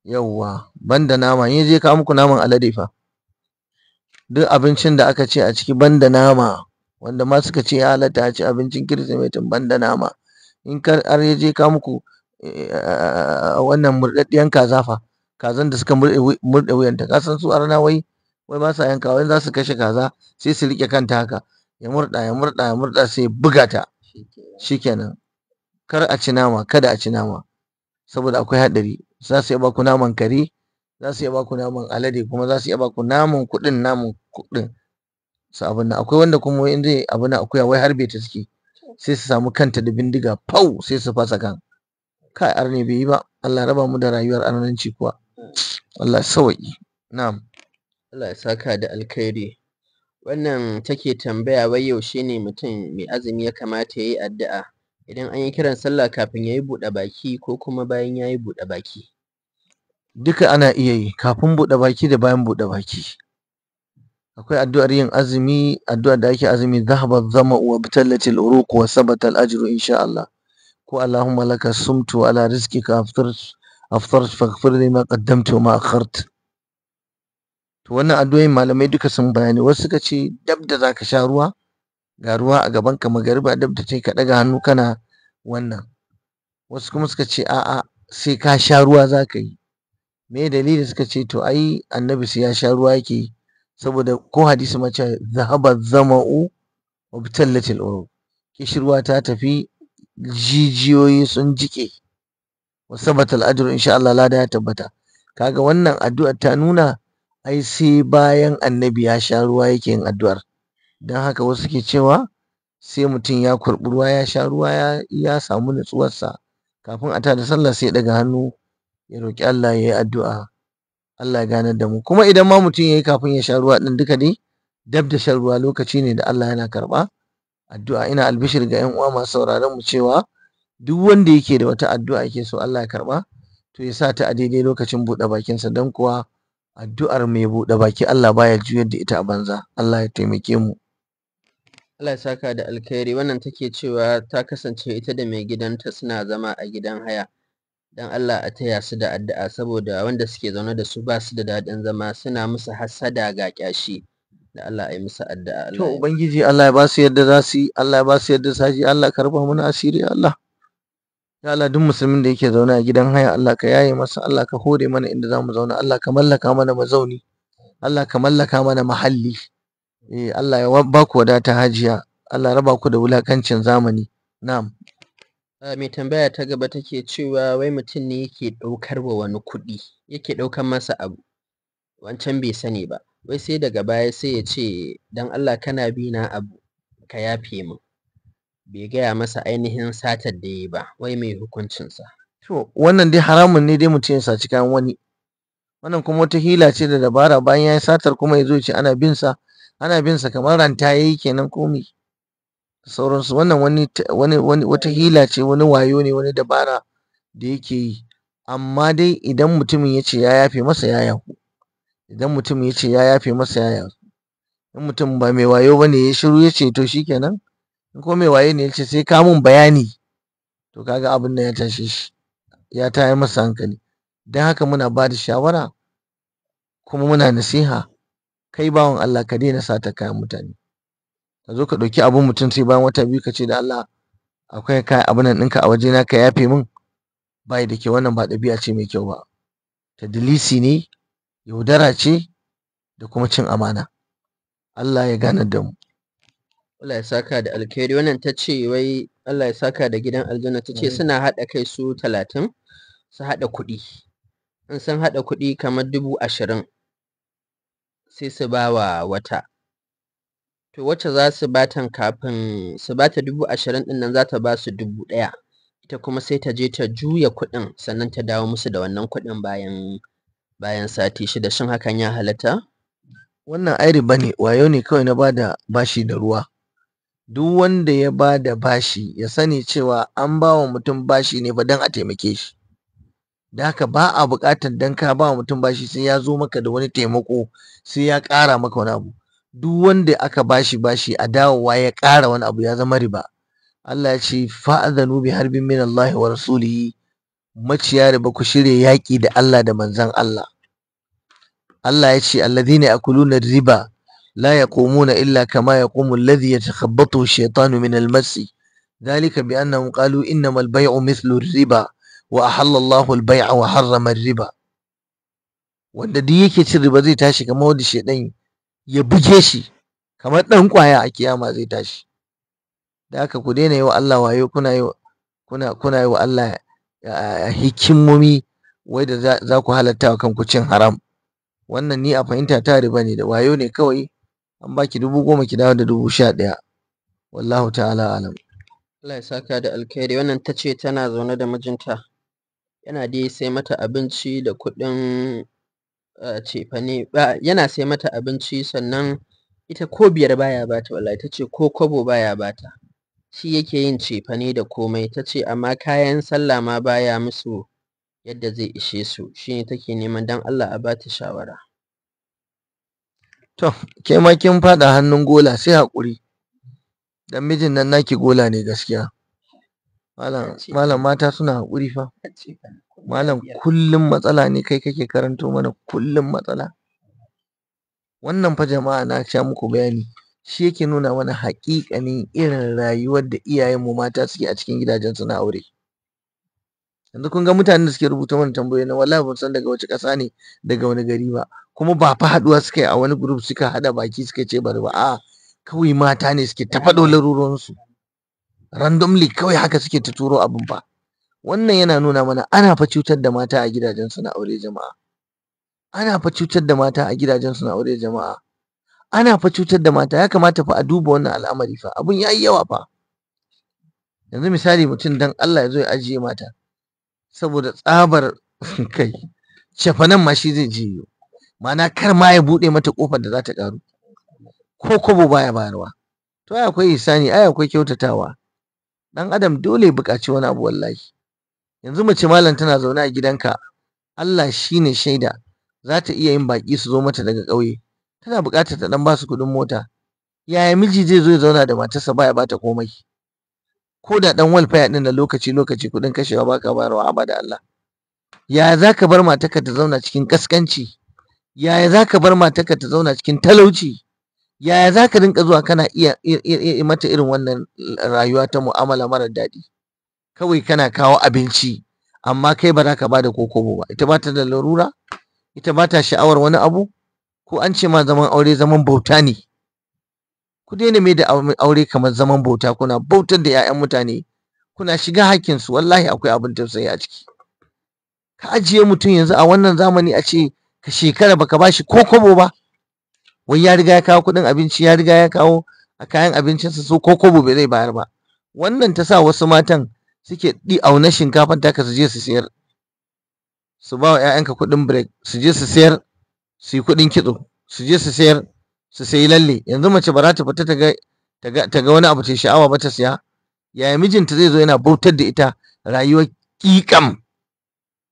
yawwa banda nama yin je ka muku naman alade fa duk abincin da aka ce a ciki banda nama wanda ma suka ce ya halatta a ci abincin kirsimetin banda nama in kar har ya je ka muku eh, wannan murɗaɗɗiyan kaza fa kazan da suka murɗe wuyanta ka san su rana wai wai ba sa yanka wai za su kashe kaza sai su riƙe kanta haka ya murɗa ya murɗa ya murɗa sai buga ta shikenan kar a ci nama kada a ci nama saboda akwai haɗari za su iya baku naman kare za su iya baku naman alade kuma za su iya baku naman kuɗin naman kuɗin su abin nan akwai wanda kuma in zai abin nan akuya wai harbe ta suke sai su samu kanta da bindiga fau sai su fasa kan kai arne bai yi ba Allah raba mu da rayuwar annanci kuwa Allah sawaki na'am Allah ya saka da alkhairi wannan take tambaya wai yaushe ne mutum mai azumi ya kamata yayi yi addu'a idan an yi kiran sallah kafin yayi yi buɗe baki ko kuma bayan yayi yi buɗe baki duka ana iya yi kafin buɗe baki da bayan buɗe baki akwai addu'ar yin azumi addu'ar da ake azumi zahaba zama wa btallatil uruq wa sabata al ajru insha Allah ko Allahumma laka sumtu ala rizqika aftartu aftartu faghfir li ma qaddamtu wa ma akhart to wannan addu'ar malamai duka sun bayani wasu suka ce dab da zaka sha ruwa ga ruwa a gaban ka magariba dab da ka daga hannu kana wannan wasu kuma suka ce a'a sai ka sha ruwa zaka yi me dalili suka ce to ai annabi sai ya sha ruwa yake yi saboda ko hadisi ma cewa zahaba zama'u wabtallatil urub kishirwa ta tafi jijiyoyi sun jike wa sabatal ajru insha Allah lada ya tabbata kaga wannan addu'ar ta nuna ai sai bayan annabi ya sha ruwa yake yin addu'ar don haka wasu ke cewa sai mutum ya kurɓi ruwa ya sha ruwa ya samu nutsuwarsa kafin a tada sallah sai daga hannu ya roƙi Allah ya yi addu'a Allah ya ganar da mu kuma idan ma mutum yayi kafin ya sha ruwa din duka dai dab da shan ruwa lokaci ne da Allah yana karba addu'a ina albishir ga yan uwa masu sauraron mu cewa duk wanda yake da wata addu'a yake so Allah ya karba to ya sa ta a daidai lokacin buɗe bakinsa dan kuwa addu'ar mai buɗe baki Allah baya juyar da ita a banza Allah ya taimake mu Allah ya saka da alkhairi wannan take cewa ta kasance ita da mai gidanta suna zama a gidan haya dan Allah a taya su da addu'a saboda wanda suke zaune da su ba su da daɗin zama suna musu hasada ga kyashi da Allah ya yi musu addu'a to ubangiji Allah ya ba su yadda za su yi Allah ya ba su yadda za su yi Allah karba rufa mana asiri Allah ya Allah duk musulmin da yake zaune a gidan haya Allah ka yaye masa Allah ka hore mana inda za mu zauna Allah ka mallaka mana mazauni Allah ka mallaka mana mahalli eh Allah ya ba ku wadata hajiya Allah raba ku da wulakancin zamani na'am mai tambaya ta gaba take cewa wai mutum ne yake ɗaukar wa wani kuɗi yake ɗaukar masa abu wancan bai sani ba wai sai daga baya sai ya ce don Allah kana bi na abu ka yafe min bai gaya masa ainihin satar da yi ba wai mai hukuncinsa. To wannan dai haramun ne dai mutum ya saci kayan wani wannan kuma wata hila ce da dabara bayan ya satar kuma ya zo ce ana bin sa ana bin kamar ranta yayi kenan komai. sauransu wannan wani wani wani wata hila ce wani wayo ne wani dabara da yake yi amma dai idan mutumin ya ce ya yafe masa ya yafu idan mutumin ya ce ya yafe masa ya yafu in mutum ba mai wayo bane ya shiru ya ce to shikenan in ko mai wayo ne ya ce sai ka mun bayani to kaga abin nan ya tashe shi ya tayar masa hankali don haka muna bada shawara kuma muna nasiha kai bawan Allah ka daina sata kayan mutane ka zo ka ɗauki abun mutum sai bayan wata biyu ka ce da Allah akwai kayan abun nan ɗinka a wajena ka yafe min bai da ke wannan ba ɗabi'a ce mai kyau ba tadlisi ne yaudara ce da kuma cin amana Allah ya ganar da mu Allah ya saka da alkhairi wannan ta ce wai Allah ya saka da gidan aljanna ta ce mm. suna haɗa kai su talatin su haɗa kuɗi an san haɗa kuɗi kamar dubu ashirin sai su ba wa wata to wacce za su batan kafin su bata dubu ashirin ɗin nan za ta ba su dubu ɗaya ita kuma sai ta je ta juya kuɗin sannan ta dawo musu da wannan kuɗin bayan bayan sati shida shin hakan ya halatta wannan airi bane ne wayo ne kawai na bada bashi da ruwa duk wanda ya bada bashi ya sani cewa an ba wa mutum bashi ne ba don a taimake shi da haka ba a buƙatar dan ka ba wa mutum bashi sai ya zo maka da wani taimako sai ya ƙara maka wani abu duk wanda aka bashi bashi a dawowa ya ƙara wani abu ya zama riba Allah ya ce fa'adhanu bi harbin min Allah wa rasulihi maciya riba ku shirya yaƙi da Allah da manzon Allah Allah ya ce alladhina yakuluna riba la yaqumuna illa kama yaqumu alladhi yatakhabbatu shaytanu min al-masi ذلك بأنهم قالوا إنما البيع مثل الربا وأحل الله البيع وحرم الربا wanda duk yake cin riba zai tashi kamar wanda shedan ya buge shi kamar ɗan ƙwaya a kiyama zai tashi da haka ku daina yi wa Allah wayo kuna yi kuna kuna yi wa Allah hikimomi wai da za ku halatta wa kanku cin haram wannan ni a fahimta ta riba ne da wayo ne kawai an baki dubu goma ki dawo da dubu sha ɗaya wallahu ta'ala alam Allah ya saka da alkhairi wannan ta ce tana zaune da mijinta yana dai sai mata abinci da kuɗin cefane ba yana sai mata abinci sannan ita ko biyar baya bata wallahi ta ce ko kwabo baya bata shi yake yin cefane da komai ta ce amma kayan sallah ma baya musu yadda zai ishe su shine take neman don Allah a bata shawara to ke ma kin faɗa hannun gola sai haƙuri dan mijin nan naki gola ne gaskiya malam mata suna haƙuri fa malam kullum matsala ne kai kake karanto mana kullum matsala wannan fa jama'a na sha muku bayani shi yake nuna mana haƙiƙanin irin rayuwar da iyayenmu mata suke a cikin gidajensu na aure yanzu kun ga mutanen da suke rubuta mana tambayoyi na wallahi ban san daga wace ƙasa ne daga wani gari ba kuma ba fa haɗuwa suka yi a wani group suka haɗa baki suka ce bari ba a kawai mata ne suke ta faɗo larurorinsu randomly kawai haka suke ta turo abin ba wannan yana nuna mana ana fa cutar da mata a gidajensu na aure jama'a ana fa cutar da mata a gidajensu na aure jama'a ana fa cutar da mata ya kamata fa a duba wannan al'amari fa abun yayi yawa fa yanzu misali mutum dan Allah ya zo ya ajiye mata saboda tsabar kai cefanan ma shi zai jiyo ma'ana kar ma ya buɗe mata kofar da za ta ƙaru ko kobo baya bayarwa to ai akwai isani ai akwai kyautatawa dan adam dole ya buƙaci wani abu wallahi yanzu mace malam tana zaune a gidanka Allah shi ne shaida za ta iya yin baƙi su zo mata daga ƙauye tana buƙatar ta ɗan basu kuɗin mota yaya miji zai zo ya zauna da matarsa baya bata komai ko da ɗan walfaya ɗin na lokaci lokaci kuɗin kashewa baka bayarwa haba da Allah yaya za ka bar matarka ta zauna cikin ƙasƙanci yaya za ka bar matarka ta zauna cikin talauci yaya za ka rinka zuwa kana iya mata irin wannan rayuwa ta mu'amala marar daɗi kawai kana kawo abinci amma kai ba za ka bada koko ba ita ba ta da larura ita ba ta sha'awar wani abu ko an ce ma zaman aure zaman bauta ne ku daina mai da aure kamar zaman bauta kuna bautar da 'ya'yan mutane kuna shiga hakkinsu wallahi akwai abin tausayi a ciki ka ajiye mutum yanzu a wannan zamani a ce ka shekara baka ba shi kobo ba wai ya riga ya kawo kuɗin abinci ya riga ya kawo a kayan abincinsa so ko bai zai bayar ba wannan ta sa wasu matan suke ɗi auna shinkafan taka su je su sayar su ba wa 'ya'yanka kuɗin break su je su sayar su yi kuɗin kitso su je su sayar su sayi lalle yanzu mace ba za ta fita ta ga wani abu ta sha'awa ba ta siya yaya mijinta zai zo yana bautar da ita rayuwar ƙiƙam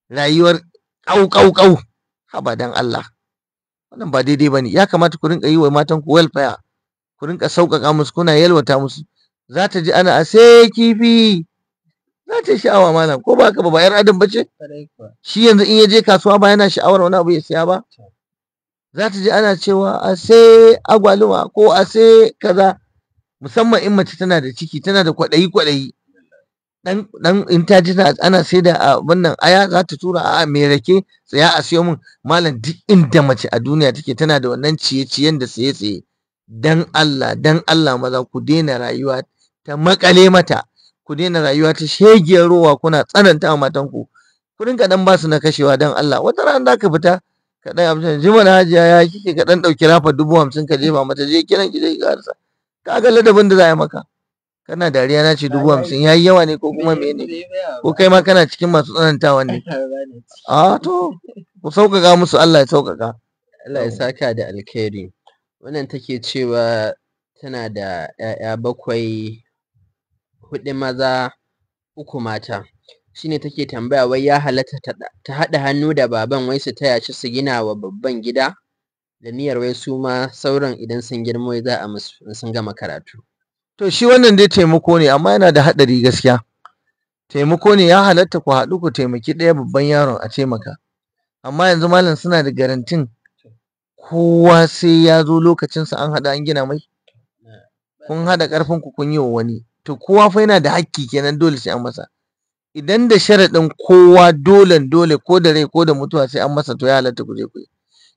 rayuwar ƙauƙauƙau haba dan Allah wannan ba daidai bane ya kamata ku rinka yi wa matan ku welfare ku rinka sauƙaƙa musu kuna yalwata musu za ta ji ana a sai kifi na ce sha'awa malam ko ba ka ba ba yar adam ce? shi yanzu in ya je kasuwa ba yana sha'awar wani abu ya siya ba za ta ji ana cewa a sai agwaluma ko a sai kaza musamman in mace tana da ciki tana da kwaɗayi kwaɗayi dan in ta ji ana sai da wannan aya za ta tura a me rake tsaya a siyo min malam duk inda mace a duniya take tana da wannan ciye-ciyen da tsaye-tsaye dan Allah dan Allah maza ku daina rayuwa ta makale mata ku daina rayuwa ta shegiyar ruwa. kuna tsananta wa matanku ku rinka dan basu na kashewa dan Allah wata rana ka fita ka dan amsa jima na hajiya ya kike ka dan dauki rafa dubu hamsin ka jefa mata je kiran ki zai harsa ka ga ladabin da za a yi maka kana dariya na ce dubu hamsin Ya yi yawa ne ko kuma mene ko kai ma kana cikin masu tsanantawa ne a ah, to ku sauƙaƙa musu Allah ya sauƙaƙa Allah ya saka da alkhairi wannan take cewa tana da 'ya'ya bakwai hudu maza uku mata shine take tambaya wai ya halatta ta haɗa hannu da baban wai su taya shi su gina wa babban gida da niyyar wai su ma sauran idan sun wai za a musu in sun gama karatu to shi wannan dai taimako ne amma yana da haɗari gaskiya taimako ne ya halatta ku haɗu ku taimaki ɗaya babban yaron a taimaka amma yanzu malam suna da garantin kowa sai ya zo lokacinsa an haɗa an gina mai kun haɗa ƙarfinku kun yi wa wani to kowa fa yana da hakki kenan dole sai an masa idan da sharaɗin kowa dolen dole ko da rai ko da mutuwa sai an masa to ya halatta ku je ku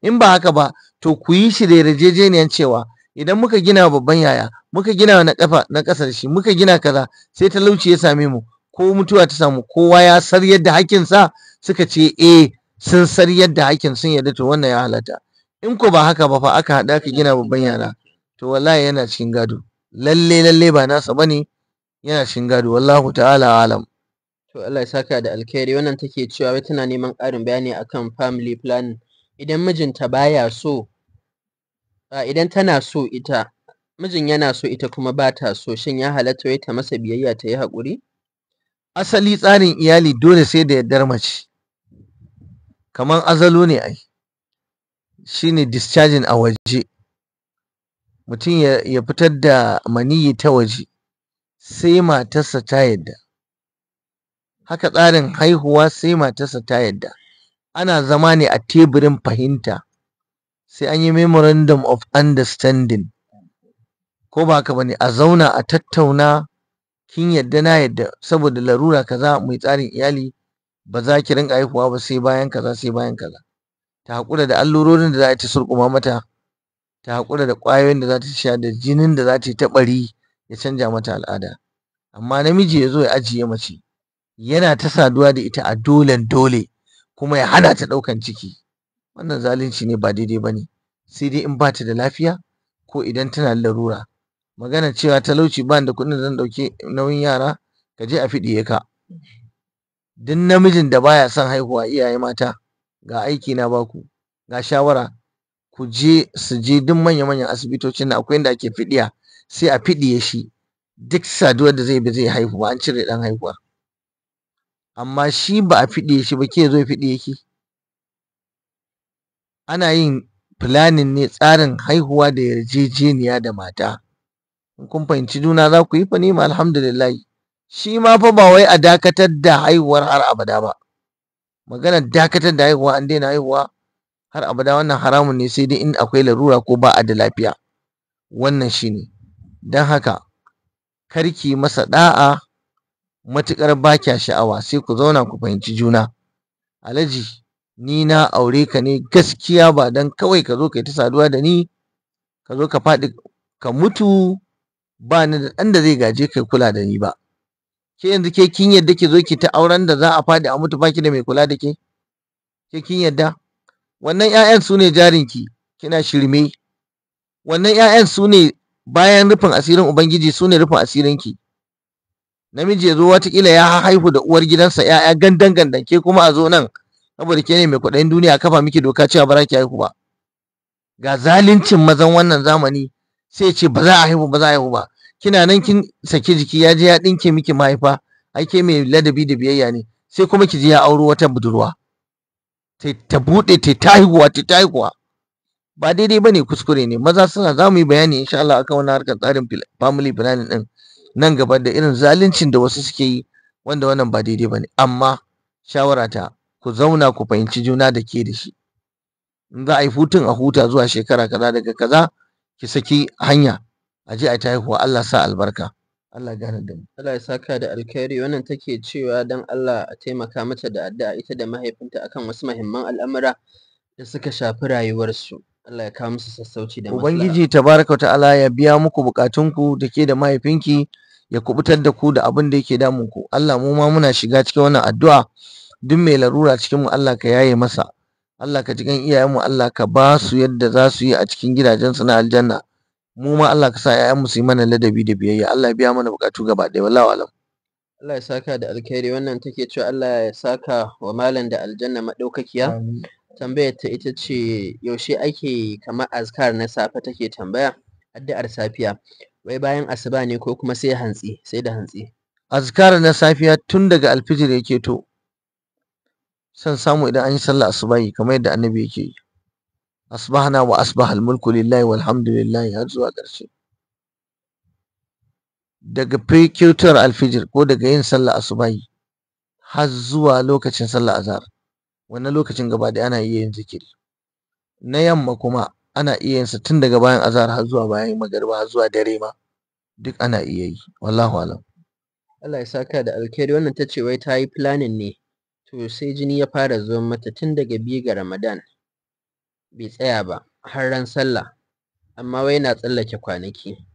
in ba haka ba to ku yi shi da yarjejeniyan cewa idan muka gina babban yaya muka gina na kafa na ƙasar shi muka gina kaza sai talauci ya same mu ko mutuwa ta samu kowa ya sar yadda hakkin sa suka ce e, sun sar yadda hakin sun yadda to wannan ya halatta in ko ba haka ba fa aka haɗa ka gina babban yara to wallahi yana cikin gado lalle lalle ba nasa bane yana cikin gado wallahu ta'ala alam to Allah ya saka da alkhairi wannan take cewa wai tana neman ƙarin bayani akan family planning idan mijinta baya so idan tana so ita mijin yana so ita kuma ba ta so shin ya halatta wai ta masa biyayya ta yi haƙuri asali tsarin iyali dole sai da yardar mace kamar azalo ne ai shine discharging a waje mutum ya fitar da maniyi ta waje sai matarsa ta yadda haka tsarin haihuwa sai matarsa ta yadda ana zama ne a teburin fahimta sai an yi memorandum of understanding ko ba haka bane a zauna a tattauna kin yadda na yadda saboda larura kaza mai tsarin iyali ba za ki rinka haihuwa ba sai bayan kaza sai bayan kaza ta haƙura da allurorin da za a ci surƙuma mata ta haƙura da ƙwayoyin da za ta sha da jinin da za ta yi ta ɓari ya canja mata al'ada amma namiji ya zo ya ajiye mace yana ta saduwa da ita a dolen dole kuma ya hana ta ɗaukan ciki wannan zalunci ne ba daidai ba ne sai dai in ba ta da lafiya ko idan tana larura magana cewa talauci ba da kuɗin zan ɗauki nauyin yara kaje a fiɗiye ka duk namijin da baya son haihuwa iyaye mata ga aiki na baku ga shawara ku je su je duk manya-manyan asibitocin da akwai inda ake fiɗiya sai a fiɗiye shi duk saduwar da zai bi zai haihu ba an cire ɗan haihuwa. amma shi ba a fiɗiye shi ba ke zo fiɗiye ki ana yin planning ne tsarin haihuwa da yarjejeniya da mata in kun fahimci juna za ku yi fa nima alhamdulillah shi ma fa ba wai a dakatar da haihuwar har abada ba maganar dakatar da haihuwa an daina haihuwa har abada wannan haramun ne sai dai in akwai larura ko ba a da lafiya wannan shine don haka kar ki masa da'a matuƙar ba kya sha'awa sai ku zauna ku fahimci juna alhaji ni na aure ka ne gaskiya ba don kawai ka zo ka yi ta saduwa da ni ka zo ka faɗi ka mutu ba ni da ɗan da zai gaje kai kula da ni ba ke yanzu ke kin yadda ke zo ki ta auren da za a faɗi a mutu baki da mai kula da ke ke kin yadda wannan 'ya'yan su ne jarinki kina shirme wannan 'ya'yan su ne bayan rufin asirin ubangiji su ne rufin asirinki namiji ya zo watakila ya haihu da uwar gidansa ya'ya gandan gandan ke kuma a zo nan saboda ke ne mai kuɗin duniya kafa miki doka cewa ba za ki haihu ba ga zaluncin mazan wannan zamani sai ce ba za a haihu ba za a haihu ba kina nan kin saki jiki ya je ya ɗinke miki mahaifa ai ke mai ladabi da biyayya ne sai kuma ki je ya auro wata budurwa ta buɗe ta haihuwa ta haihuwa ba daidai bane kuskure ne maza suna za mu yi bayani insha Allah akan wani harkar tsarin family planning din nan gaba da irin zaluncin da wasu suke yi wanda wannan ba daidai bane amma shawara ta ku zauna ku fahimci juna da ke da shi in za a yi hutun a huta zuwa shekara kaza daga kaza ki saki hanya a je a ta haihuwa Allah sa albarka Allah gane da mu Allah ya saka da alkhairi wannan take cewa dan Allah a taimaka mata da addu'a ita da mahaifinta akan wasu muhimman al'amura da suka shafi rayuwarsu Allah ya kawo musu sassauci da ubangiji tabaraka ta'ala ya biya muku bukatunku da ke da mahaifinki ya kubutar da ku da abin da yake damun ku Allah mu ma muna shiga cikin wannan addu'a duk mai larura cikin mu Allah ka yaye masa Allah ka jigan iyayenmu Allah ka ba su yadda za su yi a cikin gidajensu na aljanna mu ma Allah ka sa mu su yi mana ladabi da biyayya Allah ya biya mana bukatu gaba ɗaya wallahi alam Allah ya saka da alkhairi wannan take cewa Allah ya saka wa malam da aljanna madaukakiya tambayar ta ita ce yaushe ake kamar azkar na safe take tambaya addu'ar safiya wai bayan asuba ne ko kuma sai hantsi sai da hantsi azkar na safiya tun daga alfijir yake to san samu idan an yi sallah yi kamar yadda annabi yake yi asbahna wa asbahal mulku lillahi walhamdulillahi har zuwa ƙarshe daga fikirtar alfijir ko daga yin sallah yi har zuwa lokacin sallah azhar wannan lokacin gaba ɗaya ana iya yin zikiri na yamma kuma ana iya yin sa tun daga bayan azhar har zuwa bayan magariba har zuwa dare ma duk ana iya yi wallahu alam Allah ya saka da alkhairi wannan ta ce wai ta yi planning ne to sai jini ya fara zuwa mata tun daga biyu ga Ramadan bai tsaya ba har ran sallah amma wai na tsallake kwanaki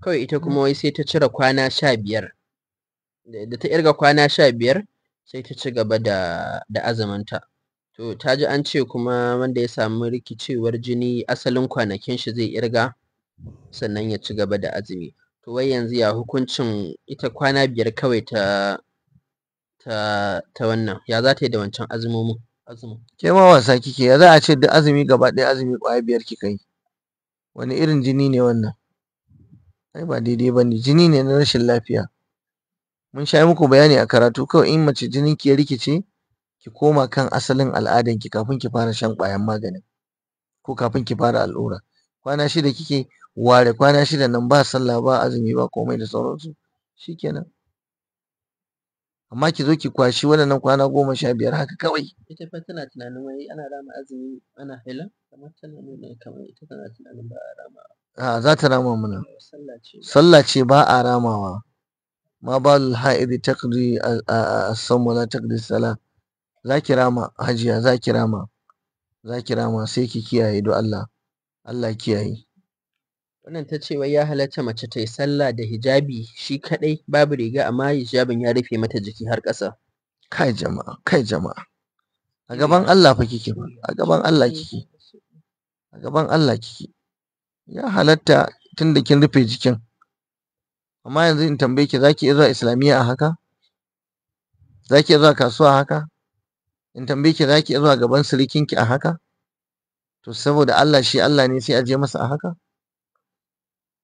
kawai ita kuma wai sai ta cire kwana sha biyar da ta irga kwana sha biyar sai ta ci gaba da azaminta. To, ta ji an ce kuma wanda ya samu rikicewar jini asalin kwanakin shi zai irga sannan ya ci gaba da azumi. To, wai yanzu ya hukuncin ita kwana biyar kawai ta ta ta wannan ya za ta yi da wancan azumomin azumin. Ke ma wasa kike ya za a ce duk azumi gaba ɗaya azumi ƙwaya biyar kika yi. Wani irin jini ne wannan? Ai ba daidai ba ne jini ne na rashin lafiya. Mun sha muku bayani a karatu kawai in mace jininki ya rikice ki koma kan asalin al'adan ki kafin ki fara shan ƙwayan maganin ko kafin ki fara allura kwana shida kike ware kwana shida nan ba sallah ba azumi ba komai da sauransu shikenan amma ki zo ki kwashi waɗannan kwana goma sha biyar haka kawai ita fa tana tunanin wai ana rama azumi ana haila kamar tana nuna kamar ita tana tunanin ba a rama a za ta rama mana sallah ce ba a ramawa ma balul ha'idi taqdi as-sawm la taqdi salah za ki rama hajiya za ki rama za ki rama sai ki kiyaye don Allah Allah kiyaye wannan ta ce wai ya halatta mace ta yi sallah da hijabi shi kadai babu riga amma hijabin ya rufe mata jiki har ƙasa kai jama'a kai jama'a a gaban Allah fa kike ba a gaban Allah kike a gaban Allah kike ya halatta tunda kin rufe jikin amma yanzu in tambaye ki zaki iya zuwa islamiyya a haka zaki iya zuwa kasuwa a haka in tambaye ki za ki zuwa gaban sirikinki a haka to saboda Allah shi Allah ne sai a je masa a haka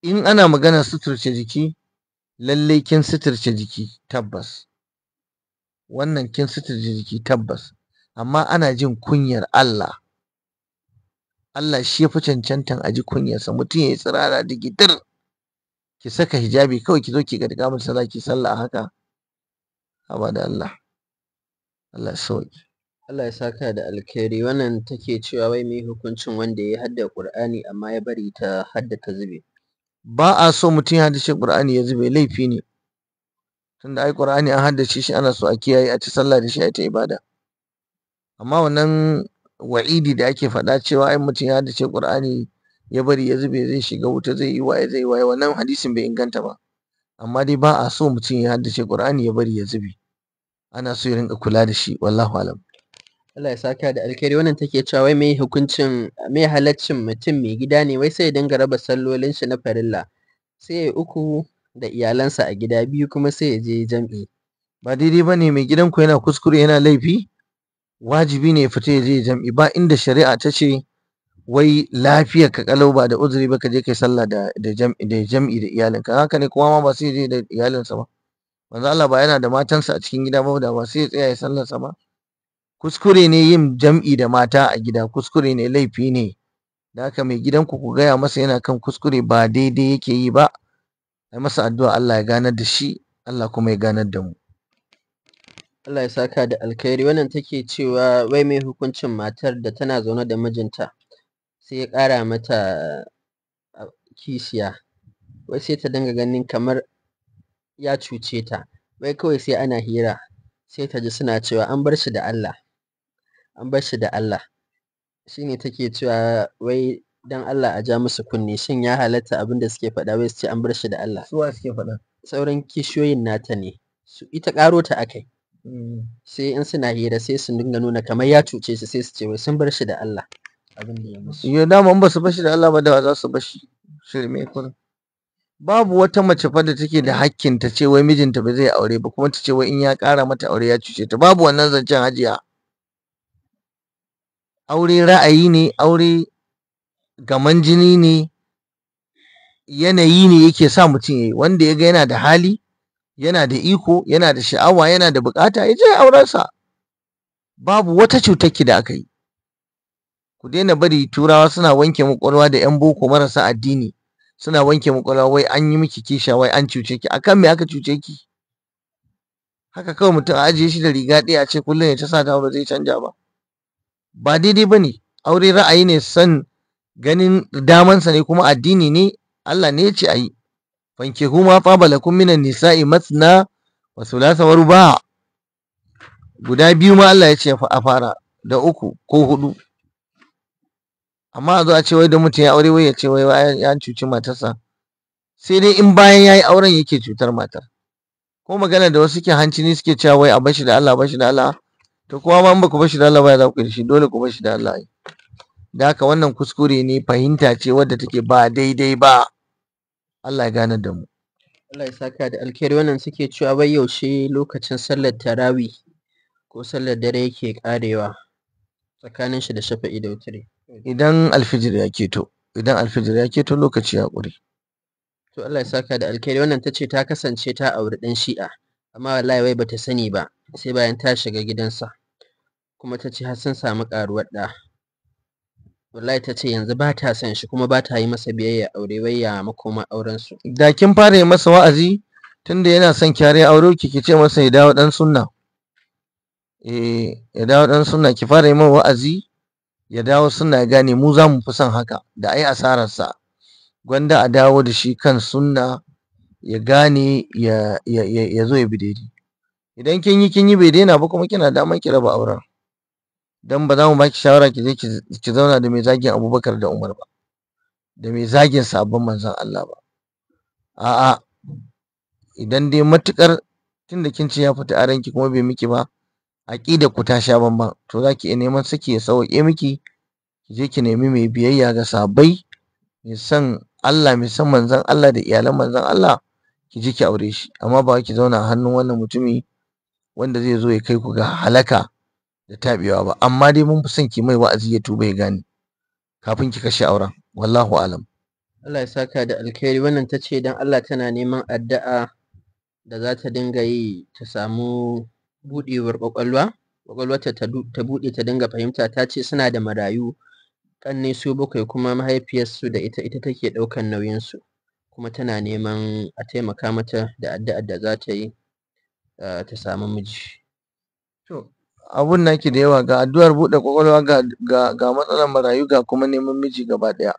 in ana magana suturce jiki lallai kin suturce jiki tabbas wannan kin suturce jiki tabbas amma ana jin kunyar Allah Allah shi ya fi cancantan a ji kunyarsa mutum ya yi tsirara da ki saka hijabi kawai ki zo ki gadga masa za ki sallah haka haba da Allah Allah sauki Allah ya saka da alkhairi wannan take cewa wai mai hukuncin wanda ya hadda Qur'ani amma ya bari ta hadda ta zube ba a so mutum ya haddace Qur'ani ya zube laifi ne tunda ai Qur'ani an haddace shi ana so a kiyaye a ci sallah da shi a ta ibada amma wannan wa'idi da ake faɗa cewa ai mutum ya haddace Qur'ani ya bari ya zube zai shiga wuta zai yi waye zai waye wannan hadisin bai inganta ba amma dai ba a so mutum ya haddace Qur'ani ya bari ya zube ana so ya rinka kula da shi wallahu alam Allah ya saka da alkhairi wannan take cewa wai me hukuncin mai halaccin mutum mai gida ne wai sai ya dinga raba sallolin shi na farilla sai ya uku da iyalansa a gida biyu kuma sai ya je jam'i ba daidai ba ne mai gidanku yana kuskure yana laifi wajibi ne ya fita ya je jam'i ba inda shari'a ta ce wai lafiyar ka kalau ba da uzuri ba ka je kai sallah da da jam'i da jam'i da iyalinka haka ne kuma ma ba sai ya je da iyalinsa ba manzo Allah ba yana da matansa a cikin gida ba da ba sai ya tsaya ya sallarsa ba kuskure ne yin jam'i da mata a gida kuskure ne laifi ne da haka mai gidan ku ku gaya masa yana kan kuskure ba daidai yake yi ba ai masa addu'a Allah ya ganar da shi Allah kuma ya ganar da mu Allah ya saka da alkhairi wannan take cewa wai mai hukuncin matar da tana zaune da mijinta sai ya ƙara mata kishiya wai sai ta dinga ganin kamar ya cuce ta wai kawai sai ana hira sai ta ji suna cewa an bar shi da Allah an bar shi da Allah shi ne take cewa wai dan Allah a ja musu kunni shin ya halatta abin da suke faɗa wai su ce an bar shi da Allah suwa suke faɗa sauran kishiyoyin nata ne su ita karo ta akai mm. sai in suna hira sai su dinga nuna kamar ya cuce su sai su ce wai sun bar shi da Allah abin da ya musu yo da mun ba su bar shi da Allah ba da za su bar shi shirme kun babu wata mace fa da take da hakkin ta ce wai mijinta ba zai aure ba kuma ta ce wai in ya ƙara mata aure ya cuce ta babu wannan zancen hajiya aure ra'ayi ne aure gaman jini ne yanayi ne yake sa mutum yayi wanda ya ga yana da hali yana da iko yana da sha'awa yana da bukata ya je aurensa babu wata cutar ki da aka yi ku daina bari turawa suna wanke kwakwalwa da yan boko marasa addini suna wanke makwalwa wai an yi miki kisha wai an cuce ki akan me aka cuce ki haka kawai mutum a ajiye shi da riga ɗaya a ce kullum ya ta sa ta ba zai canja ba ba daidai ba ne aure ra'ayi ne san ganin damansa ne kuma addini ne Allah ne ya ce a yi fanke kuma fabala kun minan nisa'i matsina wa sulasa wa ruba guda biyu ma Allah ya ce a fara da uku ko hudu amma a zo a ce wai da mutum ya aure wai ya ce wai ya cuci matarsa sai dai in bayan ya yi auren yake cutar matar ko magana da wasu ke hanci ne suke cewa wai a bashi da Allah bashi da Allah to kuma ma in ba ku bashi da Allah ba za ku yi shi dole ku bashi da Allah da haka wannan kuskure ne fahimta ce wadda take ba daidai ba Allah ya gane da mu Allah ya saka da alkhairi wannan suke cewa bai yaushe lokacin sallar tarawi ko sallar dare yake karewa tsakanin shi da shafa'i da wutiri idan alfijir ya keto idan alfijir ya keto lokaci ya ƙure to Allah ya saka da alkhairi wannan ta ce ta kasance ta auri ɗan shi'a amma wallahi wai bata sani ba sai bayan ta shiga gidansa kuma ta ce har sun samu karuwar da wallahi ta ce yanzu ba ta son shi kuma ba ta yi masa biyayya aure bai ya makoma auren su da kin fara yi masa wa'azi tunda yana son kyare aure ki ki ce masa ya dawo dan sunna eh ya dawo dan sunna ki fara yi masa wa'azi ya dawo sunna ya gane mu za mu fi son haka da ai asarar sa gwanda a dawo da shi kan sunna ya gane ya ya ya zo ya bi daidai idan kin yi kin yi bai daina ba kuma kina damar ki raba auren don ba za mu baki shawara ki je ki zauna da mai zagin abubakar da umar ba da mai zagin sabon manzon Allah ba a'a idan dai matukar tunda kin ce ya fita aranki kuma bai miki ba aqida ku ta sha bamban to za ki iya neman saki ya sauke miki ki je ki nemi mai biyayya ga sabai mai san Allah mai san manzon Allah da iyalan manzan Allah ki je ki aure shi amma ba ki zauna a hannun wannan mutumi wanda zai zo ya kai ku ga halaka da taɓewa ba amma dai mun fi son ki mai wa'azi ya tuba ya gane kafin ki kashe auren wallahu alam Allah ya saka da alkhairi wannan ta ce dan Allah tana neman addu'a da za ta dinga yi ta samu buɗewar ƙwaƙwalwa ƙwaƙwalwarta ta buɗe ta dinga fahimta ta ce suna da marayu ƙanne su bakwai kuma mahaifiyarsu da ita ita take ɗaukan nauyinsu kuma tana neman a taimaka mata da addu'ar da za ta yi eh, ta samu miji abun naki da yawa ga addu'ar buɗe ƙwaƙwalwa ga ga ga matsalar marayu ga kuma neman miji gaba ɗaya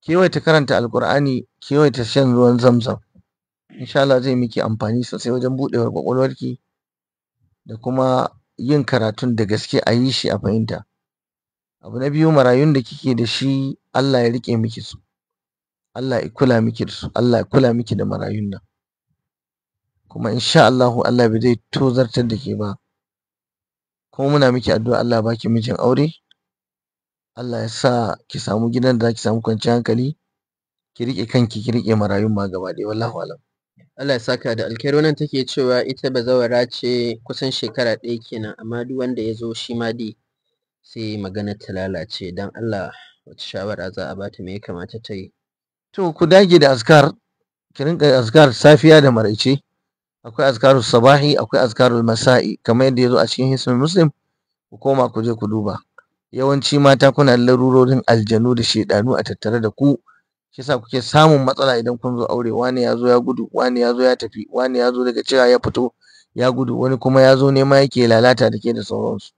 ki karanta alƙur'ani ki ta shan ruwan zamzam insha Allah zai miki amfani sosai wajen buɗewar ƙwaƙwalwarki da kuma yin karatun da gaske a yi shi a fahimta abu na biyu marayun da kike da shi Allah ya riƙe miki su Allah ya kula miki da su Allah ya kula miki da marayun nan kuma insha Allah Allah bai zai tozartar da ke ba kuma muna miki addu'a Allah ya baki mijin aure Allah ya sa ki samu gidan da zaki samu kwanciyar hankali ki rike kanki ki rike marayun ma gaba ɗaya wallahi alam Allah ya saka da alkhairi wannan take cewa ita bazawara ce kusan shekara ɗaya kenan amma duk wanda ya zo shi ma dai sai magana ta lalace dan Allah wace shawara za a bata me ya kamata ta yi to ku dage da azkar ki rinka azkar safiya da maraice akwai azkarus sabahi akwai azkarul masa'i kamar yadda yazo a cikin hisnul muslim ku koma ku je ku duba yawanci mata kuna larurorin aljanu da shedanu a tattare da ku Kisa kuke samun matsala idan kun zo aure wani ya zo ya gudu wani ya ya tafi wani ya daga cewa ya fito ya gudu wani kuma yazo zo nema yake lalata da ke da sauransu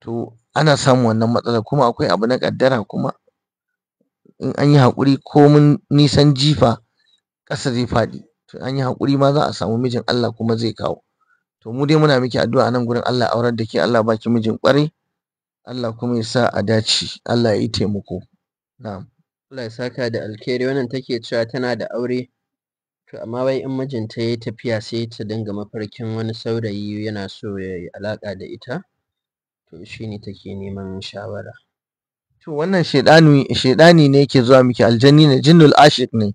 to ana samun wannan matsala kuma akwai abu na kaddara kuma in an yi haƙuri komin nisan jifa ƙasa zai faɗi to an yi haƙuri ma za a samu mijin Allah kuma zai kawo to mu dai muna miki addu'a nan gurin Allah aurar da ke Allah baki mijin ƙwarai Allah kuma ya sa a dace Allah ya yi taimako na'am Allah ya saka da alkhairi wannan take cewa tana da aure to amma wai in mijinta ya tafiya sai ta dinga mafarkin wani saurayi yana so ya yi alaƙa da ita to shine take neman shawara to wannan shedani ne yake zuwa miki aljanni ne jinnul ashiq ne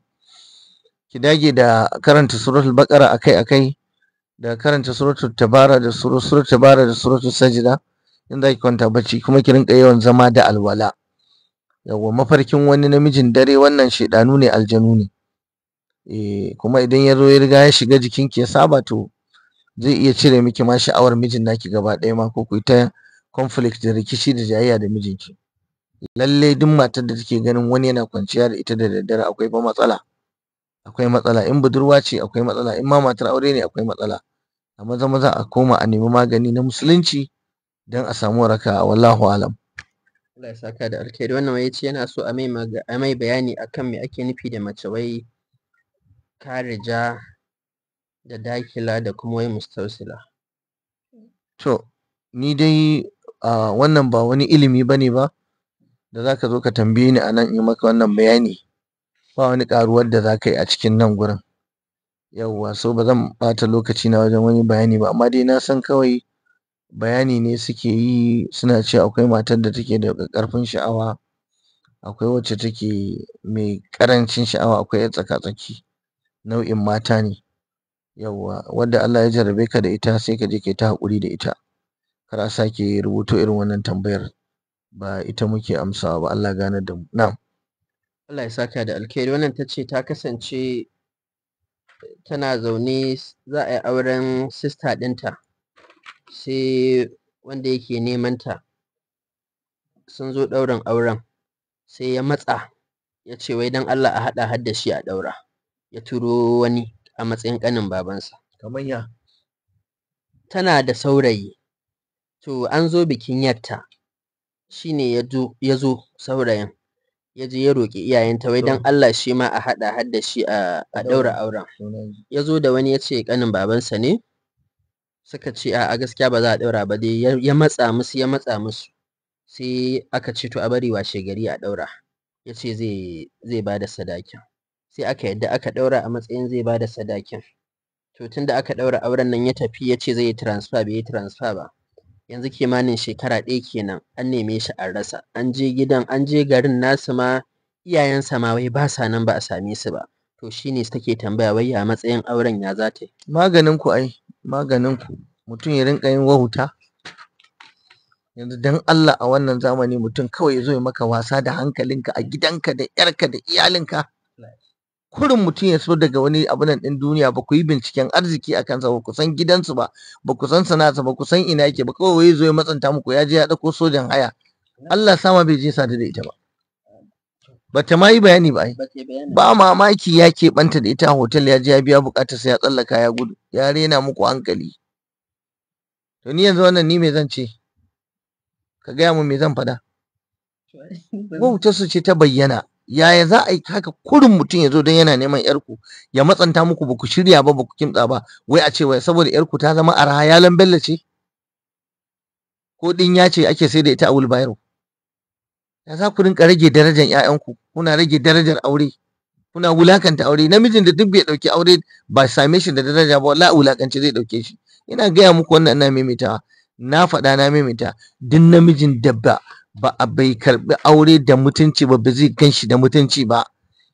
ki dage da karanta suratul baqara akai-akai da karanta suratul tabara da suratul tabara da suratul sajda in za ki kwanta bacci kuma ki rinka yawan zama da alwala yawa mafarkin wani namijin dare wannan shedanu ne aljanu ne eh kuma idan ya zo ya riga ya shiga jikin ki ya saba to zai iya cire miki ma sha'awar mijin naki gaba ɗaya ma ko ku ta conflict da rikici da jayayya da mijinki lallai duk matar da take ganin wani yana kwanciya da ita da daddare akwai ba matsala akwai matsala in budurwa ce akwai matsala in ma matar aure ne akwai matsala a maza maza a koma a nemi magani na musulunci don a samu waraka wallahu alam Allah ya saka da alkhairi wannan wai yace yana so a mai a mai bayani akan me ake nufi da mace wai karija da dakila da kuma wai mustausila to ni dai wannan ba wani ilimi bane ba da zaka zo ka tambaye ni anan in maka wannan bayani ba wani ƙaruwar da za ka yi a cikin nan gurin yawwa so ba bata lokaci na wajen wani bayani ba amma dai na san kawai bayani ne suke yi suna cewa akwai matar da take da ƙarfin sha'awa akwai wacce take mai ƙarancin sha'awa akwai yar tsaka-tsaki nau'in mata ne yauwa wadda Allah ya jarrabe ka da ita sai ka je ka yi ta haƙuri da ita kar a sake rubuto irin wannan tambayar ba ita muke amsawa ba Allah ya ganar da mu na'am Allah ya saka da alkhairi wannan ta ce ta kasance tana zaune za a yi auren sista ɗinta sai wanda yake neman ta sun zo ɗaurin auren sai ya matsa ya ce wai don Allah a haɗa har da shi a ɗaura ya turo wani a matsayin ƙanin babansa kamar ya tana da saurayi to an zo bikin yatta shi ne ya zo saurayin ya je ya roƙi iyayenta wai don Allah shi ma a haɗa har shi a ɗaura auren ya zo da wani ya ce ƙanin babansa ne suka ce a gaskiya ba za a ɗaura ba dai ya matsa musu ya matsa musu sai aka ce to a bari washe gari a ɗaura ya ce zai ba da sadakin sai aka yadda aka ɗaura a matsayin zai ba da sadakin to tun da aka ɗaura auren nan ya tafi ya ce zai yi transfer bai yi transfer ba yanzu kimanin shekara ɗaya kenan an neme shi an rasa an je gidan an je garin nasu ma iyayen ma wai ba sa nan ba a same su ba to shine take tambaya wai ya matsayin auren ya za ta yi maganin ku ai maganin ku mutum ya rinka yin wahuta yanzu dan Allah a wannan zamani mutum kawai ya zo ya maka wasa da hankalinka a gidanka da yarka da iyalinka kurin mutum ya so daga wani abunan din duniya ba ku yi binciken arziki a kansa ba ku san gidansu ba ba ku san sana'arsa ba ku san ina yake ba kawai zo ya matsanta muku ya je ya ɗauko sojan haya Allah sama bai je sadu da ita ba ba ta ma yi bayani ba ba mamaki ya keɓanta da ita a hotel ya je ya biya bukata sai ya tsallaka ya gudu ya rena muku hankali to ni yanzu wannan ni me zan ce ka gaya mu me zan faɗa su ce ta bayyana yaya za a yi haka kurin mutum ya zo don yana neman yarku ya matsanta muku ba ku shirya ba ba ku kimtsa ba wai a ce wai saboda yarku ta zama arha ya lambella ce ko din ya ce ake sai da ita a wulbayaro ya za ku rinka rage darajar 'ya'yanku kuna rage darajar aure kuna wulakanta aure namijin da duk bai dauki aure ba same shi da daraja ba wallahi wulakanci zai dauke shi ina gaya muku wannan ina maimaitawa na faɗa na maimaita duk namijin dabba ba a bai karbi aure da mutunci ba ba zai ganshi da mutunci ba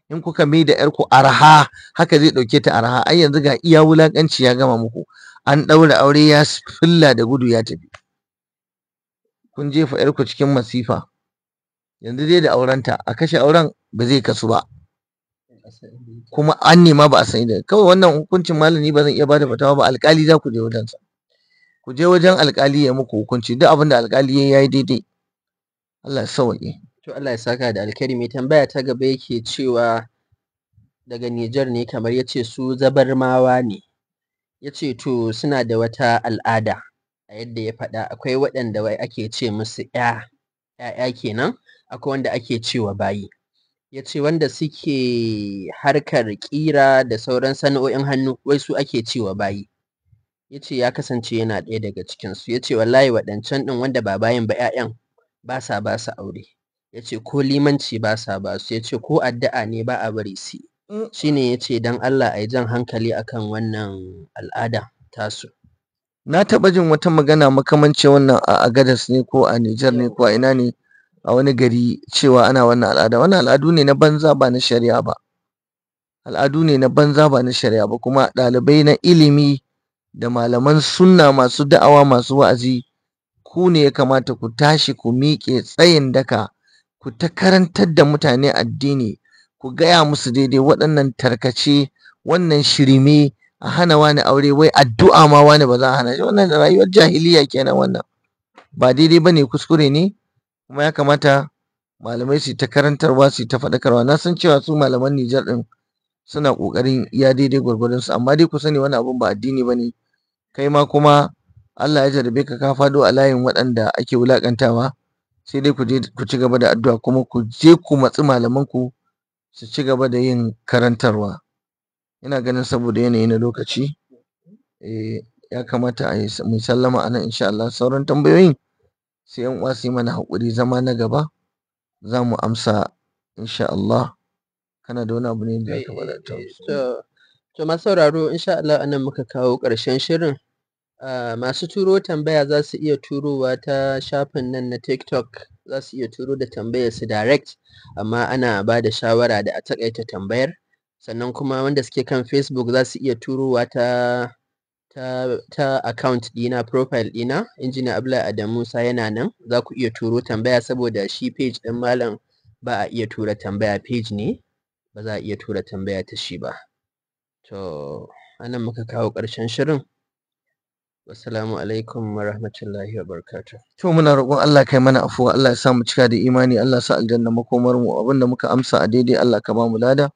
in kuka mai da yarku arha haka zai dauke ta arha ai yanzu ga iya wulakanci ya gama muku an daura aure ya filla da gudu ya tafi kun jefa yarku cikin masifa yanzu dai da aurenta a kashe auren ba zai kasu ba kuma an nema ba a sani da kawai wannan hukuncin malami ba zan iya bada fatawa ba alkali za ku je wajensa ku je wajen alkali ya muku hukunci duk abin da alkali ya yi daidai Allah sauke. To Allah ya saka da alkhairi mai tambaya ta gaba yake cewa daga Nijar ne kamar ya ce su zabarmawa ne. Ya ce to suna da wata al'ada a yadda ya faɗa akwai waɗanda wai ake ce musu ‘ya ‘ya'ya kenan akwai wanda ake cewa bayi. Ya ce wanda suke harkar ƙira da sauran sana'o'in hannu wai su ake cewa bayi. Ya ce ya kasance yana ɗaya daga cikinsu. Ya ce wallahi waɗancan ɗin wanda ba bayan ba ‘ya'yan ba sa ba su aure ya ce ko limanci ba sa ba su ya ce ko addu'a ne ba a bari su shi ne ya ce don Allah a yi jan hankali akan wannan al'ada tasu na taɓa jin wata magana makamanci wannan a agadas ne ko a Nijar ne ko a ina ne a wani gari cewa ana wannan al'ada wannan al'adu ne na banza ba na shari'a ba al'adu ne na banza ba na shari'a ba kuma ɗalibai na ilimi da malaman sunna masu da'awa masu wa'azi ku ne ya kamata ku tashi ku miƙe tsayin daka ku ta karantar da mutane addini ku gaya musu daidai waɗannan tarkace wannan shirme a hana wani aure wai addu'a ma wani ba za a hana shi wannan rayuwar jahiliya kenan wannan ba daidai ba ne kuskure ne kuma ya kamata malamai su ta karantarwa su ta faɗakarwa na san cewa su malaman Nijar ɗin suna ƙoƙarin ya daidai gwargwadon su amma dai ku sani wani abun ba addini ba ne. kai ma kuma Allah ya jarrabe ka ka fado a layin waɗanda ake wulakantawa, sai dai ku je ku ci gaba da addu'a kuma ku je ku matsi malaman ku su ci gaba da yin karantarwa ina ganin saboda yanayi na lokaci eh ya kamata a yi mu sallama anan insha Allah sauran tambayoyin sai yan uwa su yi mana haƙuri zama na gaba za mu amsa insha Allah kana da wani abu ne da ya kamata eh, eh, to masu sauraro insha Allah anan muka kawo ƙarshen shirin masu turo tambaya za su iya turowa ta shafin nan na TikTok za su iya turo da tambayar su direct amma ana ba da shawara da a takaita tambayar sannan kuma wanda suke kan Facebook za su iya turowa ta ta ta account dina profile dina injina abla adamu musa yana nan za ku iya turo tambaya saboda shi page din malam ba a iya tura tambaya page ne ba za a iya tura tambaya ta shi ba to anan muka kawo ƙarshen shirin Assalamu alaikum wa rahmatullahi wa barakatuh. To muna roƙon Allah kai mana afuwa, Allah ya sa mu cika da imani, Allah ya sa aljanna makomar mu, abinda muka amsa a daidai Allah ka ba mu lada.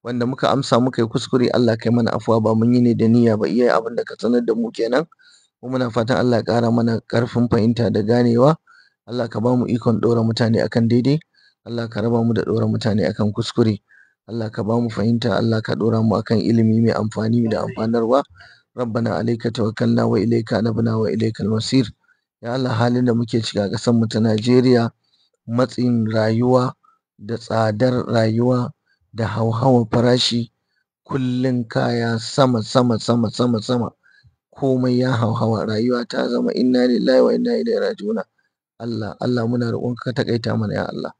Wanda muka amsa muka yi kuskure Allah kai mana afuwa ba mun yi ne da niyya ba iya abin da ka sanar da mu kenan. Mu muna fatan Allah ya ƙara mana ƙarfin fahimta da ganewa. Allah ka ba mu ikon ɗora mutane akan daidai. Allah ka raba mu da ɗora mutane akan kuskure. Allah ka ba mu fahimta, Allah ka ɗora mu akan ilimi mai amfani da amfanarwa. rabbana alaika tawakkalna wa ilaika anabna wa ilaikal masir ya Allah halin da muke ciki a ƙasar mu ta Najeriya matsin rayuwa da tsadar rayuwa da hauhawar farashi kullum kaya sama sama sama sama sama komai ya hauhawa rayuwa ta zama inna lillahi wa inna ilaihi raji'un Allah Allah muna roƙonka ka taƙaita mana ya Allah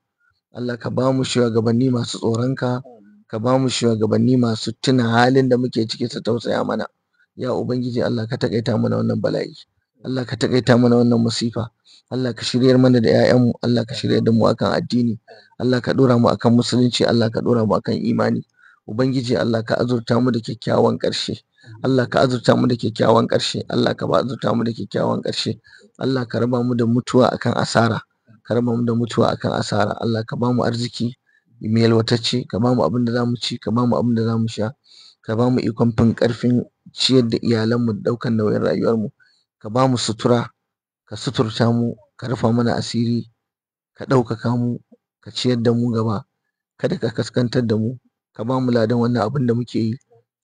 Allah ka bamu shugabanni masu tsoronka ka ba mu shugabanni masu tuna halin da muke ciki su tausaya mana ya ubangiji Allah ka takaita mana wannan bala'i Allah ka takaita mana wannan musifa Allah ka shiryar mana da ƴaƴanmu Allah ka shiryar da mu akan addini Allah ka dora mu akan musulunci Allah ka dora mu akan imani ubangiji Allah ka azurta mu da kyakkyawan ƙarshe Allah ka azurta mu da kyakkyawan ƙarshe Allah ka ba azurta mu da kyakkyawan ƙarshe Allah ka raba mu da mutuwa akan asara ka raba mu da mutuwa akan asara Allah ka ba mu arziki mai yalwatacce ka ba mu abin da za mu ci ka ba mu abin da za mu sha ka ba mu ikon fin ƙarfin ciyar da iyalanmu da ɗaukan nauyin rayuwar mu. ka ba mu sutura ka suturta mu ka rufa mana asiri ka ɗaukaka mu ka ciyar da mu gaba kada ka kaskantar da mu ka ba mu ladan wannan abin da muke yi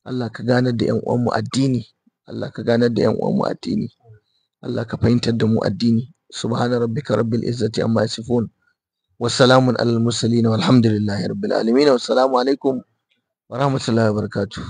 Allah ka ganar da ƴan uwanmu addini Allah ka ganar da ƴan uwanmu addini Allah ka fahimtar da mu addini subhana rabbika rabbil izzati amma yasifun wassalamun alal mursalin walhamdulillahi rabbil alamin wassalamu alaikum wa rahmatullahi wa barakatuh